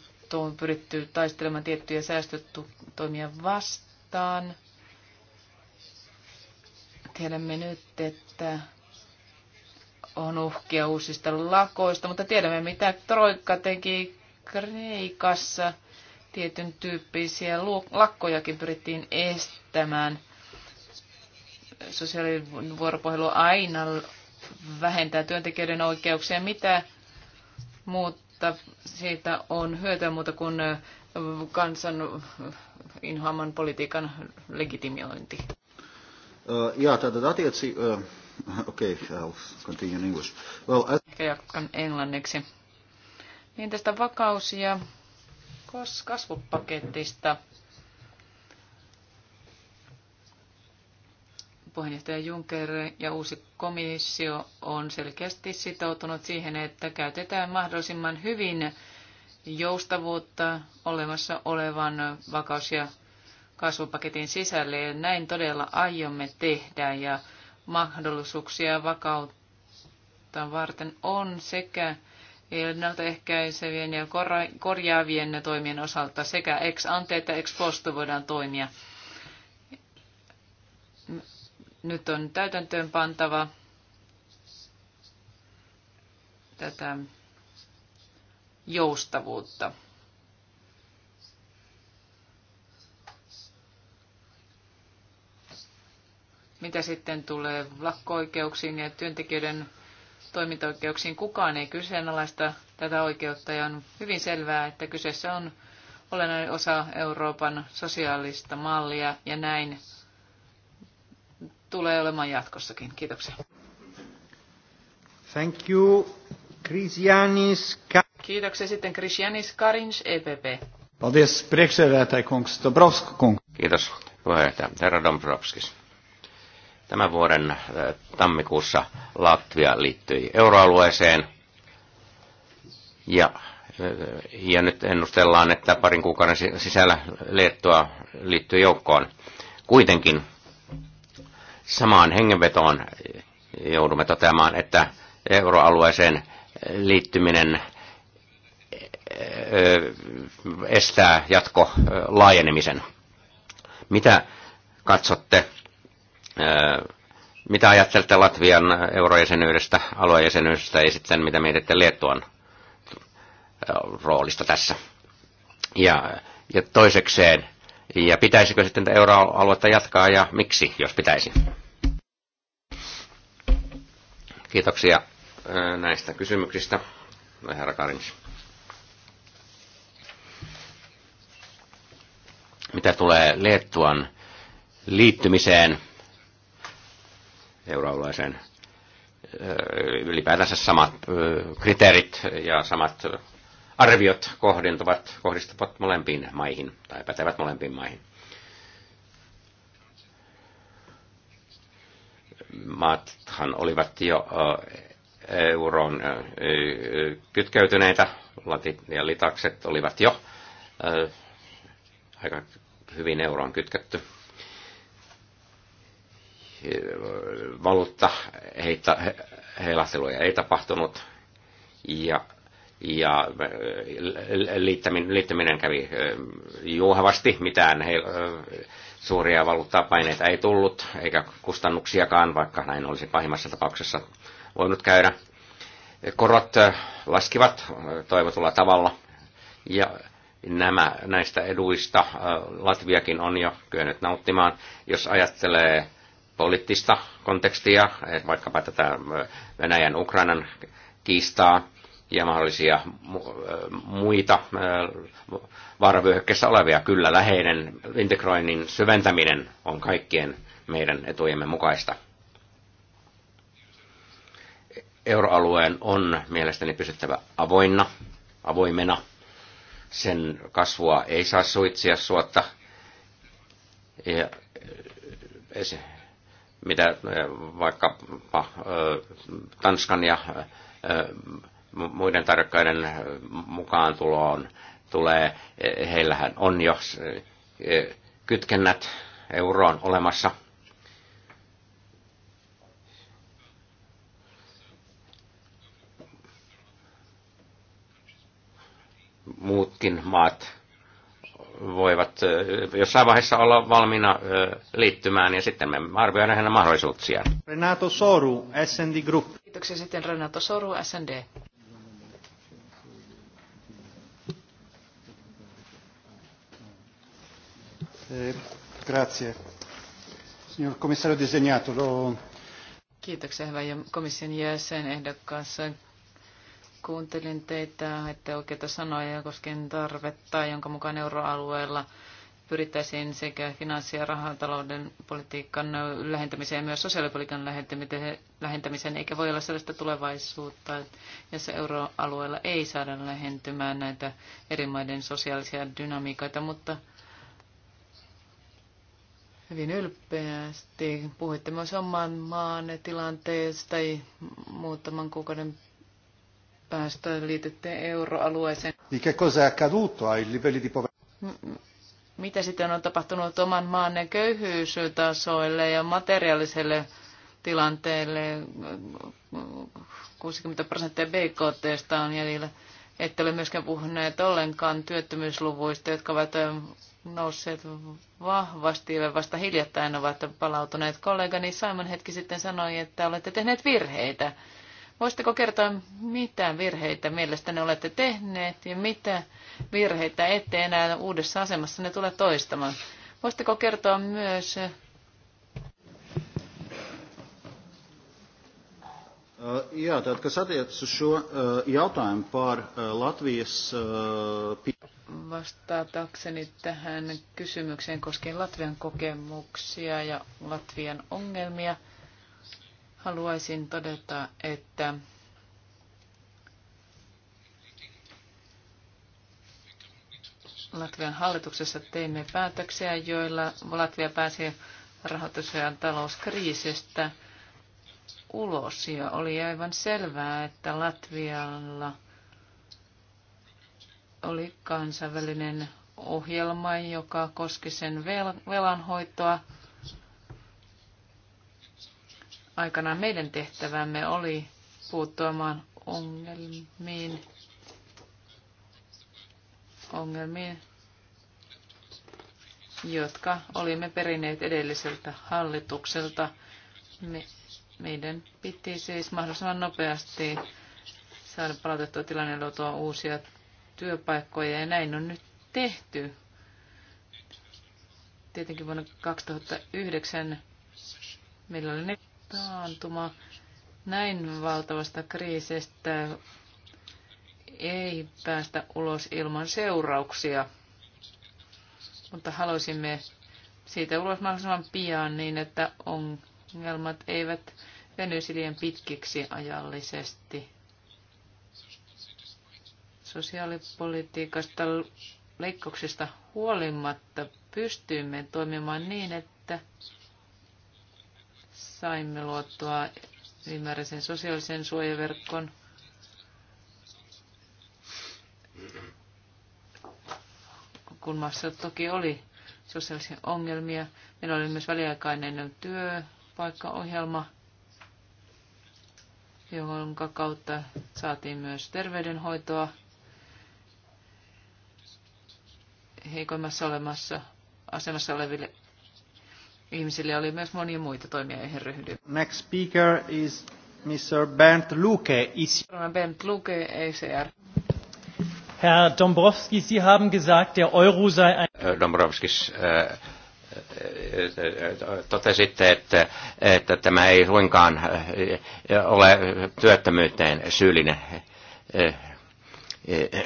B: pyritty taistelemaan tiettyjä säästötoimia vastaan, Tiedämme nyt, että on uhkia uusista lakoista, mutta tiedämme, mitä Troikka teki Kreikassa. Tietyn tyyppisiä lakkojakin pyrittiin estämään. Sosiaalivuoropuhelu aina vähentää työntekijöiden oikeuksia. Mitä muuta siitä on hyötyä muuta kuin kansan inhoaman politiikan legitimointi?
A: Uh, jā, tātad attiecība. Uh, Okei, I'll continue in English. Well, as...
B: Ehkä jatkan englanniksi. Niin tästä vakaus- ja kasvupaketista. Puheenjohtaja Juncker ja uusi komissio on selkeästi sitoutunut siihen, että käytetään mahdollisimman hyvin joustavuutta olemassa olevan vakaus- ja kasvupaketin sisälle. Ja näin todella aiomme tehdä ja mahdollisuuksia vakautta varten on sekä ennaltaehkäisevien ja korjaavien toimien osalta sekä ex ante että ex posto voidaan toimia. Nyt on täytäntöön pantava tätä joustavuutta. Mitä sitten tulee lakko-oikeuksiin ja työntekijöiden toimintaoikeuksiin, kukaan ei kyseenalaista tätä oikeutta ja on hyvin selvää, että kyseessä on olennainen osa Euroopan sosiaalista mallia ja näin tulee olemaan jatkossakin. Kiitoksia.
A: Thank you. Kristianis
B: Kiitoksia sitten Krisjanis Karins, EPP.
D: Kiitos, puheenjohtaja. Herra Dombrovskis. Tämän vuoden tammikuussa Latvia liittyi euroalueeseen ja, ja nyt ennustellaan, että parin kuukauden sisällä Liettua liittyy joukkoon. Kuitenkin samaan hengenvetoon joudumme toteamaan, että euroalueeseen liittyminen estää jatko laajenemisen. Mitä katsotte mitä ajattelette Latvian eurojäsenyydestä, aluejäsenyydestä ja sitten mitä mietitte Liettuan roolista tässä? Ja, ja toisekseen, ja pitäisikö sitten euroaluetta jatkaa ja miksi, jos pitäisi? Kiitoksia näistä kysymyksistä, herra Karins. Mitä tulee Liettuan liittymiseen euroalueeseen ylipäätänsä samat kriteerit ja samat arviot kohdentuvat, kohdistuvat molempiin maihin tai pätevät molempiin maihin. Maathan olivat jo euroon kytkeytyneitä, latit ja litakset olivat jo aika hyvin euroon kytketty valuutta heita, heilasteluja ei tapahtunut ja, ja äh, liittäminen, liittäminen kävi äh, juohavasti, mitään he, äh, suuria valuuttapaineita ei tullut, eikä kustannuksiakaan, vaikka näin olisi pahimmassa tapauksessa voinut käydä. Korot laskivat toivotulla tavalla ja nämä näistä eduista Latviakin on jo kyennyt nauttimaan. Jos ajattelee poliittista kontekstia, vaikkapa tätä Venäjän Ukrainan kiistaa ja mahdollisia muita vaaravyöhykkeessä olevia. Kyllä läheinen integroinnin syventäminen on kaikkien meidän etujemme mukaista. Euroalueen on mielestäni pysyttävä avoinna, avoimena. Sen kasvua ei saa suitsia suotta. Ja mitä äh, vaikka äh, Tanskan ja äh, muiden tarkkaiden mukaan tuloon tulee, heillähän on jo kytkennät euroon olemassa. Muutkin maat voivat jossain vaiheessa olla valmiina liittymään ja sitten me arvioidaan heidän mahdollisuuksia.
B: Renato Soru, SND Group. Kiitoksia sitten Renato Soru, SND.
A: Eh, grazie. Signor commissario designato, lo...
B: Kiitoksia hyvä komission jäsen ehdokkaassa kuuntelin teitä, että oikeita sanoja koskien tarvetta, jonka mukaan euroalueella pyrittäisiin sekä finanssi- ja rahatalouden politiikan lähentämiseen ja myös sosiaalipolitiikan lähentämiseen, eikä voi olla sellaista tulevaisuutta, jossa euroalueella ei saada lähentymään näitä eri maiden sosiaalisia dynamiikoita, mutta hyvin ylpeästi. Puhuitte myös oman maan tilanteesta muutaman kuukauden päästä liityttiin euroalueeseen. Mitä sitten on tapahtunut oman maanne köyhyystasoille ja materiaaliselle tilanteelle? 60 prosenttia BKT on jäljellä. Ette ole myöskään puhuneet ollenkaan työttömyysluvuista, jotka ovat nousseet vahvasti ja vasta hiljattain ovat palautuneet. Kollegani Simon hetki sitten sanoi, että olette tehneet virheitä Voisitteko kertoa, mitä virheitä mielestäni olette tehneet ja mitä virheitä ette enää uudessa asemassa ne tule toistamaan? Voisitteko kertoa myös... Eh, eh, jā, tad, kas attiecas uz
A: šo eh, jautājumu par Latvijas...
B: Vastaatakseni tähän kysymykseen koskien Latvian kokemuksia ja Latvian ongelmia – haluaisin todeta, että Latvian hallituksessa teimme päätöksiä, joilla Latvia pääsi rahoitusajan talouskriisistä ulos. Ja oli aivan selvää, että Latvialla oli kansainvälinen ohjelma, joka koski sen velanhoitoa aikana meidän tehtävämme oli puuttuamaan ongelmiin, ongelmiin, jotka olimme perineet edelliseltä hallitukselta. Me, meidän piti siis mahdollisimman nopeasti saada palautettua tilanne luotua uusia työpaikkoja ja näin on nyt tehty. Tietenkin vuonna 2009 meillä oli ne taantuma näin valtavasta kriisistä ei päästä ulos ilman seurauksia, mutta haluaisimme siitä ulos mahdollisimman pian niin, että ongelmat eivät venyisi liian pitkiksi ajallisesti. Sosiaalipolitiikasta leikkauksista huolimatta pystyimme toimimaan niin, että saimme luottua ylimääräisen sosiaalisen suojaverkon. Kun maassa toki oli sosiaalisia ongelmia. Meillä oli myös väliaikainen työpaikkaohjelma, jonka kautta saatiin myös terveydenhoitoa heikoimmassa olemassa, asemassa oleville ihmisille oli myös monia muita toimia, joihin ryhdyin.
A: Next speaker is Mr. Bernd Luke. Is...
B: Bernd Luke, ECR.
A: Herr Dombrovski, Sie haben gesagt, der Euro sei
D: ein... Dombrovskis, äh, äh, äh, totesitte, että, että tämä ei suinkaan äh, ole työttömyyteen syyllinen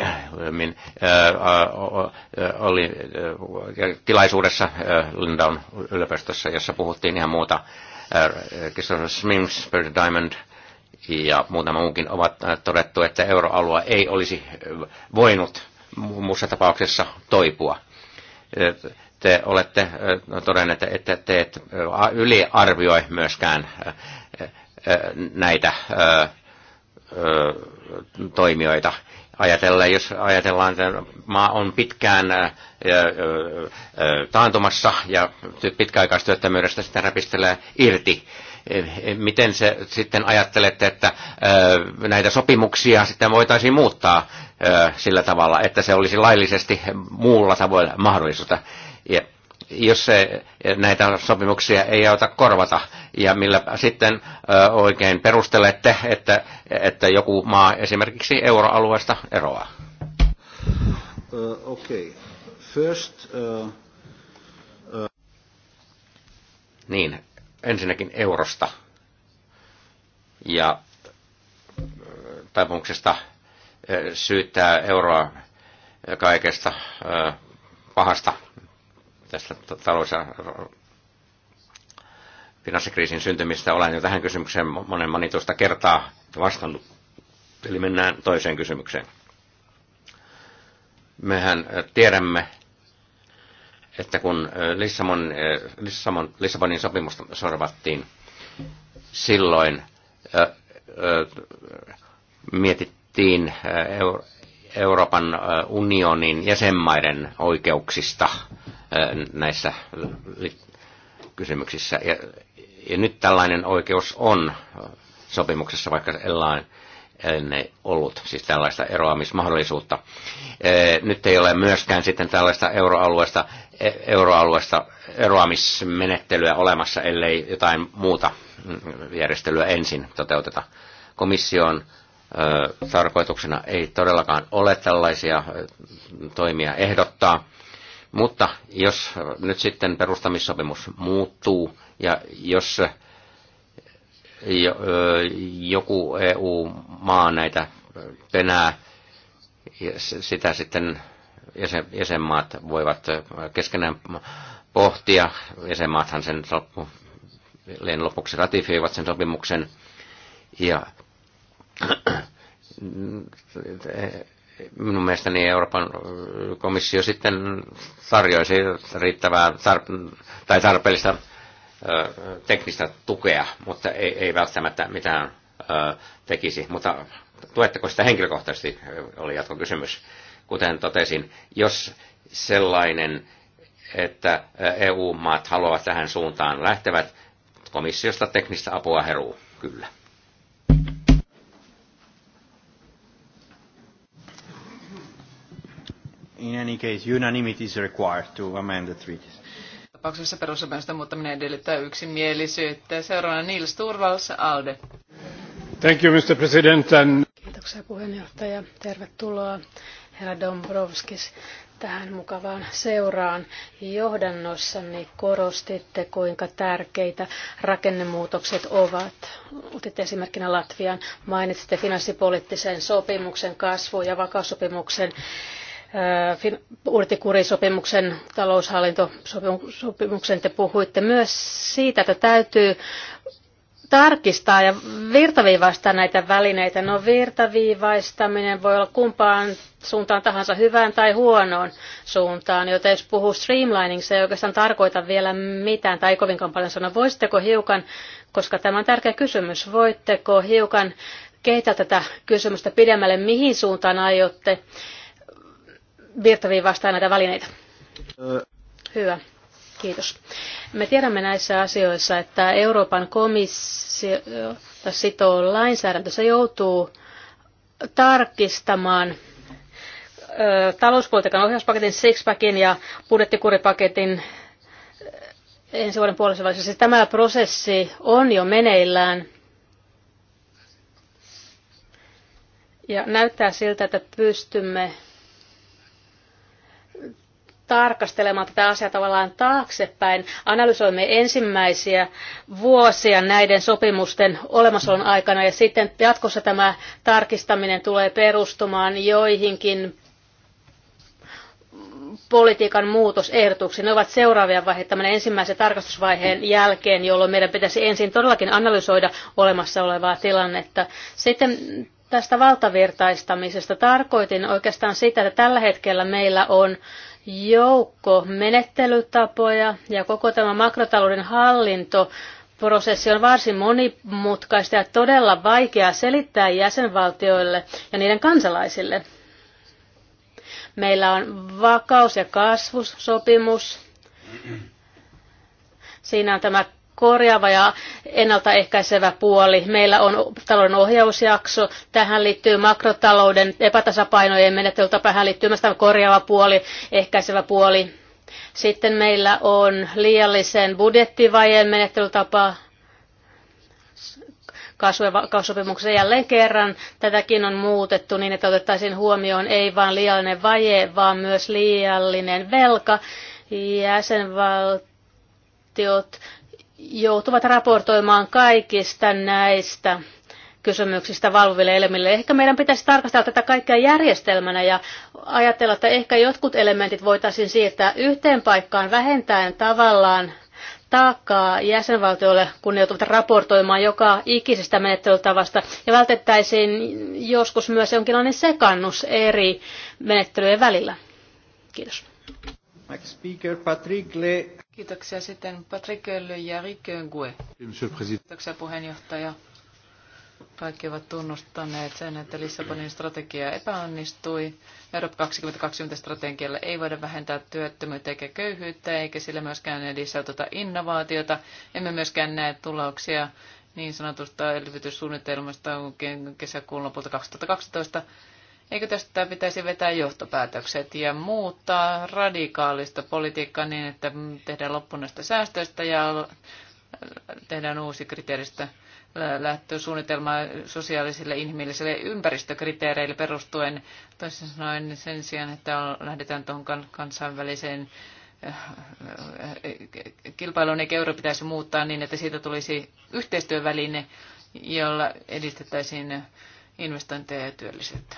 D: Äh, oli äh, tilaisuudessa äh, Lindaun yliopistossa, jossa puhuttiin ihan muuta. Christopher Bird Diamond ja muutama muukin ovat todettu, että euroalue ei olisi voinut muussa tapauksessa toipua. Te olette todenneet, että te et yliarvioi myöskään näitä toimijoita ajatella, jos ajatellaan, että maa on pitkään ää, ää, taantumassa ja pitkäaikaistyöttömyydestä sitä räpistelee irti. E, miten se sitten ajattelette, että ää, näitä sopimuksia sitten voitaisiin muuttaa sillä tavalla, että se olisi laillisesti muulla tavoin mahdollista? Ja jos näitä sopimuksia ei auta korvata. Ja millä sitten oikein perustelette, että, että joku maa esimerkiksi euroalueesta eroaa?
A: Uh, okay. First, uh, uh...
D: Niin, ensinnäkin eurosta ja taipumuksesta syyttää euroa kaikesta pahasta tästä talous- ja finanssikriisin syntymistä. Olen jo tähän kysymykseen monen monitoista kertaa vastannut. Eli mennään toiseen kysymykseen. Mehän tiedämme, että kun Lissabon, Lissabon, Lissabonin sopimusta sorvattiin, silloin mietittiin Euro, Euroopan unionin jäsenmaiden oikeuksista näissä kysymyksissä. Ja, ja nyt tällainen oikeus on sopimuksessa, vaikka ellain ne ollut, siis tällaista eroamismahdollisuutta. Nyt ei ole myöskään sitten tällaista euroalueesta, e, euroalueesta eroamismenettelyä olemassa, ellei jotain muuta järjestelyä ensin toteuteta. Komission tarkoituksena ei todellakaan ole tällaisia toimia ehdottaa mutta jos nyt sitten perustamissopimus muuttuu ja jos joku EU-maa näitä penää, sitä sitten jäsenmaat voivat keskenään pohtia. Jäsenmaathan sen loppu, lopuksi ratifioivat sen sopimuksen. Ja minun mielestäni Euroopan komissio sitten tarjoisi riittävää tar- tai tarpeellista ö, teknistä tukea, mutta ei, ei välttämättä mitään ö, tekisi. Mutta tuetteko sitä henkilökohtaisesti, oli jatkokysymys. Kuten totesin, jos sellainen, että EU-maat haluavat tähän suuntaan lähtevät, komissiosta teknistä apua heruu, kyllä. in any case, unanimity is required to amend the treaties.
B: Tapauksessa perussopimusten muuttaminen edellyttää yksimielisyyttä. Seuraavana Nils Turvals, ALDE.
D: Thank you, Mr. President. And... Kiitoksia
C: puheenjohtaja. Tervetuloa herra Dombrovskis tähän mukavaan seuraan. Johdannossani korostitte, kuinka tärkeitä rakennemuutokset ovat. Otitte esimerkkinä Latvian, mainitsitte finanssipoliittisen sopimuksen kasvu- ja vakaussopimuksen budjettikurisopimuksen, äh, taloushallintosopimuksen te puhuitte myös siitä, että täytyy tarkistaa ja virtaviivaistaa näitä välineitä. No virtaviivaistaminen voi olla kumpaan suuntaan tahansa hyvään tai huonoon suuntaan, joten jos puhuu streamlining, se ei oikeastaan tarkoita vielä mitään tai ei kovinkaan paljon sanoa. Voisitteko hiukan, koska tämä on tärkeä kysymys, voitteko hiukan kehittää tätä kysymystä pidemmälle, mihin suuntaan aiotte virtaviivastaa näitä välineitä. Hyvä. Kiitos. Me tiedämme näissä asioissa, että Euroopan komissio sitoo lainsäädäntö. Se joutuu tarkistamaan talouspolitiikan ohjauspaketin, sixpackin ja budjettikuripaketin ensi vuoden puolessa välissä. Siis tämä prosessi on jo meneillään. Ja näyttää siltä, että pystymme tarkastelemaan tätä asiaa tavallaan taaksepäin. Analysoimme ensimmäisiä vuosia näiden sopimusten olemassaolon aikana ja sitten jatkossa tämä tarkistaminen tulee perustumaan joihinkin politiikan muutosehdotuksiin. Ne ovat seuraavia vaiheita tämän ensimmäisen tarkastusvaiheen jälkeen, jolloin meidän pitäisi ensin todellakin analysoida olemassa olevaa tilannetta. Sitten tästä valtavirtaistamisesta tarkoitin oikeastaan sitä, että tällä hetkellä meillä on joukko menettelytapoja ja koko tämä makrotalouden hallinto prosessi on varsin monimutkaista ja todella vaikeaa selittää jäsenvaltioille ja niiden kansalaisille. Meillä on vakaus- ja kasvusopimus. Siinä on tämä korjaava ja ennaltaehkäisevä puoli. Meillä on talouden ohjausjakso, tähän liittyy makrotalouden epätasapainojen menettely, tähän liittyy myös tämä korjaava puoli, ehkäisevä puoli. Sitten meillä on liiallisen budjettivajeen menettelytapa, kasvusopimuksen jälleen kerran. Tätäkin on muutettu niin, että otettaisiin huomioon ei vain liiallinen vaje, vaan myös liiallinen velka. Jäsenvaltiot joutuvat raportoimaan kaikista näistä kysymyksistä valvoville elimille. Ehkä meidän pitäisi tarkastella tätä kaikkea järjestelmänä ja ajatella, että ehkä jotkut elementit voitaisiin siirtää yhteen paikkaan vähentäen tavallaan taakkaa jäsenvaltioille, kun ne joutuvat raportoimaan joka ikisestä menettelytavasta, ja vältettäisiin joskus myös jonkinlainen sekannus eri menettelyjen välillä. Kiitos.
B: speaker, Patrick Le... Kiitoksia sitten Patrick ja Rikkeen Gue. Kiitoksia puheenjohtaja. Kaikki ovat tunnustaneet sen, että Lissabonin strategia epäonnistui. Eurooppa 2020 strategialla ei voida vähentää työttömyyttä eikä köyhyyttä, eikä sillä myöskään edistää innovaatiota. Emme myöskään näe tuloksia niin sanotusta elvytyssuunnitelmasta kesäkuun lopulta 2012 Eikö tästä pitäisi vetää johtopäätökset ja muuttaa radikaalista politiikkaa niin, että tehdään loppu näistä säästöistä ja tehdään uusi kriteeristä lähtösuunnitelma sosiaalisille, inhimillisille ympäristökriteereille perustuen. Toisin sanoen sen sijaan, että lähdetään tuohon kansainväliseen eh, kilpailuun, eikä euro pitäisi muuttaa niin, että siitä tulisi yhteistyöväline, jolla edistettäisiin investointeja ja työllisyyttä.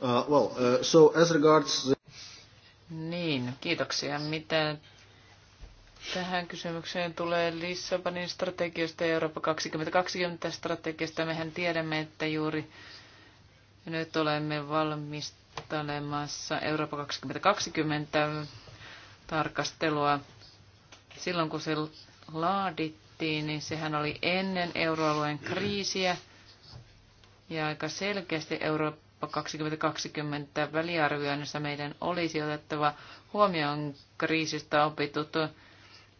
A: Uh, well, uh, so as regards the...
B: Niin, kiitoksia. Mitä tähän kysymykseen tulee Lissabonin strategiasta ja Eurooppa 2020 strategiasta? Mehän tiedämme, että juuri nyt olemme valmistelemassa Eurooppa 2020 tarkastelua. Silloin kun se laadittiin, niin sehän oli ennen euroalueen kriisiä ja aika selkeästi Eurooppa 2020 väliarvioinnissa meidän olisi otettava huomioon kriisistä opitut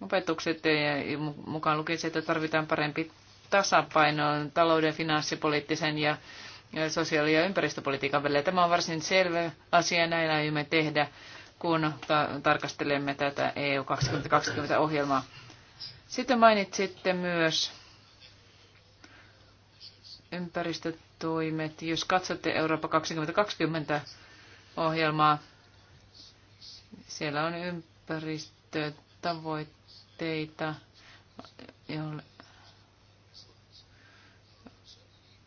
B: opetukset ja mukaan lukien se, että tarvitaan parempi tasapaino talouden, finanssipoliittisen ja sosiaali- ja ympäristöpolitiikan välillä. Tämä on varsin selvä asia, näin aiomme tehdä, kun ta- tarkastelemme tätä EU 2020-ohjelmaa. Sitten mainitsitte myös ympäristötoimet. Jos katsotte Eurooppa 2020 ohjelmaa, siellä on ympäristötavoitteita, joille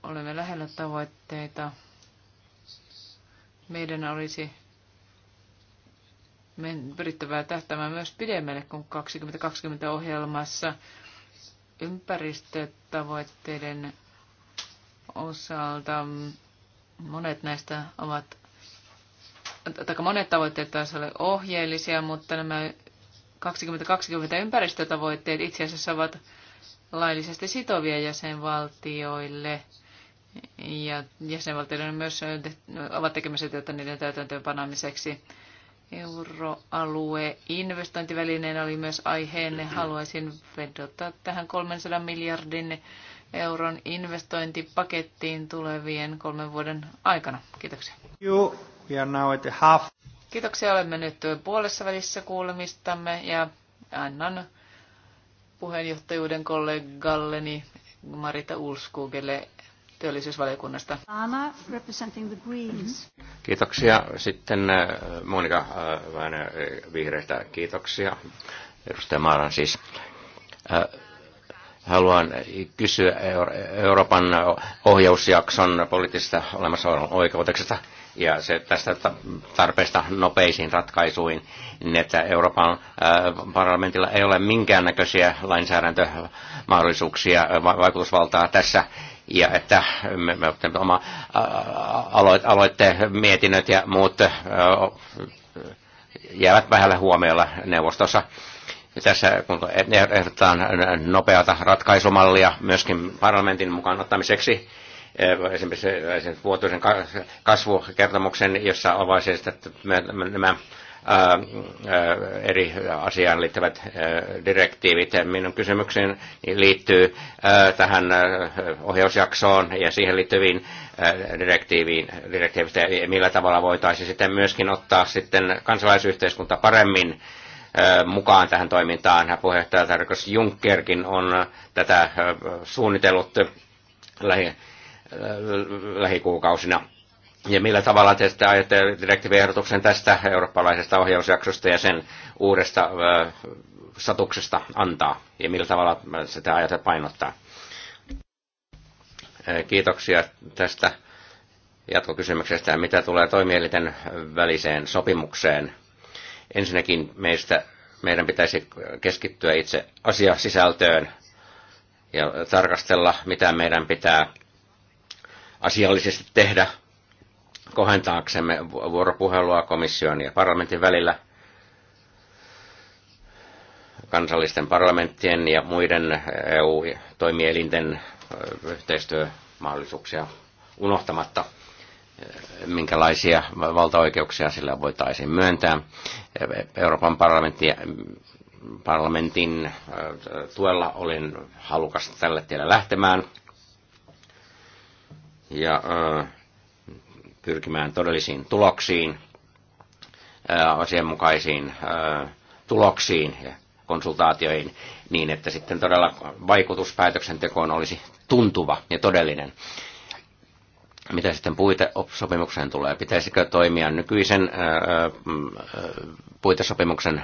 B: olemme lähellä tavoitteita. Meidän olisi pyrittävää tähtäämään myös pidemmälle kuin 2020 ohjelmassa ympäristötavoitteiden osalta monet näistä ovat, tai monet tavoitteet taas ole ohjeellisia, mutta nämä 2020 ympäristötavoitteet itse asiassa ovat laillisesti sitovia jäsenvaltioille. Ja jäsenvaltioiden myös ovat tekemässä työtä niiden täytäntöön panamiseksi. Euroalue investointivälineen oli myös aiheenne. Haluaisin vedota tähän 300 miljardin euron investointipakettiin tulevien kolmen vuoden aikana. Kiitoksia.
A: You, we are now at the half.
B: Kiitoksia. Olemme nyt puolessa välissä kuulemistamme ja annan puheenjohtajuuden kollegalleni Marita Ulskugelle työllisyysvaliokunnasta.
C: Anna, representing the Greens.
D: Kiitoksia. Sitten äh, Monika äh, Väinö äh, vihreistä. Kiitoksia. Edustaja Maaran siis haluan kysyä Euroopan ohjausjakson poliittisesta olemassaolon oikeutuksesta ja se tästä tarpeesta nopeisiin ratkaisuihin, niin että Euroopan äh, parlamentilla ei ole minkäännäköisiä lainsäädäntömahdollisuuksia, äh, vaikutusvaltaa tässä, ja että me, me oma äh, aloitteen mietinnöt ja muut jäävät vähällä huomiolla neuvostossa tässä kun ehdotetaan nopeata ratkaisumallia myöskin parlamentin mukaan ottamiseksi, eh, esimerkiksi, vuotuisen kasvukertomuksen, jossa avaisi nämä ää, eri asiaan liittyvät direktiivit. Minun kysymykseen liittyy tähän ohjausjaksoon ja siihen liittyviin direktiiviin, direktiivistä, millä tavalla voitaisiin sitten myöskin ottaa sitten kansalaisyhteiskunta paremmin mukaan tähän toimintaan. Puheenjohtaja Tarkos Junckerkin on tätä suunnitellut lähi, lähikuukausina. Ja millä tavalla te sitten ajatte direktiiviehdotuksen tästä eurooppalaisesta ohjausjaksosta ja sen uudesta satuksesta antaa? Ja millä tavalla sitä ajatte painottaa? Kiitoksia tästä jatkokysymyksestä. Mitä tulee toimielinten väliseen sopimukseen – Ensinnäkin meistä, meidän pitäisi keskittyä itse asiasisältöön ja tarkastella, mitä meidän pitää asiallisesti tehdä kohentaaksemme vuoropuhelua komission ja parlamentin välillä – kansallisten parlamenttien ja muiden EU-toimielinten yhteistyömahdollisuuksia unohtamatta minkälaisia valtaoikeuksia sillä voitaisiin myöntää. Euroopan parlamentti, parlamentin äh, tuella olin halukas tälle tielle lähtemään ja äh, pyrkimään todellisiin tuloksiin, äh, asianmukaisiin tuloksiin ja konsultaatioihin niin, että sitten todella vaikutus päätöksentekoon olisi tuntuva ja todellinen mitä sitten puitesopimukseen tulee? Pitäisikö toimia nykyisen puitesopimuksen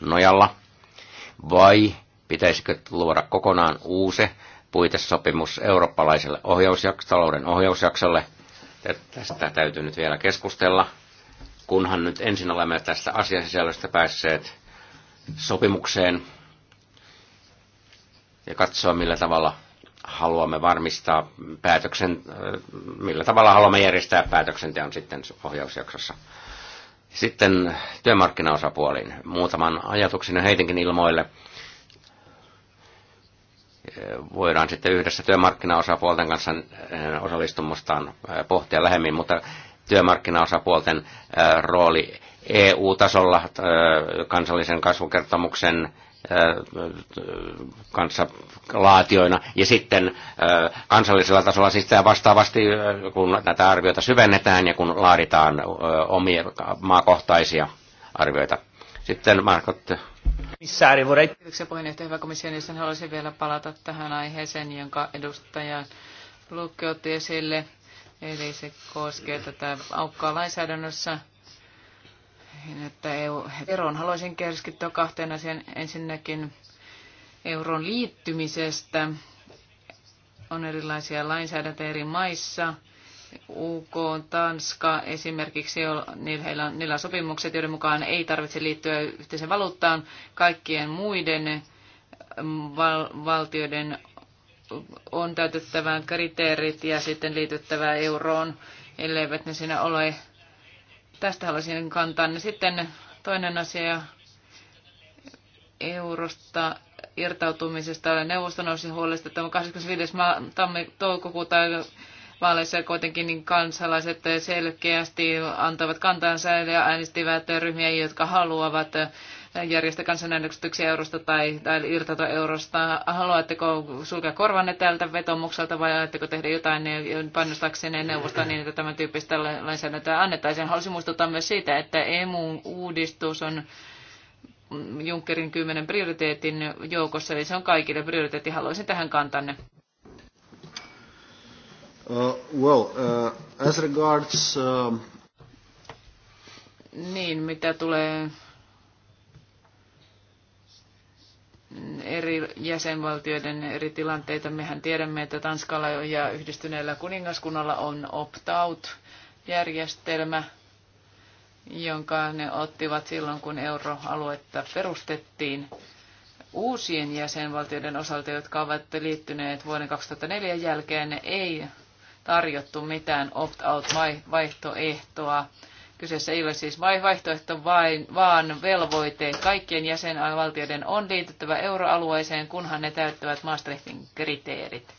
D: nojalla vai pitäisikö luoda kokonaan uusi puitesopimus eurooppalaiselle ohjausjaks- talouden ohjausjaksolle? Tästä täytyy nyt vielä keskustella, kunhan nyt ensin olemme tästä asiasisällöstä päässeet sopimukseen ja katsoa, millä tavalla haluamme varmistaa päätöksen, äh, millä tavalla haluamme järjestää päätöksenteon sitten ohjausjaksossa. Sitten työmarkkinaosapuoliin. Muutaman ajatuksen heitinkin ilmoille. Voidaan sitten yhdessä työmarkkinaosapuolten kanssa äh, osallistumustaan äh, pohtia lähemmin, mutta työmarkkinaosapuolten rooli EU-tasolla kansallisen kasvukertomuksen Äh, äh, kanssa laatioina ja sitten äh, kansallisella tasolla siis tämä vastaavasti, kun näitä arvioita syvennetään ja kun laaditaan omia maakohtaisia arvioita. Sitten Marko.
B: Missääri, vorrei... Kiitoksia puheenjohtaja, hyvä komission jäsen. Haluaisin vielä palata tähän aiheeseen, jonka edustaja Lukki otti esille. Eli se koskee tätä aukkaa lainsäädännössä niin, että EU-eroon haluaisin keskittyä kahteen asiaan. Ensinnäkin euron liittymisestä. On erilaisia lainsäädäntöjä eri maissa. UK, Tanska esimerkiksi, niillä niin on, niillä on sopimukset, joiden mukaan ei tarvitse liittyä yhteiseen valuuttaan. Kaikkien muiden mm, val- valtioiden on täytettävä kriteerit ja sitten liityttävä euroon, elleivät ne siinä ole Tästä haluaisin kantaa. No sitten toinen asia eurosta irtautumisesta. Neuvosto nousi huolesta, että 25. tammi toukokuuta vaaleissa kuitenkin niin kansalaiset selkeästi antavat kantansa ja äänestivät ryhmiä, jotka haluavat järjestä kansanäänestyksiä eurosta tai, tai irtota eurosta. Haluatteko sulkea korvanne tältä vetomukselta vai ajatteko tehdä jotain painostaksenne neuvosta niin, että tämän tyyppistä lainsäädäntöä annettaisiin? Haluaisin muistuttaa myös siitä, että emu uudistus on Junckerin kymmenen prioriteetin joukossa, eli se on kaikille prioriteetti. Haluaisin tähän kantanne.
A: Uh, well, uh, as regards... Uh...
B: Niin, mitä tulee eri jäsenvaltioiden eri tilanteita. Mehän tiedämme, että Tanskalla ja yhdistyneellä kuningaskunnalla on opt-out-järjestelmä, jonka ne ottivat silloin, kun euroaluetta perustettiin uusien jäsenvaltioiden osalta, jotka ovat liittyneet vuoden 2004 jälkeen, ei tarjottu mitään opt-out-vaihtoehtoa. -vai Kyseessä ei ole siis vai vaihtoehto, vain, vaan velvoite. Kaikkien jäsenvaltioiden on liityttävä euroalueeseen, kunhan ne täyttävät Maastrichtin kriteerit.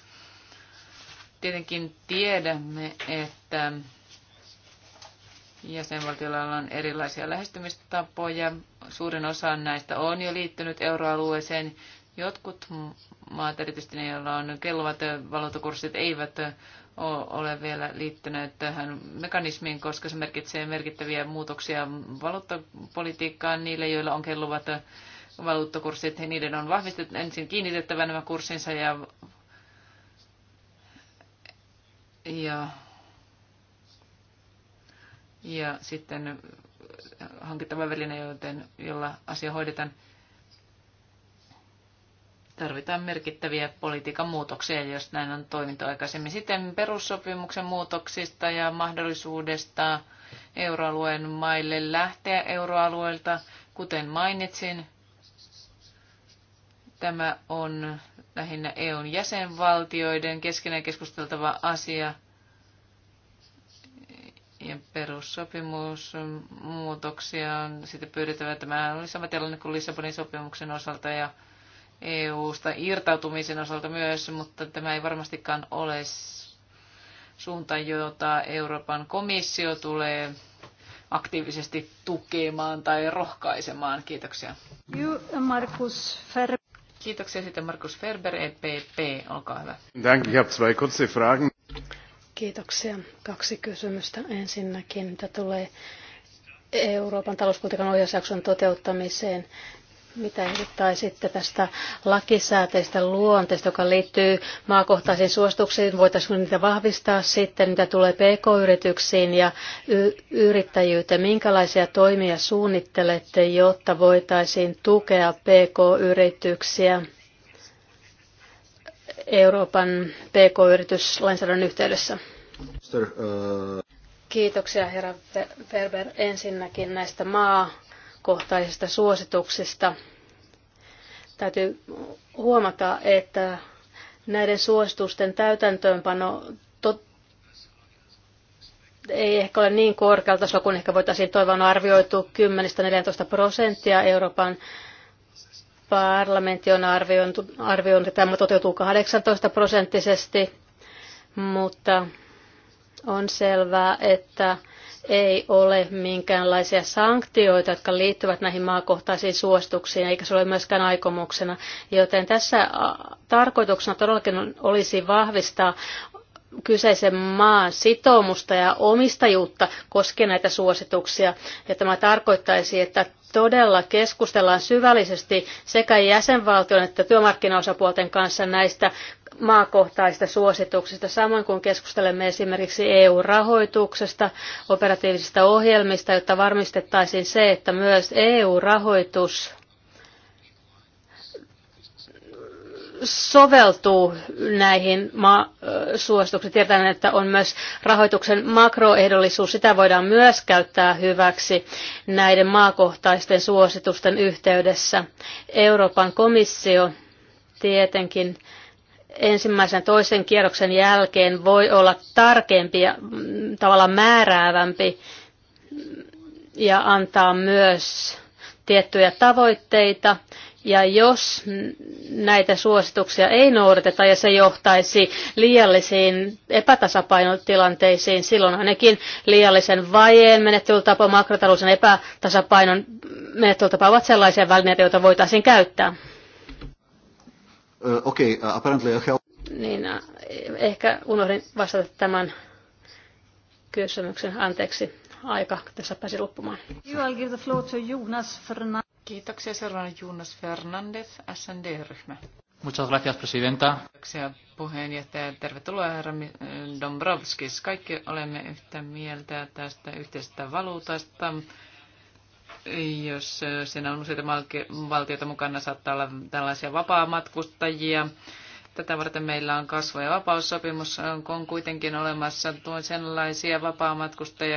B: Tietenkin tiedämme, että jäsenvaltioilla on erilaisia lähestymistapoja. Suurin osa näistä on jo liittynyt euroalueeseen. Jotkut maat, erityisesti ne, joilla on kelluvat valuutakurssit, eivät ole vielä liittyneet tähän mekanismiin, koska se merkitsee merkittäviä muutoksia valuuttapolitiikkaan niille, joilla on kelluvat valuuttakurssit. Niin niiden on vahvistettu, ensin kiinnitettävä nämä kurssinsa ja, ja, ja sitten hankittava väline, joten, jolla asia hoidetaan tarvitaan merkittäviä politiikan muutoksia, jos näin on toiminto aikaisemmin. Sitten perussopimuksen muutoksista ja mahdollisuudesta euroalueen maille lähteä euroalueelta, kuten mainitsin, tämä on lähinnä EUn jäsenvaltioiden keskenään keskusteltava asia. Ja perussopimusmuutoksia on sitten pyydettävä. Tämä oli sama tilanne kuin Lissabonin sopimuksen osalta ja EU-sta irtautumisen osalta myös, mutta tämä ei varmastikaan ole suunta, jota Euroopan komissio tulee aktiivisesti tukemaan tai rohkaisemaan. Kiitoksia. Markus Kiitoksia sitten Markus Ferber, EPP. Olkaa hyvä. ich habe
A: zwei kurze Fragen.
C: Kiitoksia. Kaksi kysymystä ensinnäkin, mitä tulee Euroopan talouspolitiikan ohjausjakson toteuttamiseen mitä ehdottaisitte tästä lakisääteistä luonteesta, joka liittyy maakohtaisiin suosituksiin? Voitaisiinko niitä vahvistaa sitten, mitä tulee pk-yrityksiin ja y- yrittäjyyteen? Minkälaisia toimia suunnittelette, jotta voitaisiin tukea pk-yrityksiä Euroopan pk-yrityslainsäädännön yhteydessä?
A: Uh,
C: Kiitoksia herra Ferber ensinnäkin näistä maa yksityiskohtaisista suosituksista. Täytyy huomata, että näiden suositusten täytäntöönpano ei ehkä ole niin korkealla tasolla kuin ehkä voitaisiin toivoa on arvioitu 10-14 prosenttia Euroopan parlamentti on arvioinut, arvioinut että tämä toteutuu 18 prosenttisesti, mutta on selvää, että ei ole minkäänlaisia sanktioita, jotka liittyvät näihin maakohtaisiin suostuksiin, eikä se ole myöskään aikomuksena. Joten tässä tarkoituksena todellakin olisi vahvistaa kyseisen maan sitoumusta ja omistajuutta koskien näitä suosituksia. Ja tämä tarkoittaisi, että todella keskustellaan syvällisesti sekä jäsenvaltion että työmarkkinaosapuolten kanssa näistä maakohtaisista suosituksista, samoin kuin keskustelemme esimerkiksi EU-rahoituksesta, operatiivisista ohjelmista, jotta varmistettaisiin se, että myös EU-rahoitus soveltuu näihin ma- suosituksiin. Tiedetään, että on myös rahoituksen makroehdollisuus. Sitä voidaan myös käyttää hyväksi näiden maakohtaisten suositusten yhteydessä. Euroopan komissio tietenkin ensimmäisen toisen kierroksen jälkeen voi olla tarkempi ja mm, tavallaan määräävämpi ja antaa myös tiettyjä tavoitteita. Ja jos näitä suosituksia ei noudateta ja se johtaisi liiallisiin epätasapainotilanteisiin, silloin ainakin liiallisen vajeen menettelytapa, makrotalouden epätasapainon menettelytapa ovat sellaisia välineitä, joita voitaisiin käyttää.
A: Okei, okay, apparently help.
C: Niin, ehkä unohdin vastata tämän kysymyksen. Anteeksi, aika tässä pääsi loppumaan.
B: Jonas Kiitoksia seuraavana Jonas Fernandez, SND-ryhmä. Muchas gracias, presidenta. Kiitoksia puheenjohtaja. Tervetuloa, herra Dombrovskis. Kaikki olemme yhtä mieltä tästä yhteisestä valuutasta, jos siinä on useita valtioita mukana, saattaa olla tällaisia vapaamatkustajia. Tätä varten meillä on kasvo- ja vapaussopimus, on kuitenkin olemassa tuon sellaisia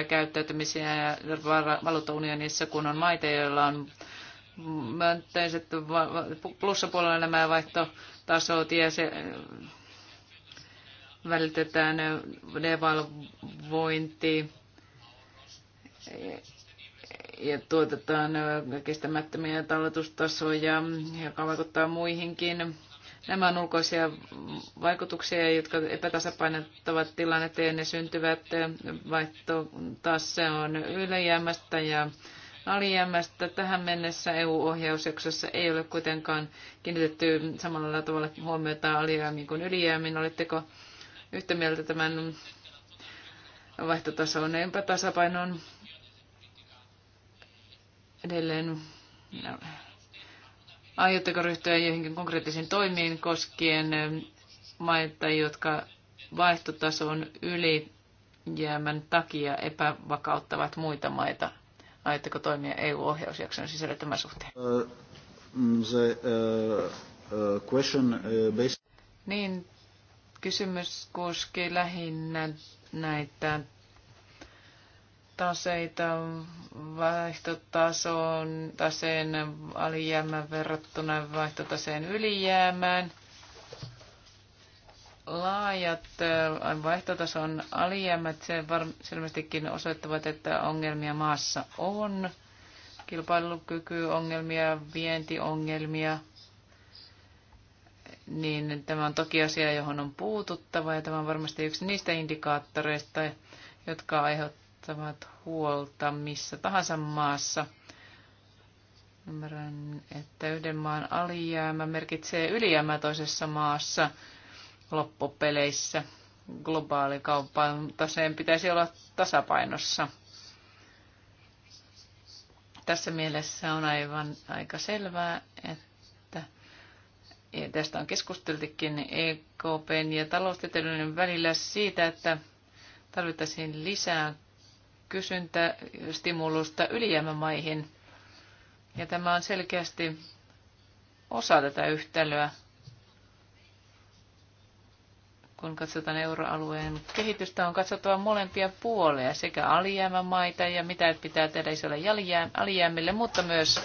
B: käyttäytymisiä ja valuuttaunionissa, kun on maita, joilla on myönteiset plussapuolella nämä vaihtotasot ja se välitetään devalvointi ja tuotetaan kestämättömiä talletustasoja, joka vaikuttaa muihinkin. Nämä on ulkoisia vaikutuksia, jotka epätasapainottavat tilannetta ja ne syntyvät vaihto taas se on ylijäämästä ja alijäämästä. Tähän mennessä EU-ohjausjaksossa ei ole kuitenkaan kiinnitetty samalla tavalla huomiota alijäämiin kuin ylijäämiin. Oletteko yhtä mieltä tämän vaihtotason epätasapainon Edelleen no, aiotteko ryhtyä joihinkin konkreettisiin toimiin koskien maita, jotka vaihtotason ylijäämän takia epävakauttavat muita maita? Aiotteko toimia EU-ohjausjakson sisällä tämän suhteen?
A: Uh, the, uh, uh, question, uh, based...
B: Niin, kysymys koskee lähinnä näitä taseita vaihtotason taseen alijäämään verrattuna vaihtotaseen ylijäämään. Laajat äh, vaihtotason alijäämät se var- selvästikin osoittavat, että ongelmia maassa on. Kilpailukykyongelmia, vientiongelmia. Niin tämä on toki asia, johon on puututtava ja tämä on varmasti yksi niistä indikaattoreista, jotka aiheuttavat kantavat huolta missä tahansa maassa. Ymmärrän, että yhden maan alijäämä merkitsee ylijäämä toisessa maassa loppupeleissä. Globaalikaupan taseen pitäisi olla tasapainossa. Tässä mielessä on aivan aika selvää, että ja tästä on keskusteltikin EKPn ja taloustieteilijöiden välillä siitä, että tarvittaisiin lisää kysyntästimulusta ylijäämämaihin. Ja tämä on selkeästi osa tätä yhtälöä, kun katsotaan euroalueen kehitystä, on katsottava molempia puolia, sekä alijäämämaita ja mitä pitää tehdä isolle alijäämille, mutta myös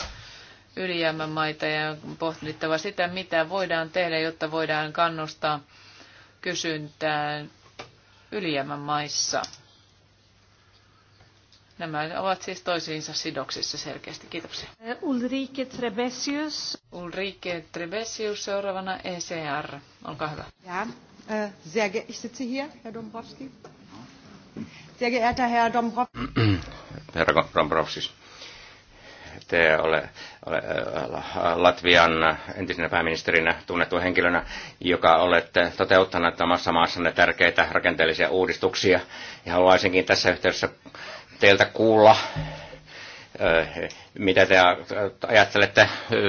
B: ylijäämämaita ja pohdittava sitä, mitä voidaan tehdä, jotta voidaan kannustaa kysyntään ylijäämämaissa. maissa. Nämä ovat siis toisiinsa sidoksissa selkeästi. Kiitoksia. Ulrike Trebesius. Ulrike Trebesius, seuraavana ECR. Olkaa hyvä. Ja, äh, sehr ge- ich sitze hier, Herr Dombrovski. Sehr geehrter Herr Dombrovski.
D: Herra Dombrovski. te ole, ole äh, Latvian entisenä pääministerinä tunnettu henkilönä, joka olette toteuttanut omassa maassanne tärkeitä rakenteellisia uudistuksia. Ja haluaisinkin tässä yhteydessä teiltä kuulla, mitä te ajattelette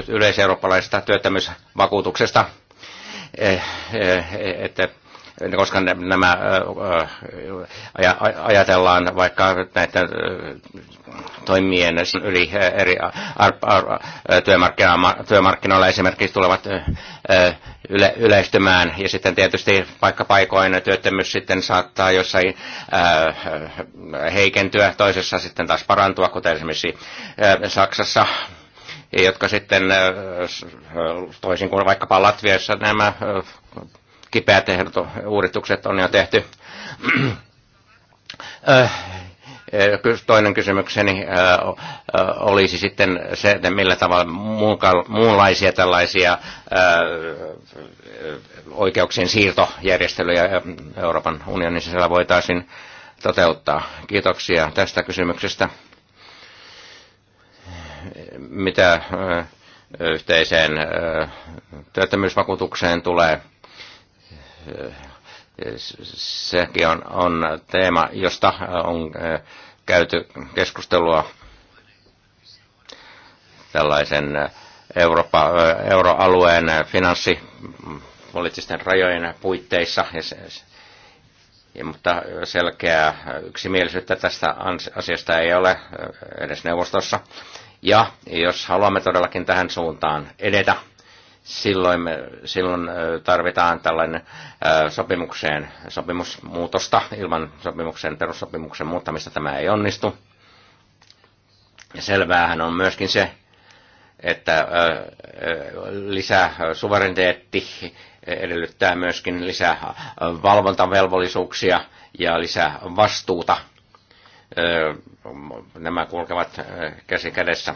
D: yleiseurooppalaisesta työttömyysvakuutuksesta, eh, eh, että koska nämä ajatellaan vaikka näiden toimien yli eri työmarkkinoilla esimerkiksi tulevat yleistymään ja sitten tietysti paikka paikoin työttömyys sitten saattaa jossain heikentyä, toisessa sitten taas parantua, kuten esimerkiksi Saksassa jotka sitten toisin kuin vaikkapa Latviassa nämä kipeät uudistukset on jo tehty. Äh, äh, toinen kysymykseni äh, olisi sitten se, että millä tavalla muunlaisia tällaisia oikeuksien siirtojärjestelyjä Euroopan unionin sisällä voitaisiin toteuttaa. Kiitoksia tästä kysymyksestä. Mitä yhteiseen työttömyysvakuutukseen tulee, sekin on, on teema, josta on äh, käyty keskustelua tällaisen äh, Eurooppa, äh, euroalueen finanssipoliittisten rajojen puitteissa, ja se, ja, mutta selkeää yksimielisyyttä tästä asiasta ei ole edes neuvostossa. Ja jos haluamme todellakin tähän suuntaan edetä, silloin, me, silloin tarvitaan tällainen sopimukseen, sopimusmuutosta ilman sopimuksen, perussopimuksen muuttamista tämä ei onnistu. Ja selväähän on myöskin se, että lisää suvereniteetti edellyttää myöskin lisää valvontavelvollisuuksia ja lisää vastuuta. Nämä kulkevat käsi kädessä.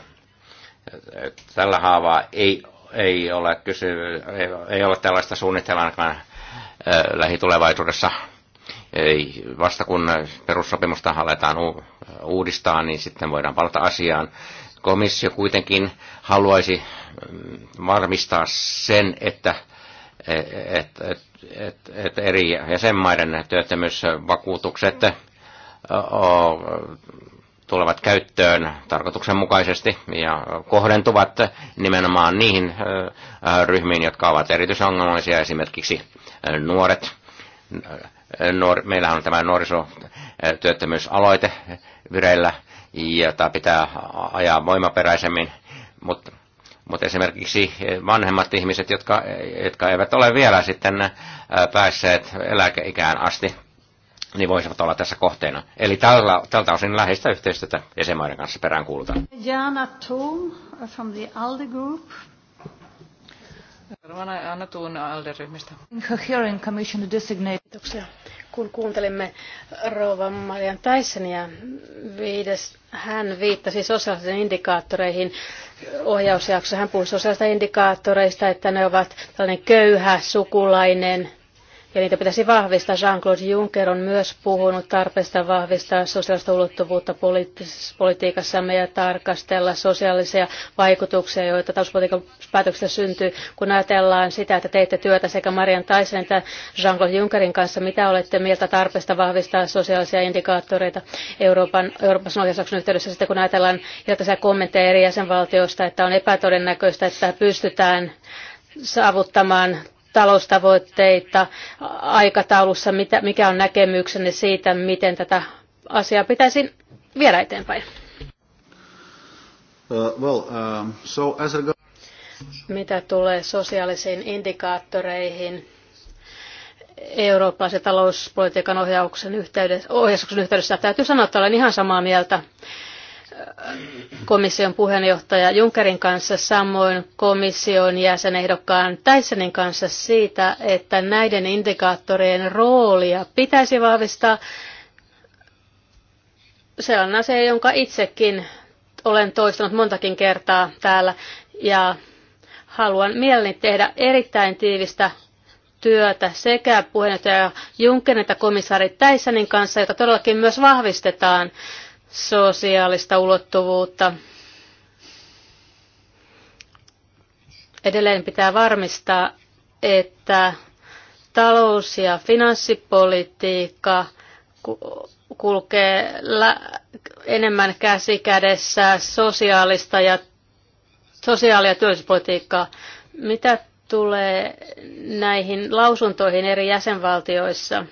D: Tällä haavaa ei ei ole, kysy, ei, ei ole tällaista suunnitelmaa lähitulevaisuudessa. Ei, vasta kun perussopimusta aletaan u, uudistaa, niin sitten voidaan palata asiaan. Komissio kuitenkin haluaisi mm, varmistaa sen, että e, et, et, et, et eri jäsenmaiden työttömyysvakuutukset tulevat käyttöön tarkoituksenmukaisesti ja kohdentuvat nimenomaan niihin ryhmiin, jotka ovat erityisongelmallisia, esimerkiksi nuoret. meillähän on tämä nuorisotyöttömyysaloite vireillä, jota pitää ajaa voimaperäisemmin, mutta mutta esimerkiksi vanhemmat ihmiset, jotka, jotka eivät ole vielä sitten päässeet eläkeikään asti, niin voisivat olla tässä kohteena. Eli tällä, tältä osin läheistä yhteistyötä jäsenmaiden kanssa peräänkuulutaan.
C: Jana Thun from the ALDE Group.
B: Seuraavana Anna Thun ALDE-ryhmistä.
C: Hearing Commission designated. Kun kuuntelimme Rova Marian ja viides, hän viittasi sosiaalisiin indikaattoreihin ohjausjaksossa. Hän puhui sosiaalisten indikaattoreista, että ne ovat tällainen köyhä sukulainen, ja niitä pitäisi vahvistaa. Jean-Claude Juncker on myös puhunut tarpeesta vahvistaa sosiaalista ulottuvuutta politiikassamme ja tarkastella sosiaalisia vaikutuksia, joita talouspolitiikan päätöksistä syntyy. Kun ajatellaan sitä, että teitte työtä sekä Marian Taisen että Jean-Claude Junckerin kanssa, mitä olette mieltä tarpeesta vahvistaa sosiaalisia indikaattoreita Euroopan, Euroopan ohjausjakson yhteydessä, sitten kun ajatellaan hiltaisia kommentteja eri jäsenvaltioista, että on epätodennäköistä, että pystytään saavuttamaan taloustavoitteita aikataulussa, mikä on näkemyksenne siitä, miten tätä asiaa pitäisi viedä eteenpäin?
A: Uh, well, uh, so as a...
C: Mitä tulee sosiaalisiin indikaattoreihin, eurooppalaisen talouspolitiikan ohjauksen yhteydessä, ohjauksen yhteydessä. Täytyy sanoa, että olen ihan samaa mieltä komission puheenjohtaja Junckerin kanssa, samoin komission jäsenehdokkaan Tysonin kanssa siitä, että näiden indikaattorien roolia pitäisi vahvistaa. Se on asia, jonka itsekin olen toistanut montakin kertaa täällä ja haluan mielelläni tehdä erittäin tiivistä työtä sekä puheenjohtaja Junckerin että komissaari Tysonin kanssa, jota todellakin myös vahvistetaan sosiaalista ulottuvuutta. Edelleen pitää varmistaa, että talous- ja finanssipolitiikka kulkee enemmän käsi kädessä sosiaalista ja, sosiaali- ja työllisyyspolitiikkaa. Mitä tulee näihin lausuntoihin eri jäsenvaltioissa –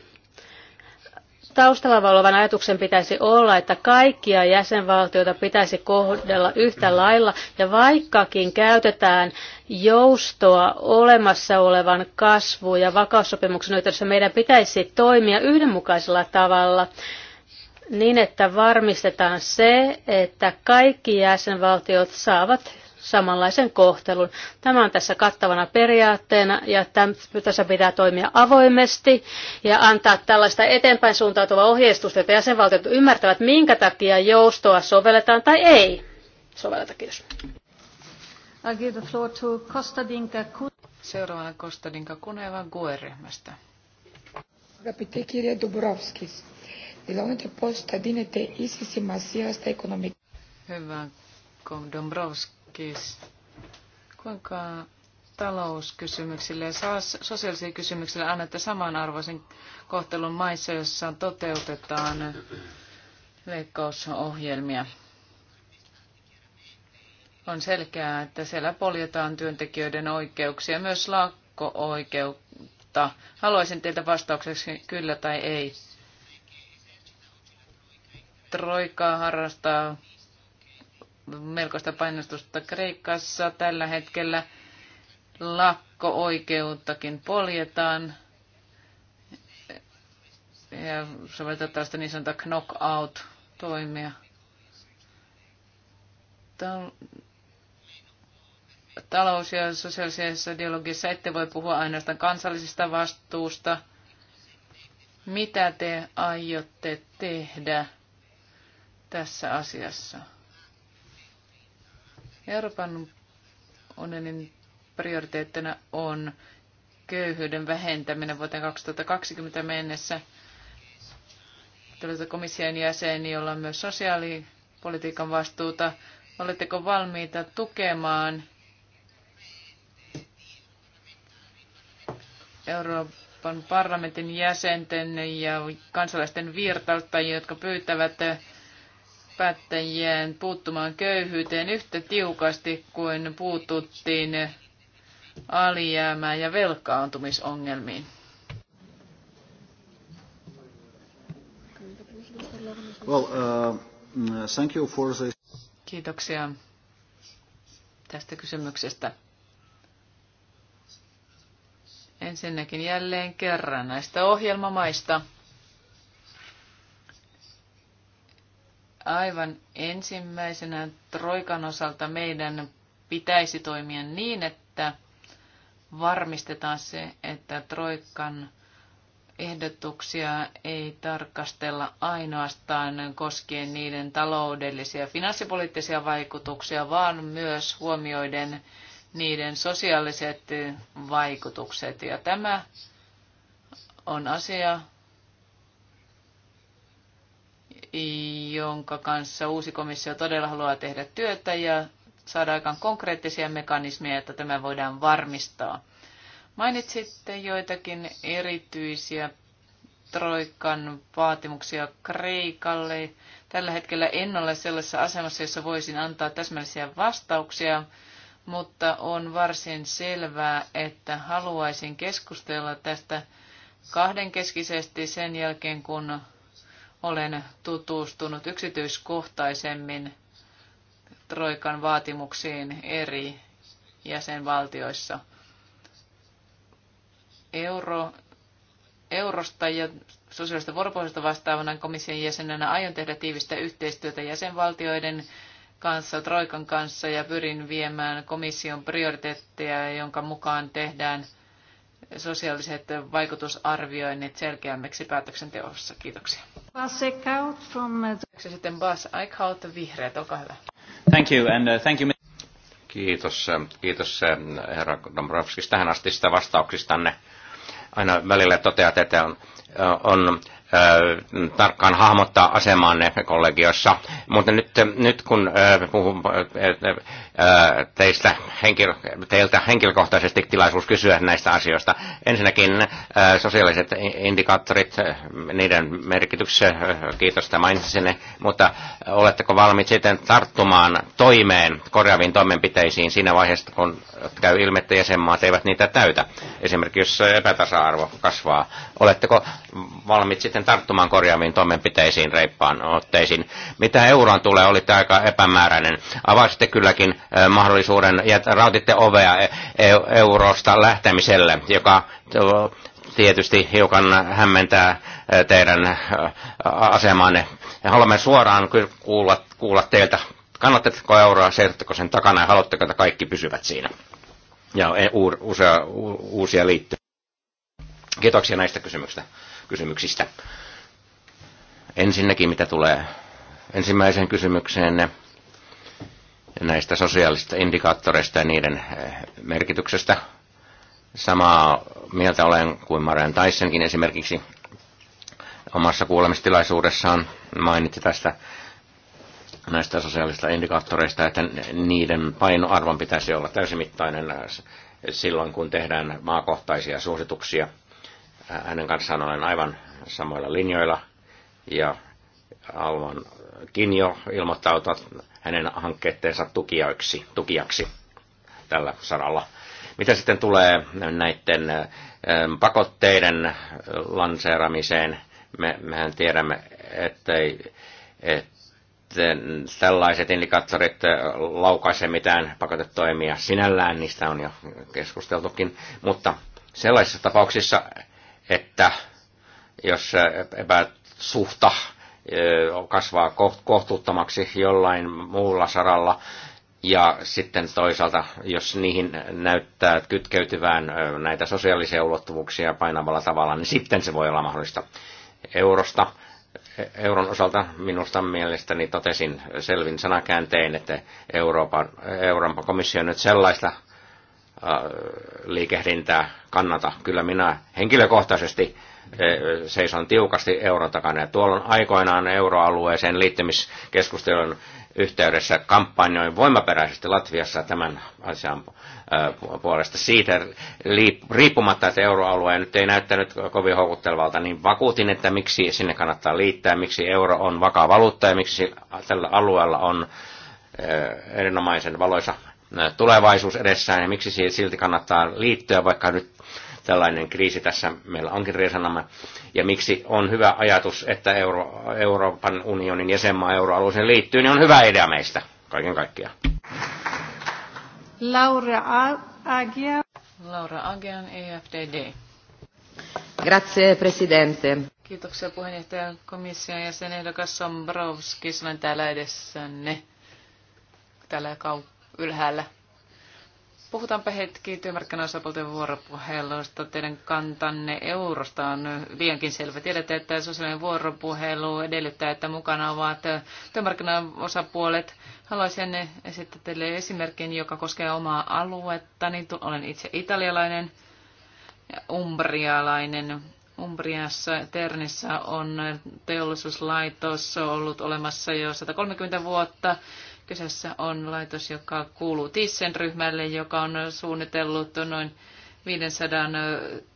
C: taustalla olevan ajatuksen pitäisi olla, että kaikkia jäsenvaltioita pitäisi kohdella yhtä lailla, ja vaikkakin käytetään joustoa olemassa olevan kasvu- ja vakaussopimuksen yhteydessä, meidän pitäisi toimia yhdenmukaisella tavalla niin, että varmistetaan se, että kaikki jäsenvaltiot saavat samanlaisen kohtelun. Tämä on tässä kattavana periaatteena ja tässä pitää toimia avoimesti ja antaa tällaista eteenpäin suuntautuvaa ohjeistusta, että jäsenvaltiot ymmärtävät, minkä takia joustoa sovelletaan tai ei sovelleta. Kiitos.
B: Seuraavana Kostadinka Kuneva GUE-ryhmästä.
C: Αγαπητέ κύριε
B: Hyvä Dombrovskis, Kuinka talouskysymyksille ja sosiaalisille kysymyksille annatte samanarvoisen kohtelun maissa, jossa toteutetaan leikkausohjelmia? On selkeää, että siellä poljetaan työntekijöiden oikeuksia, myös lakko-oikeutta. Haluaisin teiltä vastaukseksi kyllä tai ei. Troikaa harrastaa melkoista painostusta Kreikassa. Tällä hetkellä lakko-oikeuttakin poljetaan ja sovelletaan tällaista niin sanota knockout-toimia. Talous- ja sosiaalisessa ideologiassa ette voi puhua ainoastaan kansallisesta vastuusta. Mitä te aiotte tehdä tässä asiassa? Euroopan unionin prioriteettina on köyhyyden vähentäminen vuoteen 2020 mennessä. Tällaisen komission jäsen, jolla on myös sosiaalipolitiikan vastuuta. Oletteko valmiita tukemaan Euroopan parlamentin jäsenten ja kansalaisten virtautta, jotka pyytävät päättäjien puuttumaan köyhyyteen yhtä tiukasti kuin puututtiin alijäämään ja velkaantumisongelmiin. Well,
A: uh, thank you for this.
B: Kiitoksia tästä kysymyksestä. Ensinnäkin jälleen kerran näistä ohjelmamaista. Aivan ensimmäisenä Troikan osalta meidän pitäisi toimia niin, että varmistetaan se, että Troikan ehdotuksia ei tarkastella ainoastaan koskien niiden taloudellisia ja finanssipoliittisia vaikutuksia, vaan myös huomioiden niiden sosiaaliset vaikutukset. Ja tämä on asia, jonka kanssa uusi komissio todella haluaa tehdä työtä ja saada aikaan konkreettisia mekanismeja, että tämä voidaan varmistaa. Mainitsitte joitakin erityisiä Troikan vaatimuksia Kreikalle. Tällä hetkellä en ole sellaisessa asemassa, jossa voisin antaa täsmällisiä vastauksia, mutta on varsin selvää, että haluaisin keskustella tästä kahdenkeskisesti sen jälkeen, kun olen tutustunut yksityiskohtaisemmin Troikan vaatimuksiin eri jäsenvaltioissa. Euro, eurosta ja sosiaalista vuoropuhelusta vastaavana komission jäsenenä aion tehdä tiivistä yhteistyötä jäsenvaltioiden kanssa, Troikan kanssa ja pyrin viemään komission prioriteetteja, jonka mukaan tehdään sosiaaliset vaikutusarvioinnit selkeämmiksi päätöksenteossa. Kiitoksia.
C: Bas Eichhout
B: from... Uh, sitten Bas Eichhout, vihreät, olkaa hyvä.
D: Thank you, and uh, thank you. Kiitos, äh, kiitos äh, herra Dombrovskis tähän astista vastauksistanne. Aina välillä toteat, että on, äh, on tarkkaan hahmottaa asemaanne kollegiossa. Mutta nyt, nyt kun puhun teistä, henkilö, teiltä henkilökohtaisesti tilaisuus kysyä näistä asioista. Ensinnäkin sosiaaliset indikaattorit, niiden merkityksessä kiitos, että mainitsin mutta oletteko valmiit sitten tarttumaan toimeen, korjaaviin toimenpiteisiin siinä vaiheessa, kun käy ilmi, että jäsenmaat eivät niitä täytä? Esimerkiksi jos epätasa-arvo kasvaa, oletteko valmiit sitten tarttumaan korjaaviin toimenpiteisiin, reippaan otteisiin. Mitä euroon tulee, tämä aika epämääräinen. Avasitte kylläkin eh, mahdollisuuden ja rautitte ovea e-, e-, eurosta lähtemiselle, joka eh, tietysti hiukan hämmentää eh, teidän asemanne. Haluamme suoraan kuulla, kuulla teiltä, kannatteko euroa, seurattako sen takana ja haluatteko, että kaikki pysyvät siinä. Ja e-, usea, uusia liittyy. Kiitoksia näistä kysymyksistä kysymyksistä. Ensinnäkin mitä tulee ensimmäiseen kysymykseen näistä sosiaalisista indikaattoreista ja niiden eh, merkityksestä. Samaa mieltä olen kuin Marian Taissenkin esimerkiksi omassa kuulemistilaisuudessaan mainitsi tästä näistä sosiaalisista indikaattoreista, että niiden painoarvon pitäisi olla täysimittainen eh, silloin, kun tehdään maakohtaisia suosituksia – hänen kanssaan olen aivan samoilla linjoilla. Ja Almankin Kinjo ilmoittautua hänen hankkeetteensa tukijaksi, tukijaksi tällä saralla. Mitä sitten tulee näiden ähm, pakotteiden lanseeramiseen, me, mehän tiedämme, ettei, että tällaiset indikaattorit laukaise mitään pakotetoimia sinällään, niistä on jo keskusteltukin, mutta sellaisissa tapauksissa että jos epäsuhta kasvaa kohtuuttomaksi jollain muulla saralla, ja sitten toisaalta, jos niihin näyttää kytkeytyvään näitä sosiaalisia ulottuvuuksia painavalla tavalla, niin sitten se voi olla mahdollista. Eurosta, e, euron osalta minusta mielestäni totesin selvin sanakääntein, että Euroopan, Euroopan komissio on nyt sellaista liikehdintää kannata. Kyllä minä henkilökohtaisesti seison tiukasti euron takana. Ja on aikoinaan euroalueeseen liittymiskeskustelun yhteydessä kampanjoin voimaperäisesti Latviassa tämän asian puolesta siitä riippumatta, että euroalue nyt ei näyttänyt kovin houkuttelevalta, niin vakuutin, että miksi sinne kannattaa liittää, miksi euro on vakaa valuutta ja miksi tällä alueella on erinomaisen valoisa tulevaisuus edessään ja miksi siihen silti kannattaa liittyä, vaikka nyt tällainen kriisi tässä meillä onkin riesanamme. Ja miksi on hyvä ajatus, että Euro, Euroopan unionin jäsenmaa euroalueeseen liittyy, niin on hyvä idea meistä kaiken kaikkiaan.
B: Laura Agia. Laura Agian, EFDD.
C: Grazie, Presidente.
B: Kiitoksia puheenjohtaja komission jäsenehdokas Sombrovskis. Olen täällä edessänne. Täällä kautta ylhäällä. Puhutaanpa hetki työmarkkinaosapuolten vuoropuhelusta. Teidän kantanne eurosta on liiankin selvä. Tiedätte, että sosiaalinen vuoropuhelu edellyttää, että mukana ovat työmarkkinaosapuolet. Haluaisin esittää teille esimerkin, joka koskee omaa aluetta. Niin Olen itse italialainen ja umbrialainen. Umbriassa Ternissä on teollisuuslaitos ollut olemassa jo 130 vuotta Kyseessä on laitos, joka kuuluu Tissen ryhmälle, joka on suunnitellut noin 500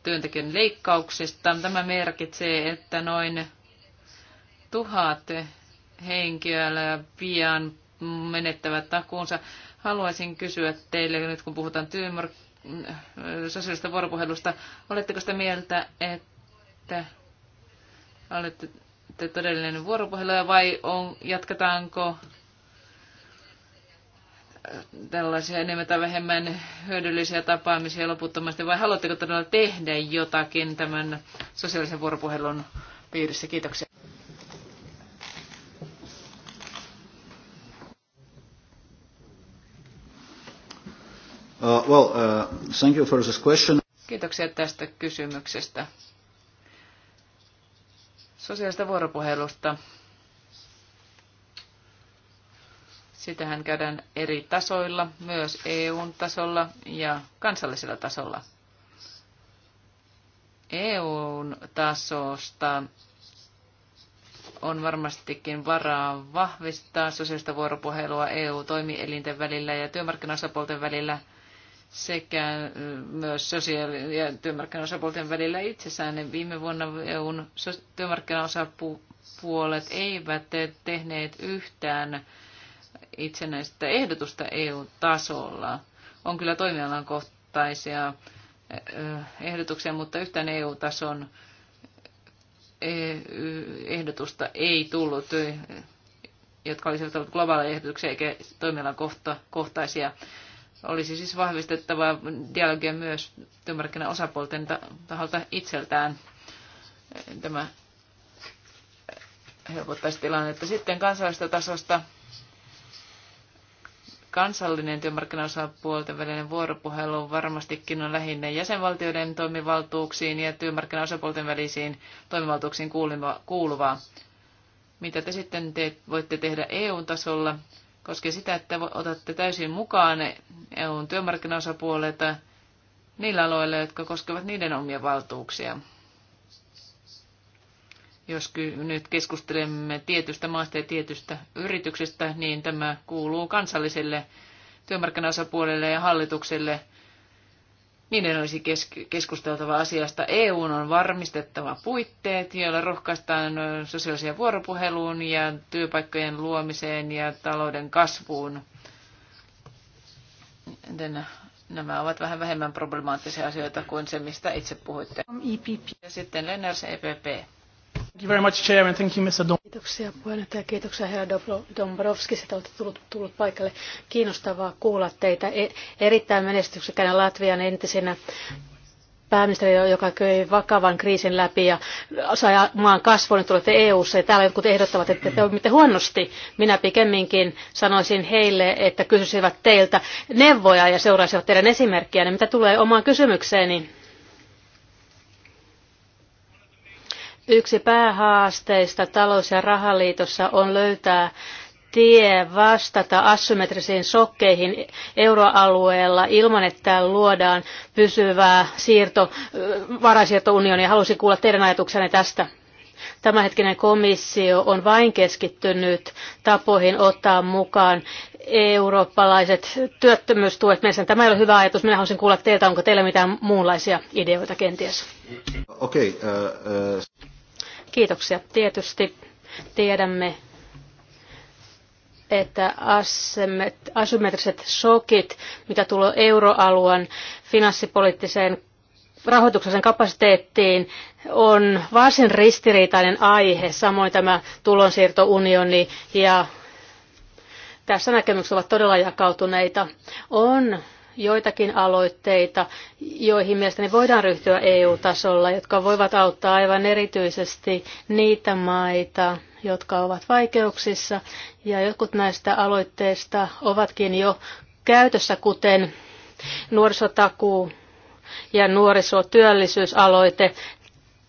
B: työntekijän leikkauksista. Tämä merkitsee, että noin tuhat henkilöä pian menettävät takuunsa. Haluaisin kysyä teille, nyt kun puhutaan työmark- sosiaalista vuoropuhelusta, oletteko sitä mieltä, että olette todellinen vuoropuhelu vai on, jatketaanko tällaisia enemmän tai vähemmän hyödyllisiä tapaamisia loputtomasti, vai haluatteko todella tehdä jotakin tämän sosiaalisen vuoropuhelun piirissä? Kiitoksia.
A: Uh, well, uh, thank you for this question.
B: Kiitoksia tästä kysymyksestä. Sosiaalista vuoropuhelusta Sitähän käydään eri tasoilla, myös EUn tasolla ja kansallisella tasolla. EUn tasosta on varmastikin varaa vahvistaa sosiaalista vuoropuhelua EU-toimielinten välillä ja työmarkkinaosapuolten välillä sekä myös sosiaali- ja työmarkkinaosapuolten välillä itsessään. Viime vuonna EUn työmarkkinaosapuolet eivät tehneet yhtään itsenäistä ehdotusta EU-tasolla. On kyllä toimialan kohtaisia ehdotuksia, mutta yhtään EU-tason ehdotusta ei tullut, jotka olisivat olleet globaaleja ehdotuksia eikä toimialan kohtaisia. Olisi siis vahvistettava dialogia myös osapuolten taholta itseltään. Tämä helpottaisi tilannetta. Sitten kansallisesta tasosta kansallinen työmarkkinaosapuolten välinen vuoropuhelu varmastikin on lähinnä jäsenvaltioiden toimivaltuuksiin ja työmarkkinaosapuolten välisiin toimivaltuuksiin kuuluvaa. Mitä te sitten te voitte tehdä EU-tasolla? Koskee sitä, että otatte täysin mukaan eu työmarkkinaosapuolet niillä aloilla, jotka koskevat niiden omia valtuuksia. Jos nyt keskustelemme tietystä maasta ja tietystä yrityksestä, niin tämä kuuluu kansalliselle työmarkkinaosapuolelle ja hallitukselle. Niiden olisi kes- keskusteltava asiasta. EU on varmistettava puitteet, joilla rohkaistaan sosiaaliseen vuoropuheluun ja työpaikkojen luomiseen ja talouden kasvuun. Nämä ovat vähän vähemmän problemaattisia asioita kuin se, mistä itse puhuitte. E ja sitten Lenners EPP.
C: Kiitoksia puheenjohtaja, kiitoksia herra Dombrovskis, että olette tullut, tullut paikalle. Kiinnostavaa kuulla teitä e- erittäin menestyksekkäinen Latvian entisenä pääministeri, joka köi vakavan kriisin läpi ja sai maan kasvun, niin tulette EU-ssa ja täällä jotkut ehdottavat, että te olette huonosti. Minä pikemminkin sanoisin heille, että kysyisivät teiltä neuvoja ja seuraisivat teidän esimerkkiänne. Mitä tulee omaan kysymykseeni, Yksi päähaasteista talous- ja rahaliitossa on löytää tie vastata asymmetrisiin sokkeihin euroalueella ilman, että luodaan pysyvää siirto, varaisiirtounionia. Haluaisin kuulla teidän ajatuksenne tästä. Tämänhetkinen komissio on vain keskittynyt tapoihin ottaa mukaan eurooppalaiset työttömyystuet Mielestäni Tämä ei ole hyvä ajatus. Minä haluaisin kuulla teiltä, onko teillä mitään muunlaisia ideoita kenties.
A: Okay, uh, äh, uh... Äh,
C: Kiitoksia. Tietysti tiedämme, että asymmetriset shokit, mitä tulee euroalueen finanssipoliittiseen rahoituksen kapasiteettiin, on varsin ristiriitainen aihe, samoin tämä tulonsiirtounioni ja tässä näkemykset ovat todella jakautuneita. On joitakin aloitteita, joihin mielestäni voidaan ryhtyä EU-tasolla, jotka voivat auttaa aivan erityisesti niitä maita, jotka ovat vaikeuksissa. Ja jotkut näistä aloitteista ovatkin jo käytössä, kuten nuorisotakuu ja nuorisotyöllisyysaloite.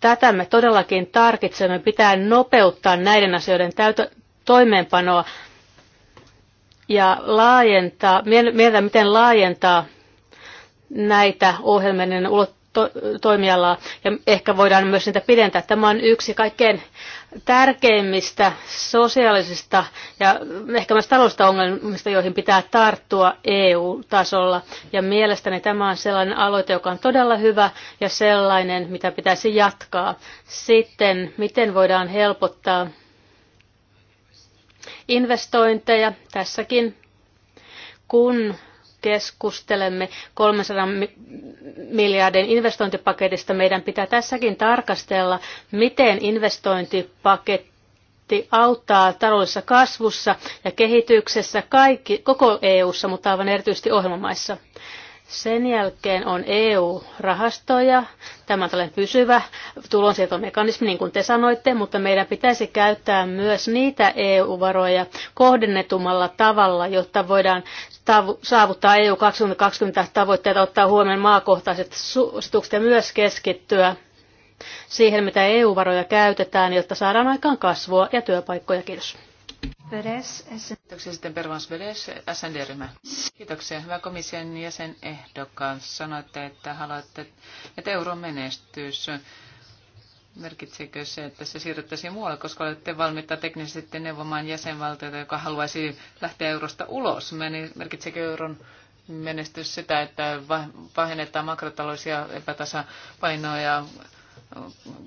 C: Tätä me todellakin tarkitsemme. Pitää nopeuttaa näiden asioiden täytö- toimeenpanoa ja laajentaa, mietitään miten laajentaa näitä ohjelmien to, toimialaa ja ehkä voidaan myös niitä pidentää. Tämä on yksi kaikkein tärkeimmistä sosiaalisista ja ehkä myös taloudellisista ongelmista, joihin pitää tarttua EU-tasolla. Ja mielestäni tämä on sellainen aloite, joka on todella hyvä ja sellainen, mitä pitäisi jatkaa. Sitten, miten voidaan helpottaa investointeja tässäkin, kun keskustelemme 300 miljardin investointipaketista, meidän pitää tässäkin tarkastella, miten investointipaketti auttaa taloudellisessa kasvussa ja kehityksessä kaikki, koko EU-ssa, mutta aivan erityisesti ohjelmamaissa. Sen jälkeen on EU-rahastoja. Tämä on tällainen pysyvä tulonsiirtomekanismi, niin kuin te sanoitte, mutta meidän pitäisi käyttää myös niitä EU-varoja kohdennetummalla tavalla, jotta voidaan saavuttaa EU 2020 tavoitteet, ottaa huomioon maakohtaiset suositukset ja myös keskittyä siihen, mitä EU-varoja käytetään, jotta saadaan aikaan kasvua ja työpaikkoja. Kiitos.
B: Kiitoksia sitten Pervans Beres, SND-ryhmä. Kiitoksia. Hyvä komission jäsen ehdokas. Sanoitte, että haluatte, että Euro menestyisi. merkitseekö se, että se siirryttäisiin muualle, koska olette valmiita teknisesti neuvomaan jäsenvaltiota, joka haluaisi lähteä eurosta ulos? Merkitsekö euron menestys sitä, että vähennetään makrotaloisia epätasapainoja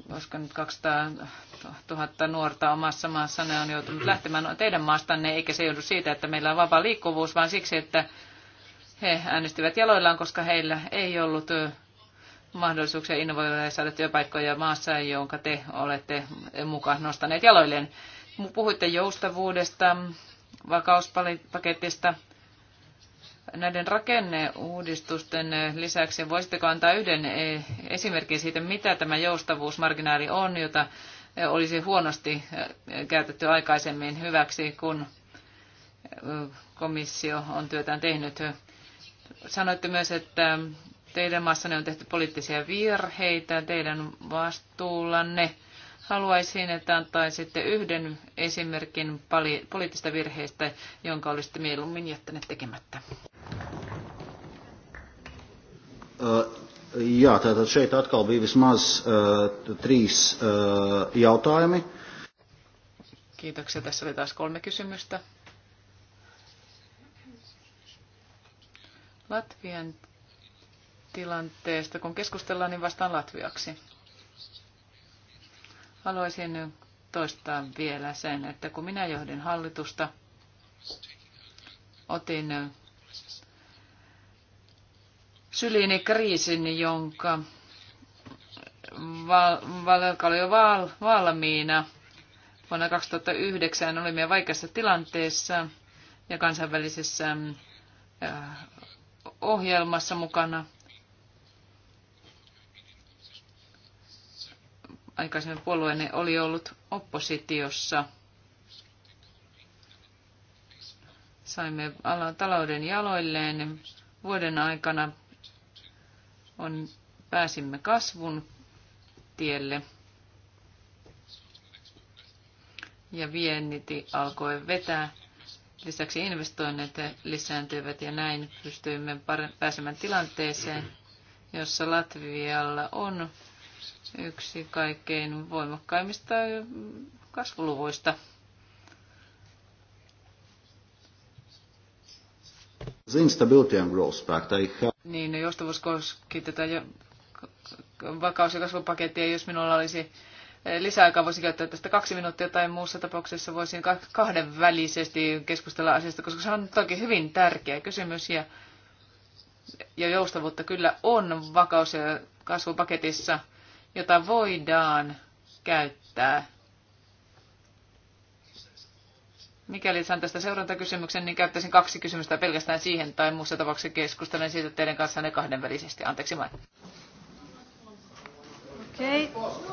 B: koska nyt 200 000 nuorta omassa maassa ne on joutunut lähtemään teidän maastanne, eikä se joudu siitä, että meillä on vapaa liikkuvuus, vaan siksi, että he äänestivät jaloillaan, koska heillä ei ollut mahdollisuuksia innovoida ja saada työpaikkoja maassa, jonka te olette mukaan nostaneet jaloilleen. Puhuitte joustavuudesta, vakauspaketista, näiden rakenneuudistusten lisäksi voisitteko antaa yhden e, esimerkin siitä, mitä tämä joustavuusmarginaali on, jota e, olisi huonosti e, käytetty aikaisemmin hyväksi, kun komissio on työtään tehnyt. Sanoitte myös, että teidän maassanne on tehty poliittisia virheitä teidän vastuullanne Haluaisin, että antaisitte yhden esimerkin poli- poliittisesta virheestä, jonka olisitte mieluummin jättäneet tekemättä.
A: Uh, jā, tātad šeit atkal bija uh, uh,
B: Kiitoksia. Tässä oli taas kolme kysymystä. Latvian tilanteesta, kun keskustellaan, niin vastaan latviaksi. Haluaisin toistaa vielä sen, että kun minä johdin hallitusta, otin syliini kriisin, jonka val, val, oli jo val, valmiina. Vuonna 2009 olimme vaikeassa tilanteessa ja kansainvälisessä äh, ohjelmassa mukana – aikaisemmin puolueenne oli ollut oppositiossa. Saimme alan talouden jaloilleen. Vuoden aikana on, pääsimme kasvun tielle. Ja vienniti alkoi vetää. Lisäksi investoinnit lisääntyivät ja näin pystyimme pääsemään tilanteeseen, jossa Latvialla on yksi kaikkein voimakkaimmista kasvuluvuista.
A: The instability and growth pact, I have...
B: Niin, no joustavuus koski tätä jo, vakaus- ja kasvupakettia, jos minulla olisi lisäaikaa voisin käyttää tästä kaksi minuuttia tai muussa tapauksessa voisin kahdenvälisesti keskustella asiasta, koska se on toki hyvin tärkeä kysymys ja, ja joustavuutta kyllä on vakaus- ja kasvupaketissa – jota voidaan käyttää. Mikäli saan tästä seurantakysymyksen, niin käyttäisin kaksi kysymystä pelkästään siihen, tai muussa tapauksessa keskustelen siitä teidän ne kahdenvälisesti. Anteeksi vain.
A: Okei. Okay.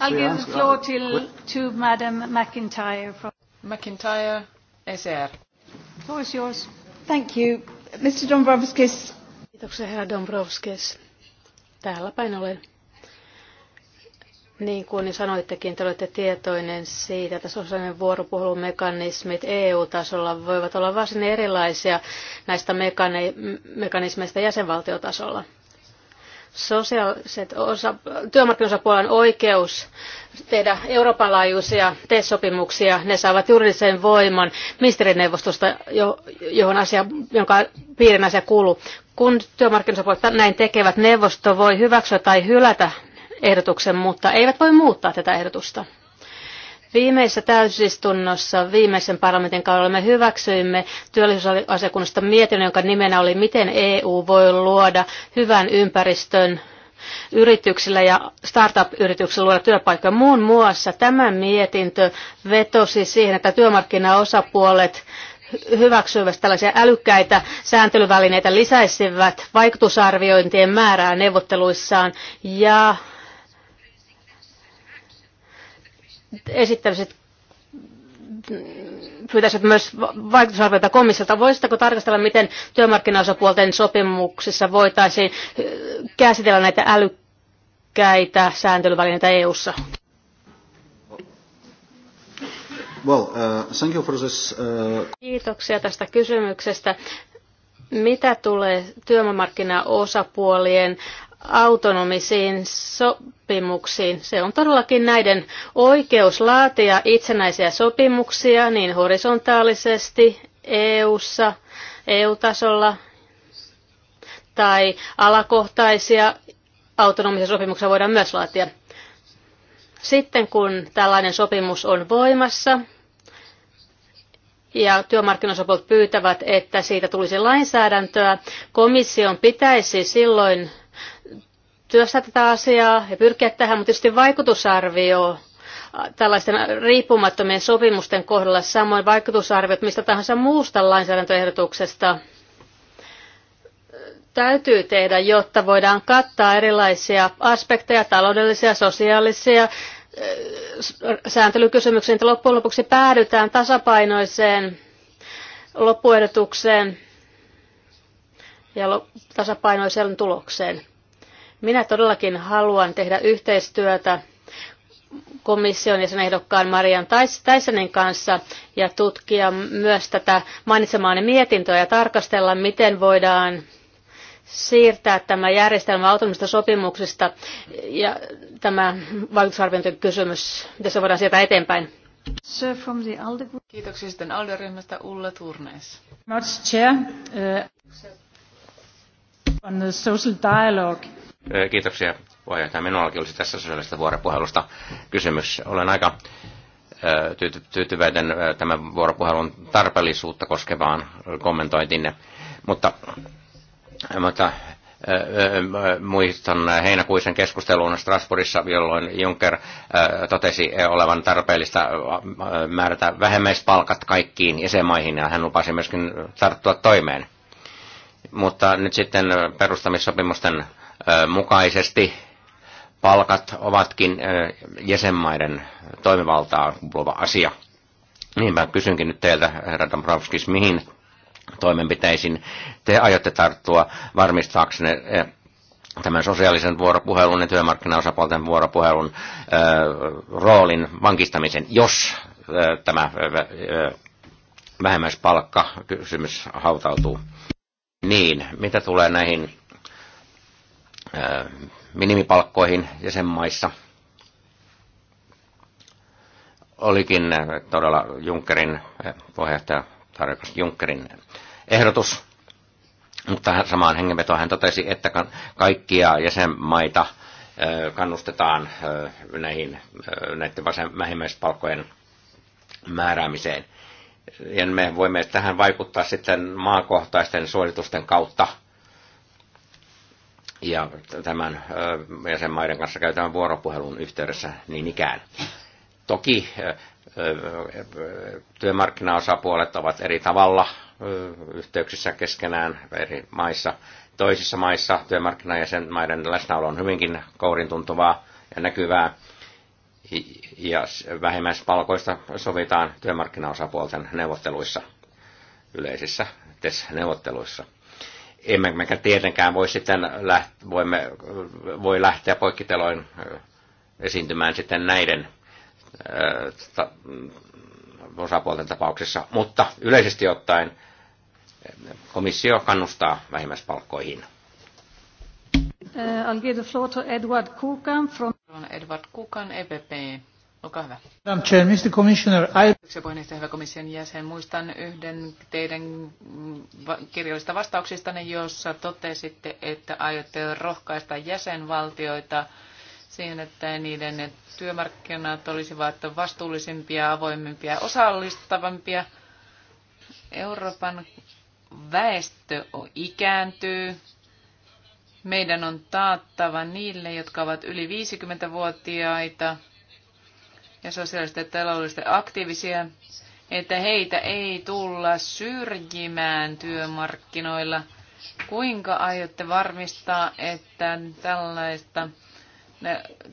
C: I'll give the floor till, to Madam McIntyre from McIntyre, SR. E Kiitoksia, herra Dombrovskis. Täällä päin olen. Niin kuin sanoittekin, te olette tietoinen siitä, että sosiaalinen vuoropuhelun mekanismit EU-tasolla voivat olla varsin erilaisia näistä mekanismeista jäsenvaltiotasolla sosiaaliset osa, työmarkkinosapuolen oikeus tehdä Euroopan laajuisia TES-sopimuksia, ne saavat juridisen voiman ministerineuvostosta, johon asia, jonka piirin asia kuuluu. Kun työmarkkinosapuolet näin tekevät, neuvosto voi hyväksyä tai hylätä ehdotuksen, mutta eivät voi muuttaa tätä ehdotusta. Viimeisessä täysistunnossa, viimeisen parlamentin kaudella me hyväksyimme työllisyysasiakunnasta mietinnön, jonka nimenä oli, miten EU voi luoda hyvän ympäristön yrityksillä ja startup-yrityksillä luoda työpaikkoja. Muun muassa tämä mietintö vetosi siihen, että työmarkkinaosapuolet hyväksyvät tällaisia älykkäitä sääntelyvälineitä lisäisivät vaikutusarviointien määrää neuvotteluissaan ja esittämiset pyytäisivät myös vaikutusarvioita komissiolta. Voisitteko tarkastella, miten työmarkkinaosapuolten sopimuksissa voitaisiin eh, käsitellä näitä älykkäitä sääntelyvälineitä EU-ssa?
A: Well, uh, thank you for this, uh...
C: Kiitoksia tästä kysymyksestä. Mitä tulee työmarkkinaosapuolien autonomisiin sopimuksiin. Se on todellakin näiden oikeus laatia itsenäisiä sopimuksia niin horisontaalisesti EU-ssa, EU-tasolla tai alakohtaisia autonomisia sopimuksia voidaan myös laatia. Sitten kun tällainen sopimus on voimassa, ja työmarkkinasopimukset pyytävät, että siitä tulisi lainsäädäntöä. Komission pitäisi silloin työstää tätä asiaa ja pyrkiä tähän, mutta tietysti vaikutusarvio tällaisten riippumattomien sopimusten kohdalla, samoin vaikutusarviot mistä tahansa muusta lainsäädäntöehdotuksesta täytyy tehdä, jotta voidaan kattaa erilaisia aspekteja, taloudellisia, sosiaalisia, sääntelykysymyksiä, että loppujen lopuksi päädytään tasapainoiseen loppuehdotukseen ja tasapainoiseen tulokseen. Minä todellakin haluan tehdä yhteistyötä komission ja sen ehdokkaan Marian Taisenin kanssa ja tutkia myös tätä mainitsemaani mietintöä ja tarkastella, miten voidaan siirtää tämä järjestelmä autonomista sopimuksista ja tämä vaikutusarviointikysymys, miten se voidaan sieltä eteenpäin.
B: Sir from the ALDE group. Kiitoksia sitten ALDE-ryhmästä Ulla Turnes.
C: Much chair. Uh, on the social dialogue.
D: Kiitoksia puheenjohtaja. Minullakin olisi tässä sosiaalista vuoropuhelusta kysymys. Olen aika tyytyväinen tämän vuoropuhelun tarpeellisuutta koskevaan kommentointinne. Mutta, mutta muistan heinäkuisen keskustelun Strasbourgissa, jolloin Juncker totesi olevan tarpeellista määrätä vähemmäispalkat kaikkiin jäsenmaihin, ja hän lupasi myöskin tarttua toimeen. Mutta nyt sitten perustamissopimusten mukaisesti palkat ovatkin jäsenmaiden toimivaltaa kuuluva asia. Niinpä kysynkin nyt teiltä, herra Dombrovskis, mihin toimenpiteisiin te aiotte tarttua varmistaaksenne tämän sosiaalisen vuoropuhelun ja työmarkkinaosapuolten vuoropuhelun roolin vankistamisen, jos tämä kysymys hautautuu. Niin, mitä tulee näihin minimipalkkoihin jäsenmaissa. Olikin todella Junckerin, puheenjohtaja tarjokas Junckerin ehdotus, mutta samaan hengenvetoon hän totesi, että kaikkia jäsenmaita kannustetaan näihin, näiden vähimmäispalkkojen määräämiseen. Ja me voimme tähän vaikuttaa sitten maakohtaisten suoritusten kautta ja tämän jäsenmaiden kanssa käytävän vuoropuhelun yhteydessä niin ikään. Toki työmarkkinaosapuolet ovat eri tavalla yhteyksissä keskenään eri maissa. Toisissa maissa työmarkkinajäsenmaiden läsnäolo on hyvinkin kourintuntuvaa ja näkyvää, ja vähimmäispalkoista sovitaan työmarkkinaosapuolten neuvotteluissa, yleisissä TES-neuvotteluissa – emme mekä tietenkään voi sitten läht, voimme, voi lähteä poikkiteloin esiintymään sitten näiden ta, osapuolten tapauksessa, mutta yleisesti ottaen komissio kannustaa vähimmäispalkkoihin.
B: Uh, I'll give the floor to Edward Kukan from Edward Kukan, EPP. Olkaa hyvä. Madam Chair, Mr. Commissioner, I... Puheenjohtaja, hyvä komission jäsen. Muistan yhden teidän kirjallisista vastauksistanne, jossa totesitte, että aiotte rohkaista jäsenvaltioita siihen, että niiden työmarkkinat olisivat vastuullisempia, avoimempia, osallistavampia. Euroopan väestö ikääntyy. Meidän on taattava niille, jotka ovat yli 50-vuotiaita, ja sosiaalisesti ja taloudellisesti aktiivisia, että heitä ei tulla syrjimään työmarkkinoilla. Kuinka aiotte varmistaa, että tällaista,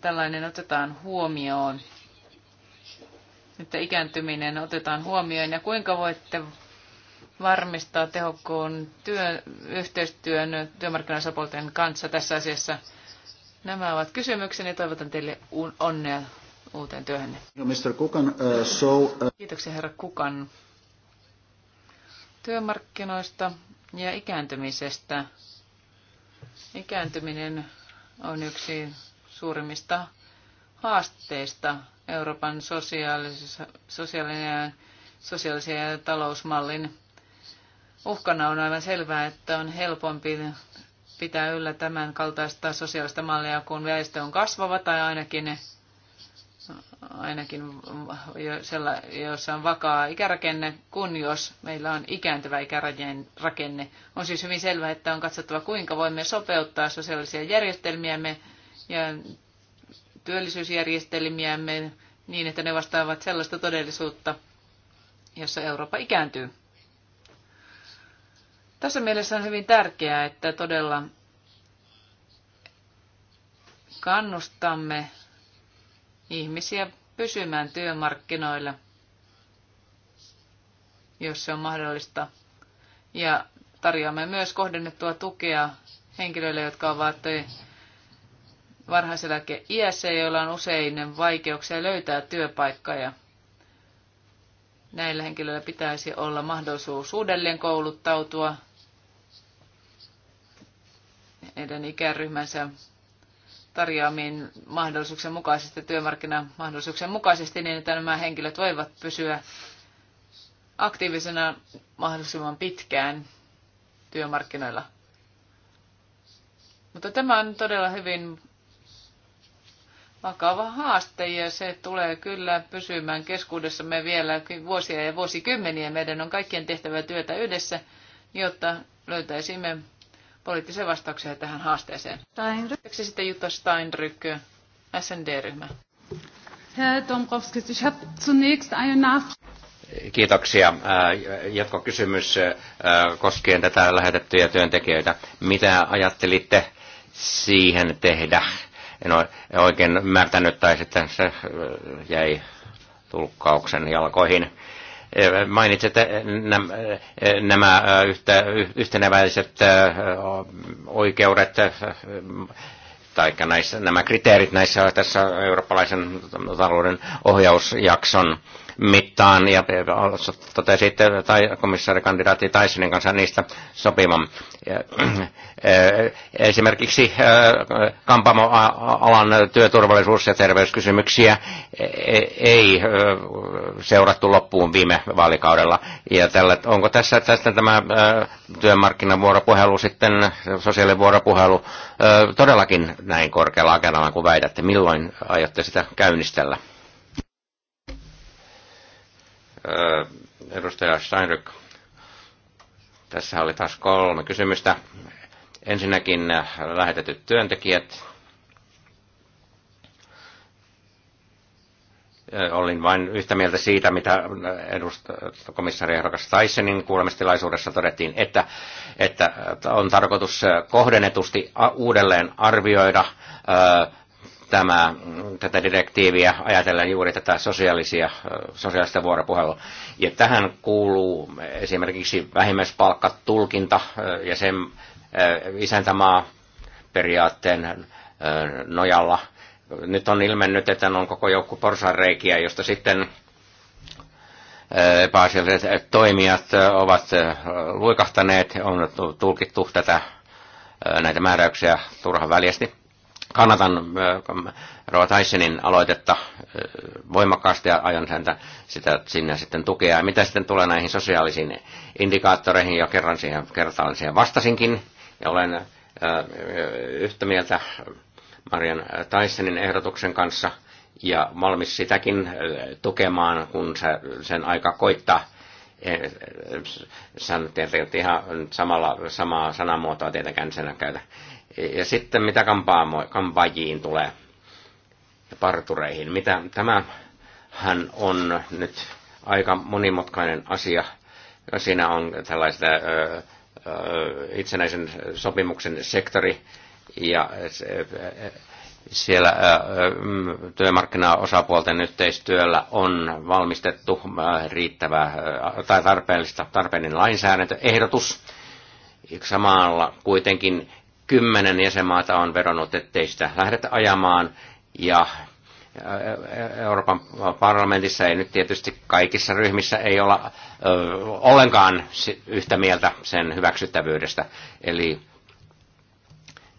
B: tällainen otetaan huomioon? että ikääntyminen otetaan huomioon ja kuinka voitte varmistaa tehokkuun työ, yhteistyön työmarkkinasopolten kanssa tässä asiassa? Nämä ovat kysymykseni. Toivotan teille onnea uuteen työhönne. Mr.
A: Kukan, uh, äh, so, uh... Äh,
B: Kiitoksia herra Kukan. Työmarkkinoista ja ikääntymisestä. Ikääntyminen on yksi suurimmista haasteista Euroopan sosiaalinen ja sosiaalisen ja talousmallin uhkana on aivan selvää, että on helpompi pitää yllä tämän kaltaista sosiaalista mallia, kun väestö on kasvava tai ainakin ainakin, jossa on vakaa ikärakenne, kun jos meillä on ikääntyvä ikärakenne. On siis hyvin selvää, että on katsottava, kuinka voimme sopeuttaa sosiaalisia järjestelmiämme ja työllisyysjärjestelmiämme niin, että ne vastaavat sellaista todellisuutta, jossa Eurooppa ikääntyy. Tässä mielessä on hyvin tärkeää, että todella kannustamme ihmisiä pysymään työmarkkinoilla, jos se on mahdollista. Ja tarjoamme myös kohdennettua tukea henkilöille, jotka ovat varhaiseläke iässä, joilla on usein vaikeuksia löytää työpaikkaa. näillä henkilöillä pitäisi olla mahdollisuus uudelleen kouluttautua heidän ikäryhmänsä tarjoamien mahdollisuuksien mukaisesti, työmarkkinamahdollisuuksien mukaisesti, niin että nämä henkilöt voivat pysyä aktiivisena mahdollisimman pitkään työmarkkinoilla. Mutta tämä on todella hyvin vakava haaste ja se tulee kyllä pysymään keskuudessamme vielä vuosia ja vuosikymmeniä. Meidän on kaikkien tehtävä työtä yhdessä, jotta löytäisimme poliittisia vastauksia tähän haasteeseen. Steinrück. sitten Jutta Steinrück, SND-ryhmä.
C: Herr Domkowskis,
A: ich habe zunächst eine Nachfrage.
D: Kiitoksia. Äh, jatkokysymys äh, koskien tätä lähetettyjä työntekijöitä. Mitä ajattelitte siihen tehdä? En ole oikein ymmärtänyt, tai sitten se äh, jäi tulkkauksen jalkoihin mainitset nämä yhteneväiset oikeudet tai näissä, nämä kriteerit näissä tässä eurooppalaisen talouden ohjausjakson mittaan ja totesitte, tai komissaarikandidaatti Taisenin kanssa niistä sopivan. Eh, esimerkiksi eh, kampamoalan työturvallisuus- ja terveyskysymyksiä e-, ei eh, seurattu loppuun viime vaalikaudella. Ja tällä, onko tässä, tästä tämä työmarkkinavuoropuhelu sitten, sosiaalivuoropuhelu, todellakin näin korkealla agendalla kuin väitätte? Milloin aiotte sitä käynnistellä? edustaja Steinrück. Tässä oli taas kolme kysymystä. Ensinnäkin äh, lähetetyt työntekijät. Olin vain yhtä mieltä siitä, mitä äh, edustaja, komissaari ehdokas Tyssenin kuulemistilaisuudessa todettiin, että, että äh, on tarkoitus kohdennetusti uudelleen arvioida tämä, tätä direktiiviä ajatellen juuri tätä sosiaalisia, sosiaalista vuoropuhelua. Ja tähän kuuluu esimerkiksi vähimmäispalkkatulkinta ja sen isäntämaa periaatteen nojalla. Nyt on ilmennyt, että on koko joukko porsareikiä, josta sitten epäasialliset toimijat ovat luikahtaneet, on tulkittu tätä, näitä määräyksiä turhan väljästi kannatan äh, Rova Tysonin aloitetta äh, voimakkaasti ja aion häntä sitä sinne sitten tukea. Ja mitä sitten tulee näihin sosiaalisiin indikaattoreihin, jo kerran siihen kertaan siihen vastasinkin, ja olen äh, yhtä mieltä Marian Tysonin ehdotuksen kanssa, ja valmis sitäkin tukemaan, kun se, sen aika koittaa Sanoit tietenkin ihan samalla, samaa sanamuotoa tietenkään sen käytä. Ja sitten mitä kampaajiin tulee ja partureihin, mitä tämähän on nyt aika monimutkainen asia. Siinä on tällaista ö, ö, itsenäisen sopimuksen sektori ja siellä työmarkkinaosapuolten yhteistyöllä on valmistettu riittävä tai tarpeellista, tarpeellinen lainsäädäntöehdotus. Samalla kuitenkin kymmenen jäsenmaata on veronut, ettei sitä lähdetä ajamaan. Ja äh, äh, Euroopan parlamentissa ei nyt tietysti kaikissa ryhmissä ei olla äh, ollenkaan yhtä mieltä sen hyväksyttävyydestä. Eli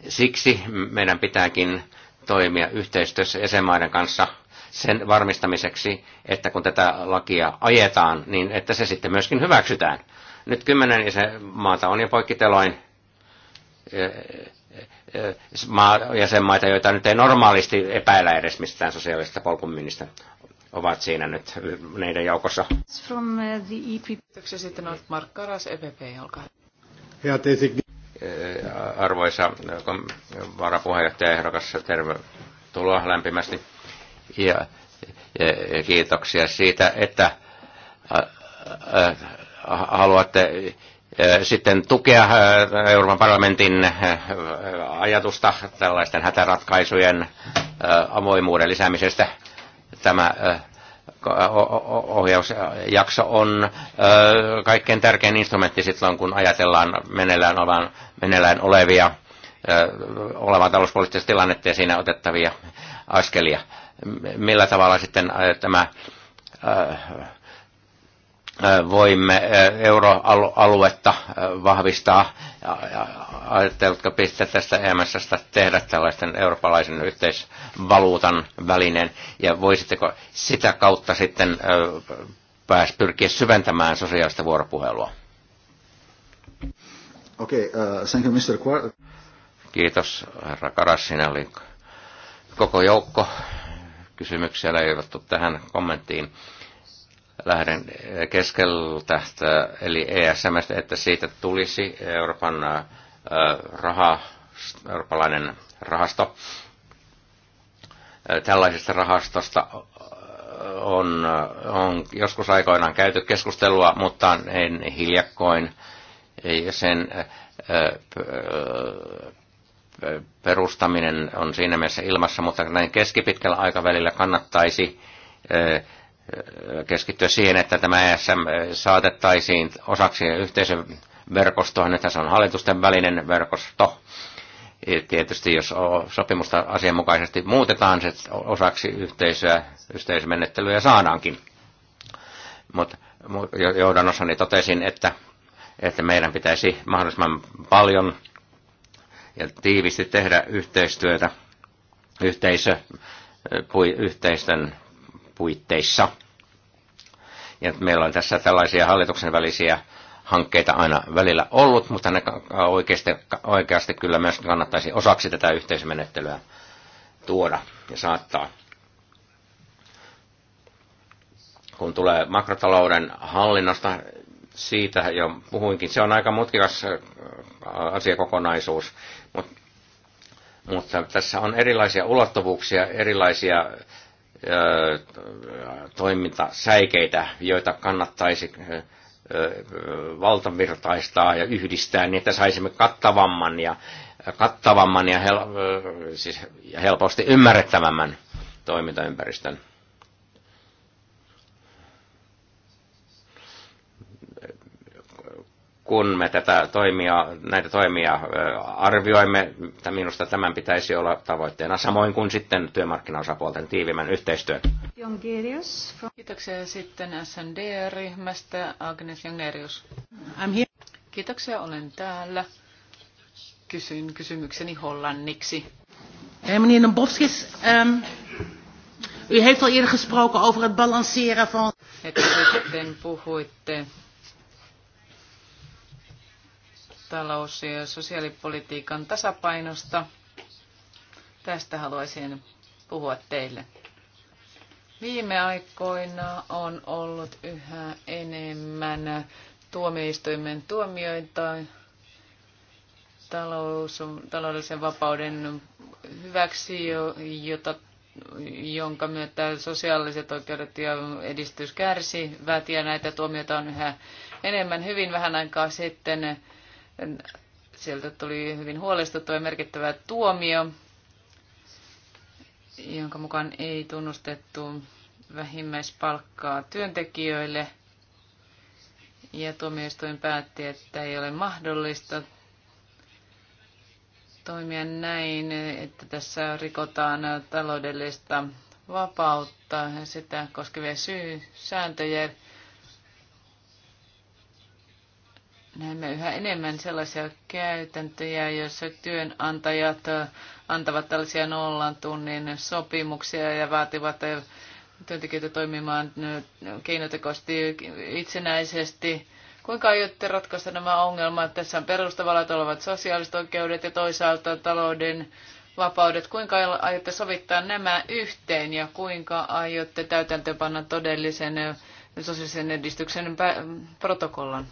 D: siksi meidän pitääkin toimia yhteistyössä jäsenmaiden kanssa sen varmistamiseksi, että kun tätä lakia ajetaan, niin että se sitten myöskin hyväksytään. Nyt kymmenen jäsenmaata on jo poikkiteloin jäsenmaita, joita nyt ei normaalisti epäillä edes mistään sosiaalista polkumyynnistä, ovat siinä nyt neiden joukossa.
B: From uh, the EPP. Sitten on Mark Karas, EPP, olkaa
D: hyvä. Eh, arvoisa eh, varapuheenjohtaja ehdokas, tervetuloa lämpimästi. Ja, ja eh, kiitoksia siitä, että haluatte sitten tukea Euroopan parlamentin ajatusta tällaisten hätäratkaisujen avoimuuden lisäämisestä. Tämä ohjausjakso on kaikkein tärkein instrumentti silloin, kun ajatellaan meneillään, olevan, meneillään olevia olevan talouspoliittisessa tilannetta ja siinä otettavia askelia. Millä tavalla sitten tämä voimme euroaluetta vahvistaa. Ajatteletko pistää tästä EMSstä tehdä tällaisen eurooppalaisen yhteisvaluutan välineen ja voisitteko sitä kautta sitten pääs pyrkiä syventämään sosiaalista vuoropuhelua?
A: Okei, okay, uh, thank you, Mr. Quar-
D: Kiitos, herra Karas. sinä oli koko joukko kysymyksiä, jotka tähän kommenttiin lähden eh, keskeltä, eli ESM, että siitä tulisi Euroopan eh, raha, eurooppalainen rahasto. Eh, tällaisesta rahastosta on, on joskus aikoinaan käyty keskustelua, mutta en hiljakkoin sen perustaminen on siinä mielessä ilmassa, mutta näin keskipitkällä aikavälillä kannattaisi keskittyä siihen, että tämä ESM saatettaisiin osaksi yhteisön verkostoon, että se on hallitusten välinen verkosto. Tietysti jos sopimusta asianmukaisesti muutetaan se osaksi yhteisöä, yhteismenettelyä saadaankin. Mutta johdannossani totesin, että, että meidän pitäisi mahdollisimman paljon ja tiivisti tehdä yhteistyötä yhteisö, yhteisten puitteissa. Ja meillä on tässä tällaisia hallituksen välisiä hankkeita aina välillä ollut, mutta ne oikeasti, oikeasti kyllä myös kannattaisi osaksi tätä yhteismenettelyä tuoda ja saattaa. Kun tulee makrotalouden hallinnasta, siitä jo puhuinkin. Se on aika mutkikas äh, asiakokonaisuus, mutta, mutta tässä on erilaisia ulottuvuuksia, erilaisia toimintasäikeitä, joita kannattaisi valtavirtaistaa ja yhdistää niin, että saisimme kattavamman ja, kattavamman ja, hel, siis helposti ymmärrettävämmän toimintaympäristön. kun me tätä toimia, näitä toimia arvioimme, että minusta tämän pitäisi olla tavoitteena, samoin kuin sitten työmarkkinaosapuolten tiivimän yhteistyön.
B: Kiitoksia sitten SND-ryhmästä Agnes Jongerius. Kiitoksia, olen täällä. Kysyn kysymykseni hollanniksi.
A: Eh, meneer Dombrovskis, um, u heeft al eerder gesproken over het balanceren van...
B: Hetken puhuitte talous- ja sosiaalipolitiikan tasapainosta. Tästä haluaisin puhua teille. Viime aikoina on ollut yhä enemmän tuomioistuimen tuomioita talous, taloudellisen vapauden hyväksi, jota, jonka myötä sosiaaliset oikeudet ja edistys kärsivät, ja näitä tuomioita on yhä enemmän. Hyvin vähän aikaa sitten Sieltä tuli hyvin huolestuttava merkittävä tuomio, jonka mukaan ei tunnustettu vähimmäispalkkaa työntekijöille. Ja tuomioistuin päätti, että ei ole mahdollista toimia näin, että tässä rikotaan taloudellista vapautta ja sitä koskevia syy, sääntöjä. näemme yhä enemmän sellaisia käytäntöjä, joissa työnantajat antavat tällaisia nollan tunnin sopimuksia ja vaativat työntekijöitä toimimaan keinotekoisesti itsenäisesti. Kuinka aiotte ratkaista nämä ongelmat? Tässä on perustavalla olevat sosiaaliset oikeudet ja toisaalta talouden vapaudet. Kuinka aiotte sovittaa nämä yhteen ja kuinka aiotte täytäntöönpanna todellisen sosiaalisen edistyksen protokollan?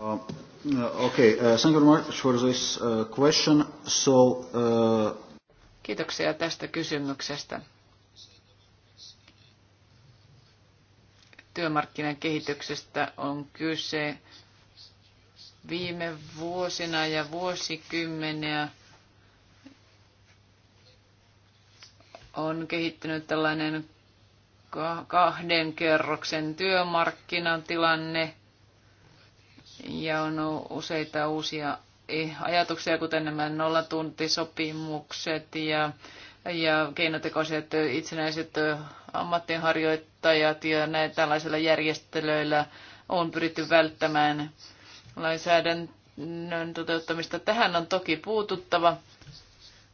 A: Uh, uh, okay, uh, thank you very much for this uh, question. So, uh...
B: Kiitoksia tästä kysymyksestä. Työmarkkinan kehityksestä on kyse viime vuosina ja vuosikymmeniä on kehittynyt tällainen kahden kerroksen työmarkkinatilanne – ja on useita uusia eh, ajatuksia, kuten nämä nollatuntisopimukset ja, ja keinotekoiset eh, itsenäiset eh, ammattiharjoittajat ja näin tällaisilla järjestelyillä on pyritty välttämään lainsäädännön toteuttamista. Tähän on toki puututtava.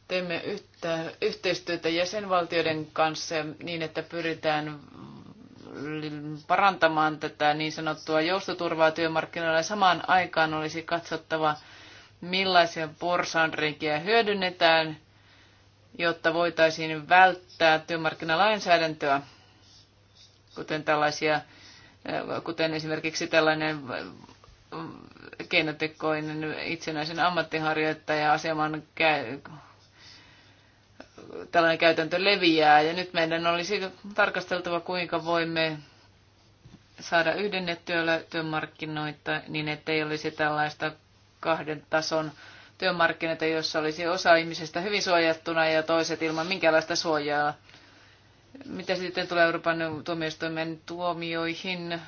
B: Teemme yhtä, yhteistyötä jäsenvaltioiden kanssa niin, että pyritään parantamaan tätä niin sanottua joustoturvaa työmarkkinoilla. Samaan aikaan olisi katsottava, millaisia porsaanreikiä hyödynnetään, jotta voitaisiin välttää työmarkkinalainsäädäntöä, kuten tällaisia kuten esimerkiksi tällainen keinotekoinen itsenäisen ammattiharjoittaja aseman tällainen käytäntö leviää. Ja nyt meidän olisi tarkasteltava, kuinka voimme saada yhdennettyä työmarkkinoita niin, ettei olisi tällaista kahden tason työmarkkinoita, jossa olisi osa ihmisestä hyvin suojattuna ja toiset ilman minkäänlaista suojaa. Mitä sitten tulee Euroopan tuomioistuimen tuomioihin?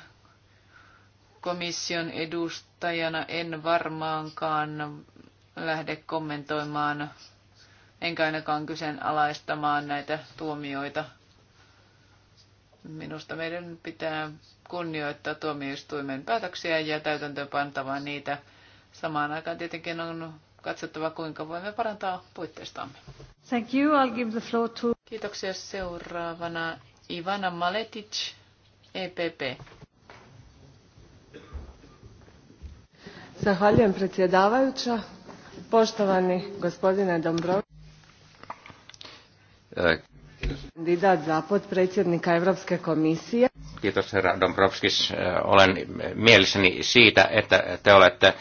B: Komission edustajana en varmaankaan lähde kommentoimaan enkä ainakaan kyseenalaistamaan näitä tuomioita. Minusta meidän pitää kunnioittaa tuomioistuimen päätöksiä ja täytäntöönpantavaa niitä. Samaan aikaan tietenkin on katsottava, kuinka voimme parantaa puitteistamme.
C: Thank you. I'll give the floor to... Kiitoksia
B: seuraavana Ivana Maletic, EPP. Zahvaljujem predsjedavajuća. Poštovani gospodine Dombrovski. Kandidaat za potpredsjednika komisije.
D: Kiitos herra Dombrovskis. Olen mielissäni siitä, että te olette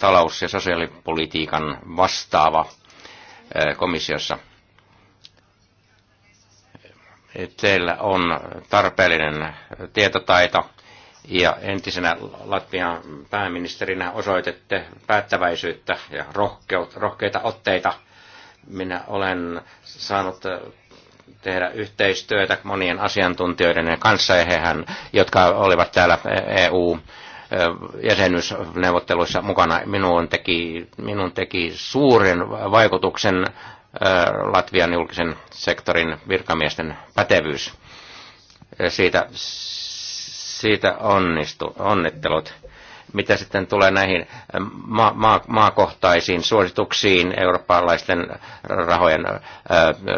D: talous- ja sosiaalipolitiikan vastaava komissiossa. Teillä on tarpeellinen tietotaito ja entisenä Latvian pääministerinä osoitette päättäväisyyttä ja rohkeita otteita – minä olen saanut tehdä yhteistyötä monien asiantuntijoiden kanssa, ja hehän, jotka olivat täällä EU jäsenyysneuvotteluissa mukana. Minun teki, minun teki suuren vaikutuksen Latvian julkisen sektorin virkamiesten pätevyys. Siitä, siitä onnistu, onnittelut. Mitä sitten tulee näihin ähm, ma- ma- maakohtaisiin suosituksiin eurooppalaisten rahojen äh,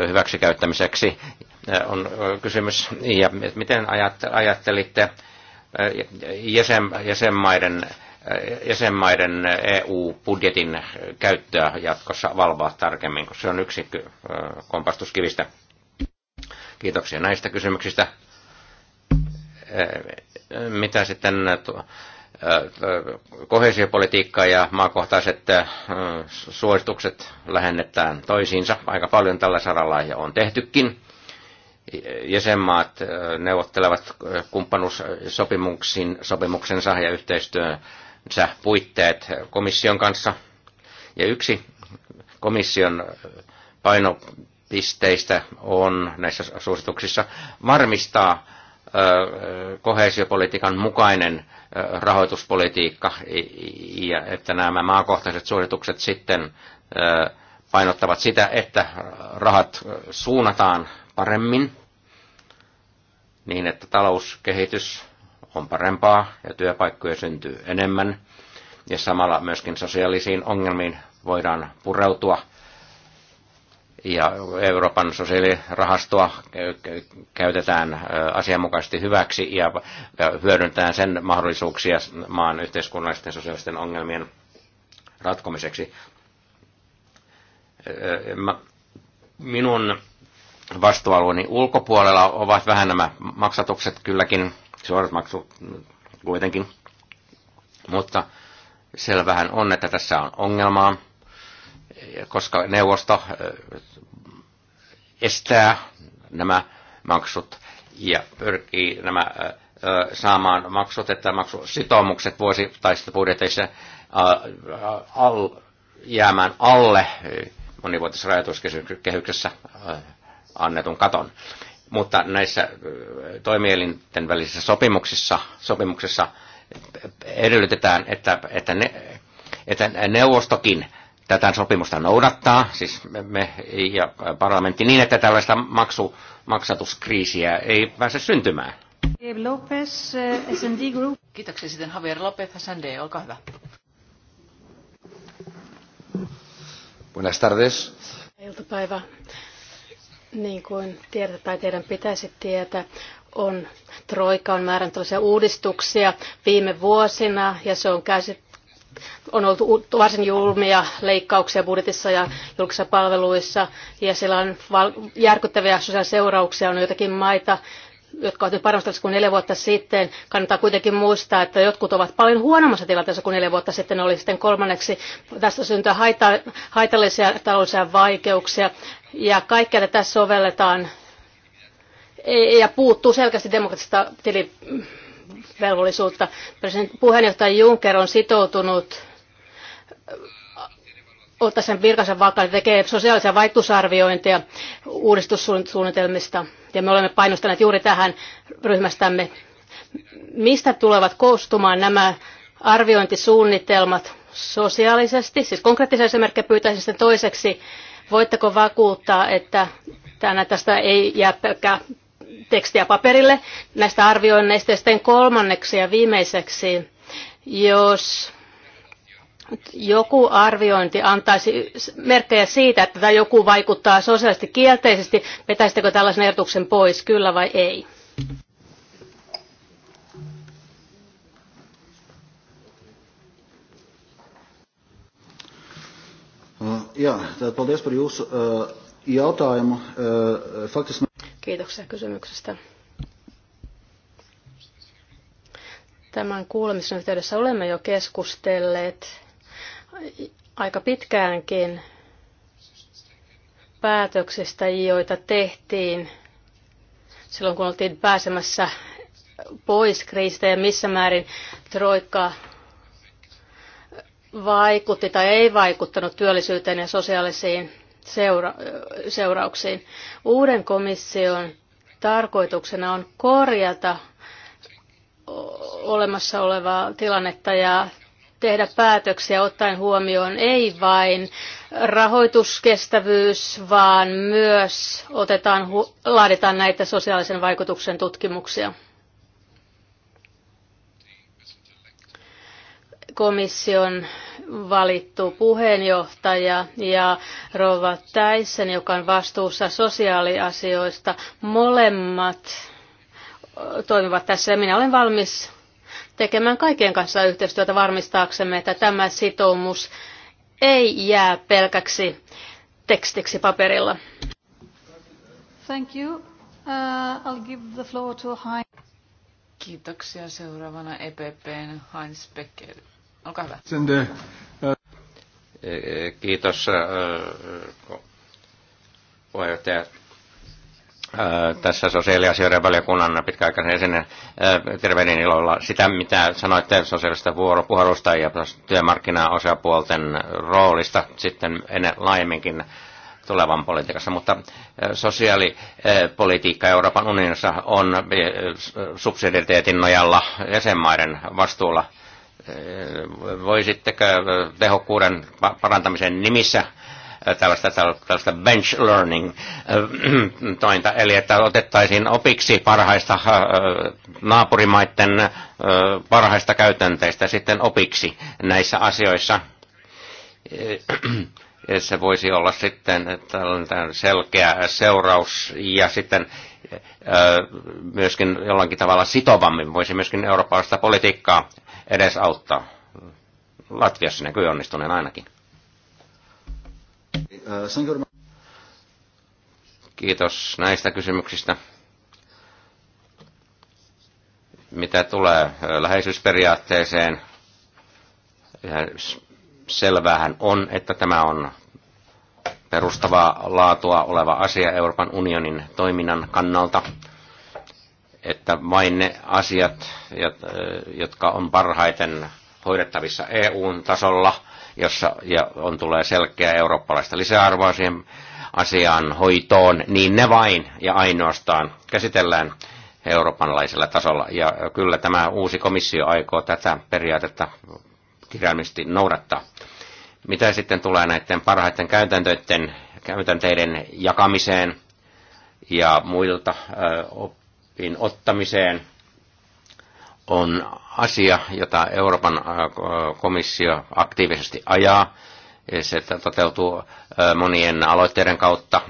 D: hyväksikäyttämiseksi, äh, on äh, kysymys. Ja miten ajattelitte jäsen, jäsenmaiden, jäsenmaiden EU-budjetin käyttöä jatkossa valvoa tarkemmin, koska se on yksi kompastuskivistä? Kiitoksia näistä kysymyksistä. Mitä sitten kohesiopolitiikka ja maakohtaiset suositukset lähennetään toisiinsa. Aika paljon tällä saralla ja on tehtykin. Jäsenmaat neuvottelevat kumppanuussopimuksensa ja yhteistyönsä puitteet komission kanssa. Ja yksi komission painopisteistä on näissä suosituksissa varmistaa kohesiopolitiikan mukainen rahoituspolitiikka ja että nämä maakohtaiset suositukset sitten painottavat sitä, että rahat suunnataan paremmin niin, että talouskehitys on parempaa ja työpaikkoja syntyy enemmän ja samalla myöskin sosiaalisiin ongelmiin voidaan pureutua ja Euroopan sosiaalirahastoa käytetään asianmukaisesti hyväksi ja hyödyntään sen mahdollisuuksia maan yhteiskunnallisten sosiaalisten ongelmien ratkomiseksi. Minun vastuualueeni ulkopuolella ovat vähän nämä maksatukset kylläkin, suorat maksut kuitenkin, mutta selvähän on, että tässä on ongelmaa koska neuvosto estää nämä maksut ja pyrkii nämä saamaan maksut, että maksusitoumukset vuosittaisissa budjeteissa al, jäämään alle monivuotisessa rajoituskehyksessä annetun katon. Mutta näissä toimielinten välisissä sopimuksissa, sopimuksissa edellytetään, että, että, ne, että neuvostokin tätä sopimusta noudattaa, siis me ja parlamentti, niin että tällaista maksu, maksatuskriisiä ei pääse syntymään.
C: Eh, S&D
B: Kiitoksia sitten Javier Lopez, S&D, olkaa hyvä.
D: Buenas tardes.
C: Iltapäivä. Niin kuin tiedät tai teidän pitäisi tietää, on Troika on määrännyt uudistuksia viime vuosina ja se on käsittänyt on ollut varsin julmia leikkauksia budjetissa ja julkisissa palveluissa, ja siellä on järkyttäviä sosiaalisia seurauksia. On joitakin maita, jotka ovat nyt paremmassa kuin neljä vuotta sitten. Kannattaa kuitenkin muistaa, että jotkut ovat paljon huonommassa tilanteessa kuin neljä vuotta sitten oli sitten kolmanneksi. Tästä syntyy haita- haitallisia taloudellisia vaikeuksia, ja kaikkea tätä sovelletaan ja puuttuu selkeästi demokratista tili- velvollisuutta. Puheenjohtaja Juncker on sitoutunut äh, ottaa sen virkansa vaikka tekee sosiaalisia vaikutusarviointeja uudistussuunnitelmista. Ja me olemme painostaneet juuri tähän ryhmästämme. Mistä tulevat koostumaan nämä arviointisuunnitelmat sosiaalisesti? Siis konkreettisen esimerkkejä pyytäisin sitten toiseksi. Voitteko vakuuttaa, että tänä tästä ei jää pelkkää tekstiä paperille näistä arvioinneista. Ja sitten kolmanneksi ja viimeiseksi, jos joku arviointi antaisi merkkejä siitä, että joku vaikuttaa sosiaalisesti kielteisesti, vetäisittekö tällaisen ehdotuksen pois, kyllä vai ei?
A: Uh, jā, tad paldies par jūsu uh, jautājumu. Uh,
C: Kiitoksia kysymyksestä. Tämän kuulemisen yhteydessä olemme jo keskustelleet aika pitkäänkin päätöksistä, joita tehtiin silloin, kun oltiin pääsemässä pois kriisistä ja missä määrin Troikka vaikutti tai ei vaikuttanut työllisyyteen ja sosiaalisiin seura- seurauksiin. Uuden komission tarkoituksena on korjata olemassa olevaa tilannetta ja tehdä päätöksiä ottaen huomioon ei vain rahoituskestävyys, vaan myös otetaan, laaditaan näitä sosiaalisen vaikutuksen tutkimuksia. Komission valittu puheenjohtaja ja Rova Täisen, joka on vastuussa sosiaaliasioista. Molemmat toimivat tässä ja minä olen valmis tekemään kaikkien kanssa yhteistyötä varmistaaksemme, että tämä sitoumus ei jää pelkäksi tekstiksi paperilla. Thank you.
B: Uh, I'll give the floor to Heinz. Kiitoksia. Seuraavana EPPn Heinz Becker. Olkaa hyvä.
D: Kiitos puheenjohtaja tässä sosiaaliasioiden valiokunnan pitkäaikaisen esine tervehdin ilolla sitä, mitä sanoitte sosiaalista vuoropuhelusta ja työmarkkinaosapuolten roolista sitten ennen laajemminkin tulevan politiikassa, mutta sosiaalipolitiikka Euroopan unionissa on subsidiariteetin nojalla jäsenmaiden vastuulla – voisitteko tehokkuuden parantamisen nimissä äh, tällaista, tällaista bench learning äh, tointa, eli että otettaisiin opiksi parhaista äh, naapurimaiden parhaista käytänteistä sitten opiksi näissä asioissa. Ja se voisi olla sitten tällainen selkeä seuraus ja sitten myöskin jollakin tavalla sitovammin voisi myöskin eurooppalaista politiikkaa auttaa. Latviassa näkyy onnistuneen ainakin. Kiitos näistä kysymyksistä. Mitä tulee läheisyysperiaatteeseen, selvähän on, että tämä on perustavaa laatua oleva asia Euroopan unionin toiminnan kannalta – että vain ne asiat, jotka on parhaiten hoidettavissa EU-tasolla, jossa ja on, tulee selkeä eurooppalaista lisäarvoa siihen asiaan hoitoon, niin ne vain ja ainoastaan käsitellään eurooppalaisella tasolla. Ja kyllä tämä uusi komissio aikoo tätä periaatetta kirjaimisesti noudattaa. Mitä sitten tulee näiden parhaiten käytäntöiden, käytänteiden jakamiseen ja muilta ottamiseen on asia, jota Euroopan äh, komissio aktiivisesti ajaa. Se toteutuu äh, monien aloitteiden kautta,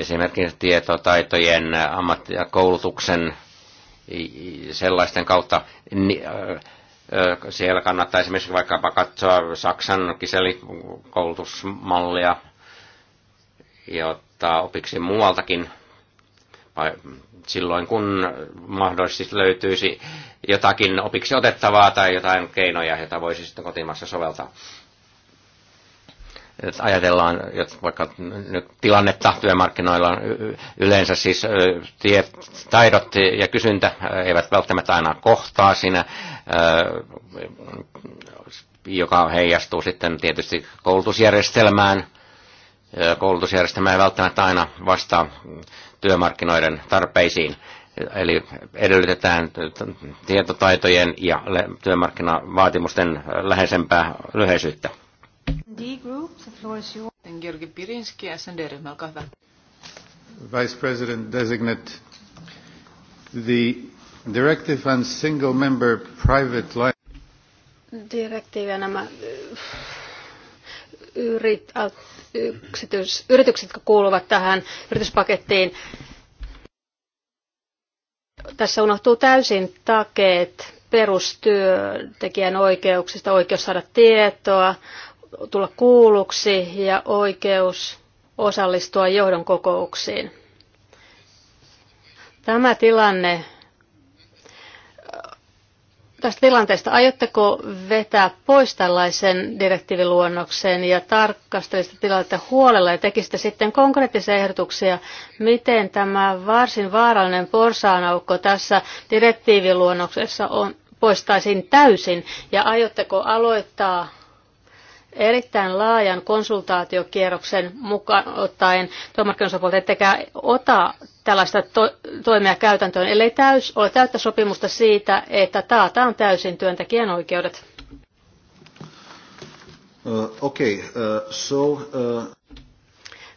D: esimerkiksi tietotaitojen, äh, ammattikoulutuksen, sellaisten kautta. Siellä kannattaa esimerkiksi vaikkapa katsoa Saksan kiselikoulutusmallia, jotta opiksi muualtakin – silloin, kun mahdollisesti löytyisi jotakin opiksi otettavaa tai jotain keinoja, jota voisi sitten kotimassa soveltaa. Et ajatellaan vaikka nyt tilannetta työmarkkinoilla yleensä siis tiet taidot ja kysyntä eivät välttämättä aina kohtaa siinä, joka heijastuu sitten tietysti koulutusjärjestelmään. Koulutusjärjestelmä ei välttämättä aina vastaa työmarkkinoiden tarpeisiin. Eli edellytetään tietotaitojen ja työmarkkinavaatimusten läheisempää lyheisyyttä.
B: Georgi Pirinski, snd olkaa hyvä.
A: Vice President designate, the directive on single member
C: private life. Direktiivi nämä yrit, yksityis, yritykset, jotka kuuluvat tähän yrityspakettiin. Tässä unohtuu täysin takeet perustyöntekijän oikeuksista, oikeus saada tietoa, tulla kuulluksi ja oikeus osallistua johdon kokouksiin. Tämä tilanne tästä tilanteesta. Aiotteko vetää pois tällaisen direktiiviluonnoksen ja tarkastelisitte tilannetta huolella ja tekisitte sitten konkreettisia ehdotuksia, miten tämä varsin vaarallinen porsaanaukko tässä direktiiviluonnoksessa on, poistaisin täysin ja aiotteko aloittaa erittäin laajan konsultaatiokierroksen mukaan ottaen työmarkkinoisopuolta, ettekä ota tällaista to- toimia käytäntöön, ellei täys, ole täyttä sopimusta siitä, että taataan täysin työntekijän oikeudet.
A: Uh, okay, uh,
C: so, uh...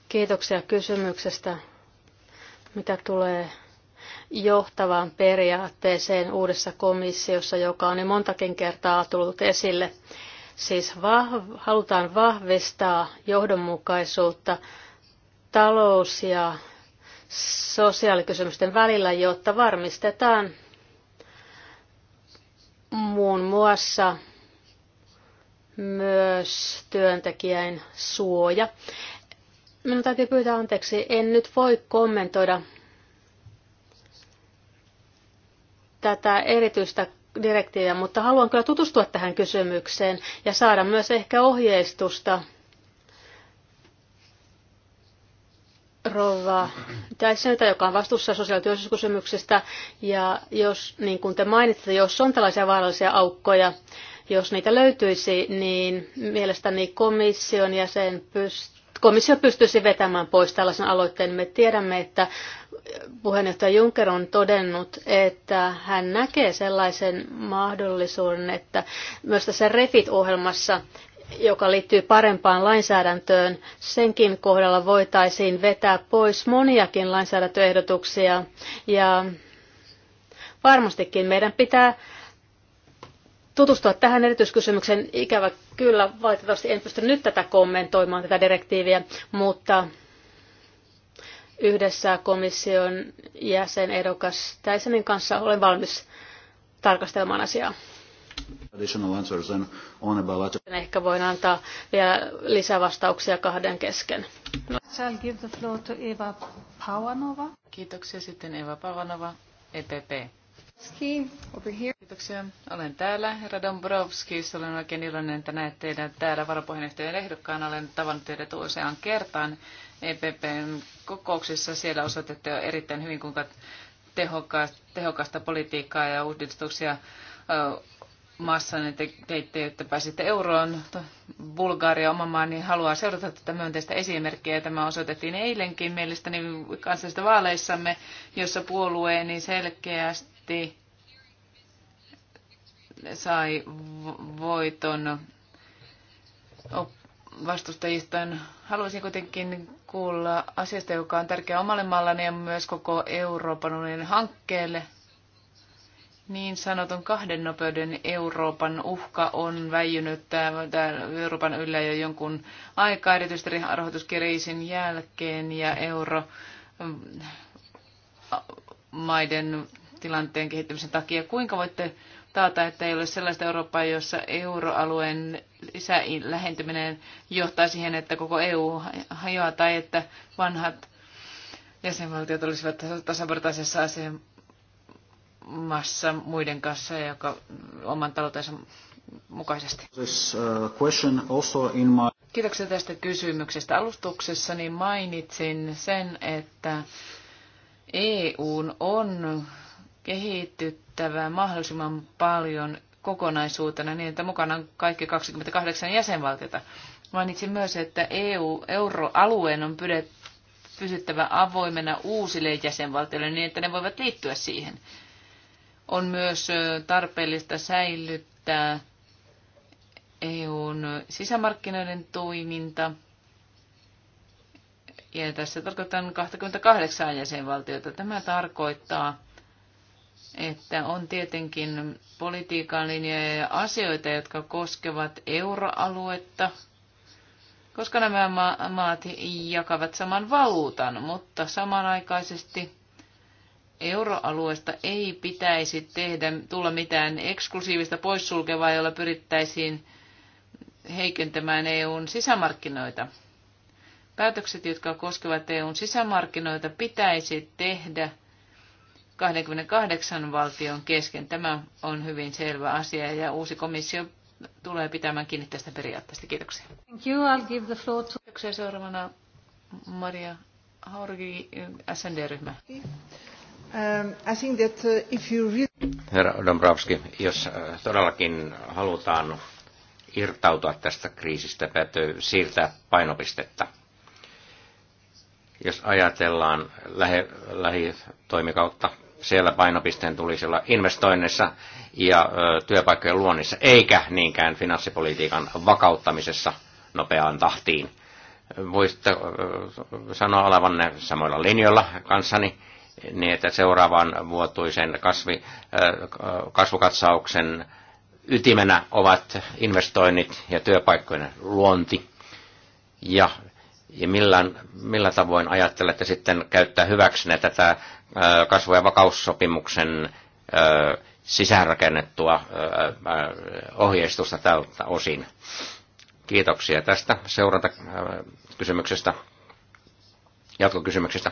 C: Kiitoksia kysymyksestä. Mitä tulee johtavaan periaatteeseen uudessa komissiossa, joka on niin montakin kertaa tullut esille, Siis vahv, halutaan vahvistaa johdonmukaisuutta talous- ja sosiaalikysymysten välillä, jotta varmistetaan muun muassa myös työntekijän suoja. Minun täytyy pyytää anteeksi, en nyt voi kommentoida tätä erityistä direktiiviä, mutta haluan kyllä tutustua tähän kysymykseen ja saada myös ehkä ohjeistusta. Rova Tysonilta, joka on vastuussa sosiaalityöllisyyskysymyksistä, ja jos, niin kuin te mainitsitte, jos on tällaisia vaarallisia aukkoja, jos niitä löytyisi, niin mielestäni komission jäsen pyst- komissio pystyisi vetämään pois tällaisen aloitteen. Me tiedämme, että puheenjohtaja Juncker on todennut, että hän näkee sellaisen mahdollisuuden, että myös tässä REFIT-ohjelmassa, joka liittyy parempaan lainsäädäntöön, senkin kohdalla voitaisiin vetää pois moniakin lainsäädäntöehdotuksia. Ja varmastikin meidän pitää tutustua tähän erityiskysymykseen. Ikävä kyllä, valitettavasti en pysty nyt tätä kommentoimaan, tätä direktiiviä, mutta yhdessä komission jäsen edokas Täisenin kanssa olen valmis tarkastelemaan asiaa. Ehkä voin antaa vielä lisävastauksia kahden kesken. give the floor to Eva Pavanova. Kiitoksia
B: sitten Eva Pavanova, EPP.
C: Kiitoksia. Olen
B: täällä, herra Dombrovski, Olen oikein iloinen, että näet teidän täällä varapuheenjohtajan ehdokkaan. Olen tavannut teidät useaan kertaan EPPn kokouksissa. Siellä osoitettu erittäin hyvin, kuinka tehokasta, tehokasta politiikkaa ja uudistuksia maassanne te, teitte, että pääsitte euroon. Bulgaria, oma maa, niin haluaa seurata tätä myönteistä esimerkkiä. Tämä osoitettiin eilenkin mielestäni kansallisista vaaleissamme, jossa puolueeni selkeästi sai voiton vastustajistaan. Haluaisin kuitenkin kuulla asiasta, joka on tärkeä omalle maallani ja myös koko Euroopan unionin hankkeelle. Niin sanotun kahden nopeuden Euroopan uhka on väijynyt äh, tämän Euroopan yllä jo jonkun aikaa, erityisesti rahoituskriisin jälkeen ja euromaiden mm, tilanteen kehittymisen takia. Kuinka voitte taata, että ei ole sellaista Eurooppaa, jossa euroalueen lisälähentyminen johtaa siihen, että koko EU hajoaa tai että vanhat jäsenvaltiot olisivat tasavertaisessa asemassa muiden kanssa, joka oman taloutensa mukaisesti. Uh, Kiitoksia tästä kysymyksestä. Alustuksessani mainitsin sen, että EUn on kehityttävä mahdollisimman paljon kokonaisuutena niin, että mukana on kaikki 28 jäsenvaltiota. Mainitsin myös, että EU, euroalueen on pysyttävä avoimena uusille jäsenvaltioille niin, että ne voivat liittyä siihen. On myös tarpeellista säilyttää EUn sisämarkkinoiden toiminta. Ja tässä tarkoitan 28 jäsenvaltiota. Tämä tarkoittaa että on tietenkin politiikan linjoja ja asioita, jotka koskevat euroaluetta, koska nämä maat jakavat saman valuutan, mutta samanaikaisesti euroalueesta ei pitäisi tehdä, tulla mitään eksklusiivista poissulkevaa, jolla pyrittäisiin heikentämään EUn sisämarkkinoita. Päätökset, jotka koskevat EUn sisämarkkinoita, pitäisi tehdä – 28 valtion kesken. Tämä on hyvin selvä asia ja uusi komissio tulee pitämään kiinni tästä periaatteesta. Kiitoksia.
C: Thank you. I'll give the floor
B: to... Kiitoksia seuraavana Maria Haurgi, SND-ryhmä. Um, I think that uh, if you really...
D: Herra Dombrovski, jos äh, todellakin halutaan irtautua tästä kriisistä, täytyy siirtää painopistettä. Jos ajatellaan lähitoimikautta, siellä painopisteen tulisi olla investoinneissa ja työpaikkojen luonnissa, eikä niinkään finanssipolitiikan vakauttamisessa nopeaan tahtiin. Voisitte sanoa olevanne samoilla linjoilla kanssani, niin että seuraavan vuotuisen kasvi, kasvukatsauksen ytimenä ovat investoinnit ja työpaikkojen luonti. Ja, ja millään, millä tavoin ajattelette sitten käyttää hyväksenne tätä kasvu- ja vakaussopimuksen sisäänrakennettua ohjeistusta tältä osin. Kiitoksia tästä kysymyksestä, jatkokysymyksestä.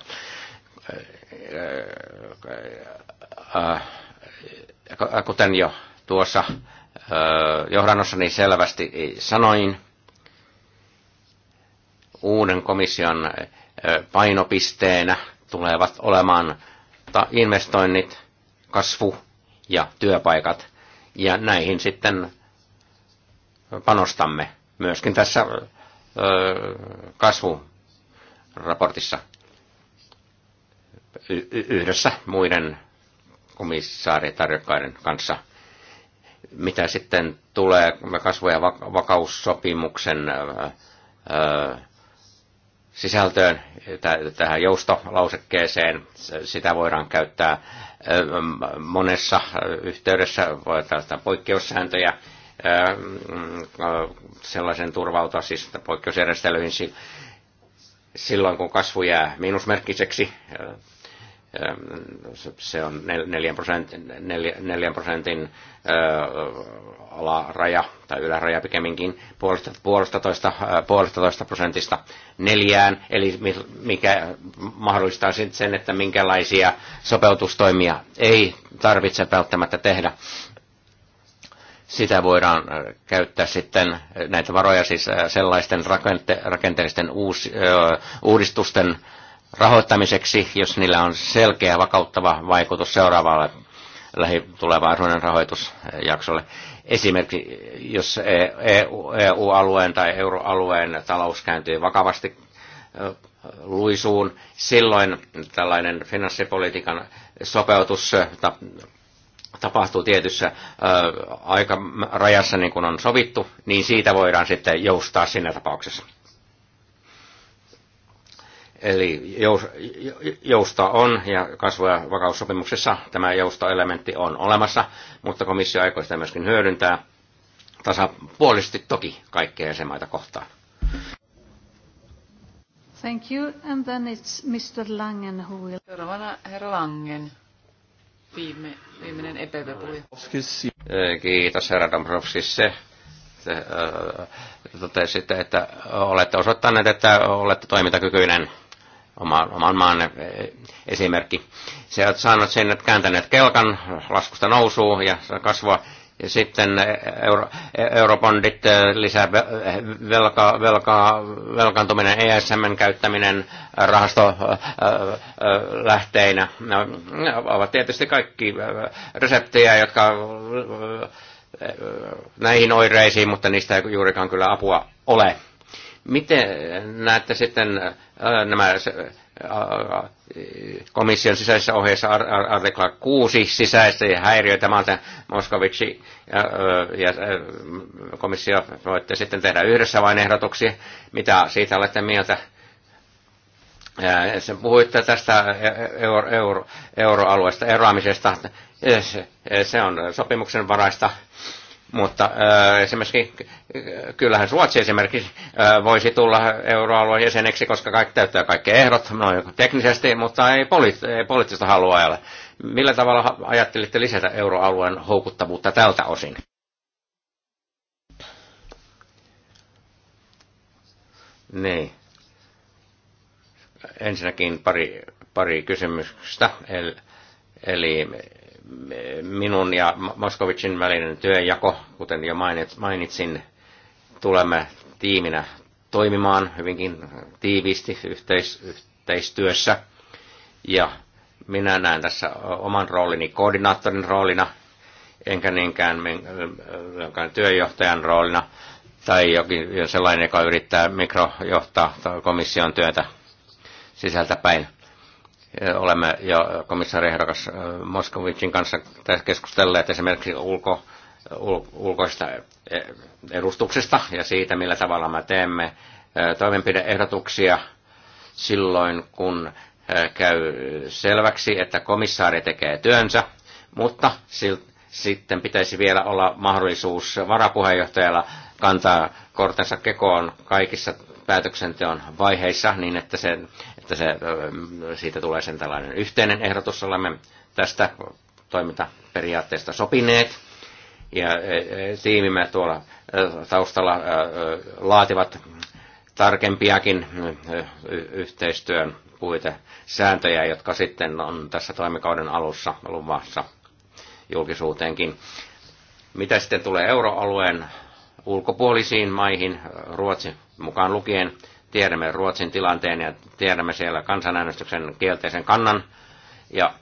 D: Kuten jo tuossa johdannossa niin selvästi sanoin, uuden komission painopisteenä – tulevat olemaan investoinnit, kasvu ja työpaikat. Ja näihin sitten panostamme myöskin tässä kasvuraportissa yhdessä muiden komissaaritarjokkaiden kanssa. Mitä sitten tulee kasvu- ja vakaussopimuksen sisältöön, tähän joustolausekkeeseen. Sitä voidaan käyttää monessa yhteydessä, voidaan poikkeussääntöjä sellaisen turvautua siis poikkeusjärjestelyihin silloin, kun kasvu jää miinusmerkkiseksi se on neljän prosentin, neljän prosentin alaraja tai yläraja pikemminkin puolesta, puolestatoista, puolestatoista prosentista neljään, eli mikä mahdollistaa sitten sen, että minkälaisia sopeutustoimia ei tarvitse välttämättä tehdä. Sitä voidaan käyttää sitten näitä varoja siis sellaisten rakente- rakenteellisten uus, uudistusten rahoittamiseksi, jos niillä on selkeä vakauttava vaikutus seuraavalle lähitulevaisuuden rahoitusjaksolle. Esimerkiksi jos EU-alueen e-, e tai euroalueen talous kääntyy vakavasti luisuun, silloin tällainen finanssipolitiikan sopeutus tapahtuu tietyssä aikarajassa, niin kuin on sovittu, niin siitä voidaan sitten joustaa siinä tapauksessa. Eli jousta on, ja kasvu- ja vakaussopimuksessa tämä joustoelementti on olemassa, mutta komissio aikoo sitä myöskin hyödyntää tasapuolisesti toki kaikkia jäsenmaita kohtaan.
C: Thank you, and then it's Mr. Langen who will... Seuraavana herra
B: Langen, viime, viimeinen epv
D: Kiitos herra Dombrovskis. Se totesitte, että olette osoittaneet, että olette toimintakykyinen oma, oman maan eh, esimerkki. Se on saanut sen, että kääntäneet kelkan, laskusta nousuu ja kasvua. Ja sitten eh, euro, eh, eurobondit, lisää velkaa, velka, velkaantuminen, ESMn käyttäminen rahastolähteinä, no, ne ovat tietysti kaikki reseptejä, jotka näihin oireisiin, mutta niistä ei juurikaan kyllä apua ole. Miten näette sitten äh, nämä äh, äh, komission sisäisessä ohjeessa artikla 6 sisäistä häiriöitä. Malta Moskovitsi ja komissio voitte sitten tehdä yhdessä vain ehdotuksia. Mitä siitä olette mieltä? Sen puhuitte tästä e- e- euro, euro, euroalueesta eroamisesta. Se on sopimuksen varaista mutta äh, esimerkiksi, äh, kyllähän Suotsi esimerkiksi äh, voisi tulla euroalueen jäseneksi, koska kaikki täyttää kaikki ehdot, no, teknisesti, mutta ei, poliitt- ei poliittista halua ajalla. Millä tavalla ajattelitte lisätä euroalueen houkuttavuutta tältä osin? Niin. Ensinnäkin pari, pari kysymystä. Eli, eli minun ja Moskovicin välinen työnjako, kuten jo mainitsin, tulemme tiiminä toimimaan hyvinkin tiiviisti yhteis- yhteistyössä. Ja minä näen tässä oman roolini koordinaattorin roolina, enkä niinkään työjohtajan roolina tai jokin sellainen, joka yrittää mikrojohtaa komission työtä sisältä päin Olemme jo komissaariehdokas Moskovicin kanssa tässä keskustelleet esimerkiksi ulko, ulkoista edustuksesta ja siitä, millä tavalla me teemme toimenpideehdotuksia silloin, kun käy selväksi, että komissaari tekee työnsä, mutta sitten pitäisi vielä olla mahdollisuus varapuheenjohtajalla kantaa kortensa kekoon kaikissa päätöksenteon vaiheissa niin, että, se, että se, siitä tulee sen tällainen yhteinen ehdotus. Olemme tästä toimintaperiaatteesta sopineet ja e, e, tiimimme tuolla taustalla laativat tarkempiakin yhteistyön puitesääntöjä, jotka sitten on tässä toimikauden alussa luvassa julkisuuteenkin. Mitä sitten tulee euroalueen ulkopuolisiin maihin, äh, Ruotsi mukaan lukien. Tiedämme Ruotsin tilanteen ja tiedämme siellä kansanäänestyksen kielteisen kannan. Ja,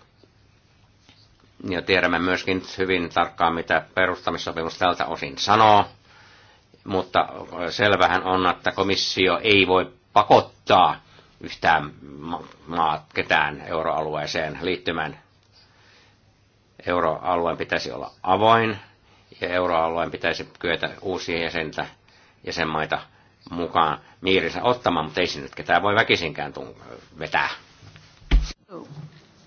D: ja tiedämme myöskin hyvin tarkkaan, mitä perustamissopimus tältä osin sanoo. Mutta äh, selvähän on, että komissio ei voi pakottaa yhtään maat ketään euroalueeseen liittymään. Euroalueen pitäisi olla avoin ja euroalueen pitäisi kyetä uusia jäsentä, jäsenmaita mukaan miirinsä ottamaan, mutta ei sinne, että tämä voi väkisinkään vetää.
C: Oh,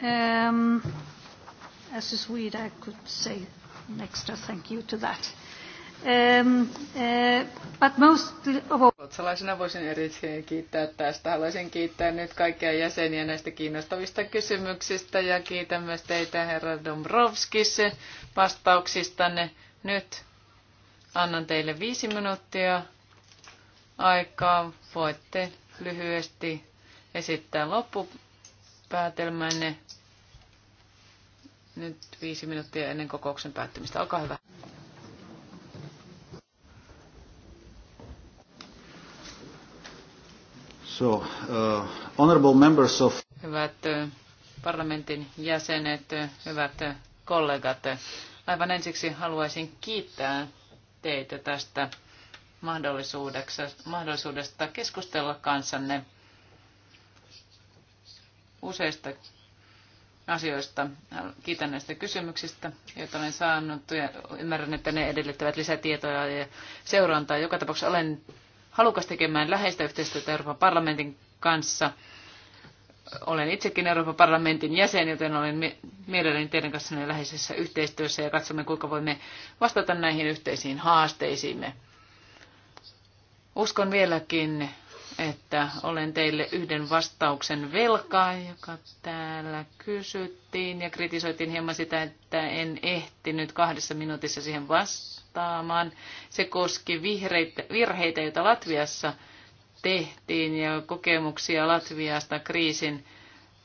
C: um, as a Swede, I could say an extra thank you to that. Um, uh, but most of Ruotsalaisena voisin erityisesti
B: kiittää tästä. Haluaisin kiittää nyt kaikkia jäseniä näistä kiinnostavista kysymyksistä ja kiitän myös teitä, herra Dombrovskis, vastauksistanne. Nyt annan teille viisi minuuttia aikaa. Voitte lyhyesti esittää loppupäätelmänne. Nyt viisi minuuttia ennen kokouksen päättymistä. Olkaa hyvä.
A: So, uh, honorable members of...
B: Hyvät uh, parlamentin jäsenet, uh, hyvät uh, kollegat, Aivan ensiksi haluaisin kiittää teitä tästä mahdollisuudesta keskustella kanssanne useista asioista. Kiitän näistä kysymyksistä, joita olen saanut ja ymmärrän, että ne edellyttävät lisätietoja ja seurantaa. Joka tapauksessa olen halukas tekemään läheistä yhteistyötä Euroopan parlamentin kanssa olen itsekin Euroopan parlamentin jäsen, joten olen mielelläni teidän kanssanne läheisessä yhteistyössä ja katsomme, kuinka voimme vastata näihin yhteisiin haasteisiimme. Uskon vieläkin, että olen teille yhden vastauksen velkaa, joka täällä kysyttiin ja kritisoitiin hieman sitä, että en ehtinyt kahdessa minuutissa siihen vastaamaan. Se koski virheitä, joita Latviassa – tehtiin ja kokemuksia Latviasta kriisin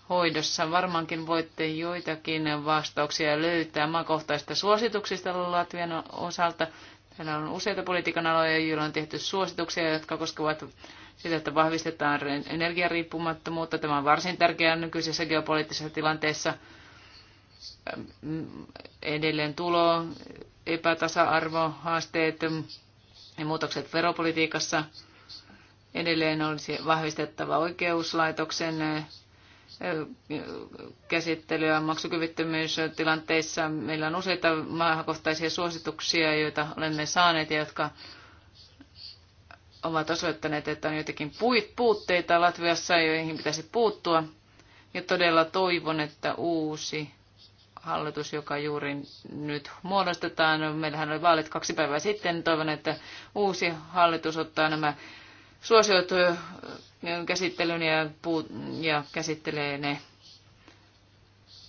B: hoidossa. Varmaankin voitte joitakin vastauksia löytää maakohtaisista suosituksista Latvian osalta. Täällä on useita politiikan aloja, joilla on tehty suosituksia, jotka koskevat sitä, että vahvistetaan energiariippumattomuutta. Tämä on varsin tärkeää nykyisessä geopoliittisessa tilanteessa. Edelleen tulo, epätasa-arvo, haasteet ja muutokset veropolitiikassa Edelleen olisi vahvistettava oikeuslaitoksen käsittelyä maksukyvyttömyystilanteissa. Meillä on useita maahankohtaisia suosituksia, joita olemme saaneet ja jotka ovat osoittaneet, että on jotakin puutteita Latviassa, joihin pitäisi puuttua. Ja todella toivon, että uusi hallitus, joka juuri nyt muodostetaan, meillähän oli vaalit kaksi päivää sitten, toivon, että uusi hallitus ottaa nämä suosiot käsittelyn ja, puu, ja käsittelee ne,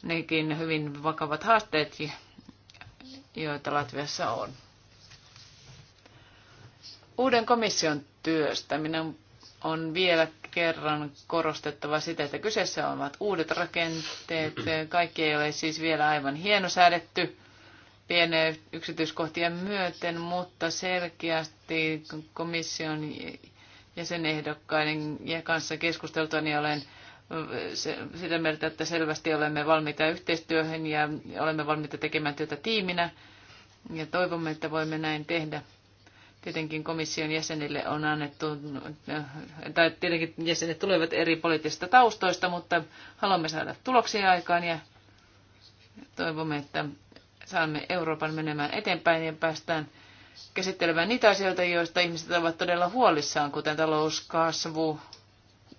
B: nekin hyvin vakavat haasteet, joita Latviassa on. Uuden komission työstäminen on vielä kerran korostettava sitä, että kyseessä ovat uudet rakenteet. Kaikki ei ole siis vielä aivan hienosäädetty pieniä yksityiskohtia myöten, mutta selkeästi komission ja sen ehdokkaiden ja kanssa keskusteltua, niin olen sitä mieltä, että selvästi olemme valmiita yhteistyöhön ja olemme valmiita tekemään työtä tiiminä ja toivomme, että voimme näin tehdä. Tietenkin komission jäsenille on annettu, tai tietenkin jäsenet tulevat eri poliittisista taustoista, mutta haluamme saada tuloksia aikaan ja toivomme, että saamme Euroopan menemään eteenpäin ja päästään käsittelemään niitä asioita, joista ihmiset ovat todella huolissaan, kuten talouskasvu,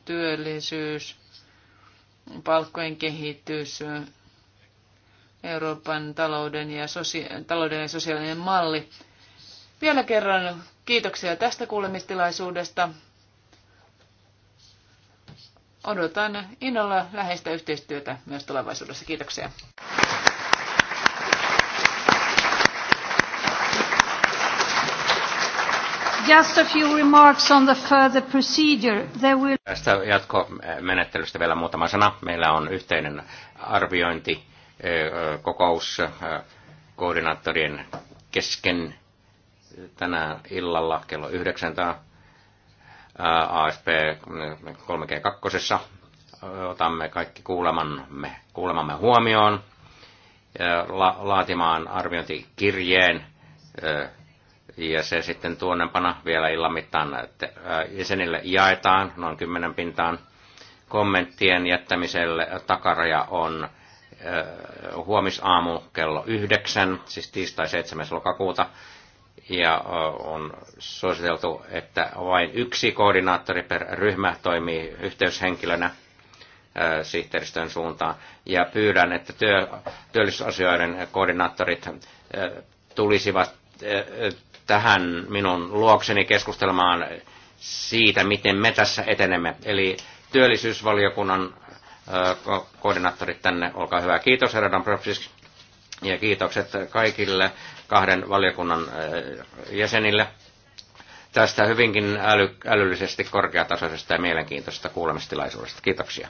B: työllisyys, palkkojen kehitys, Euroopan talouden ja, sosia- talouden ja sosiaalinen malli. Vielä kerran kiitoksia tästä kuulemistilaisuudesta. Odotan innolla läheistä yhteistyötä myös tulevaisuudessa. Kiitoksia.
C: Just a few remarks on the further procedure. There will...
D: Tästä jatkomenettelystä vielä muutama sana. Meillä on yhteinen arviointi kokous koordinaattorien kesken tänään illalla kello 19 ASP 3G2. Otamme kaikki kuulemamme, kuulemamme huomioon ja la, laatimaan arviointikirjeen ja se sitten tuonnepana vielä illan mittaan että jäsenille jaetaan noin kymmenen pintaan. Kommenttien jättämiselle takaraja on huomisaamu kello yhdeksän, siis tiistai 7. lokakuuta. Ja on suositeltu, että vain yksi koordinaattori per ryhmä toimii yhteyshenkilönä sihteeristön suuntaan. Ja pyydän, että työ, työllisyysasioiden koordinaattorit tulisivat tähän minun luokseni keskustelemaan siitä, miten me tässä etenemme. Eli työllisyysvaliokunnan koordinaattorit tänne, olkaa hyvä. Kiitos herra Dombrovskis ja kiitokset kaikille kahden valiokunnan jäsenille tästä hyvinkin äly, älyllisesti korkeatasoisesta ja mielenkiintoisesta kuulemistilaisuudesta. Kiitoksia.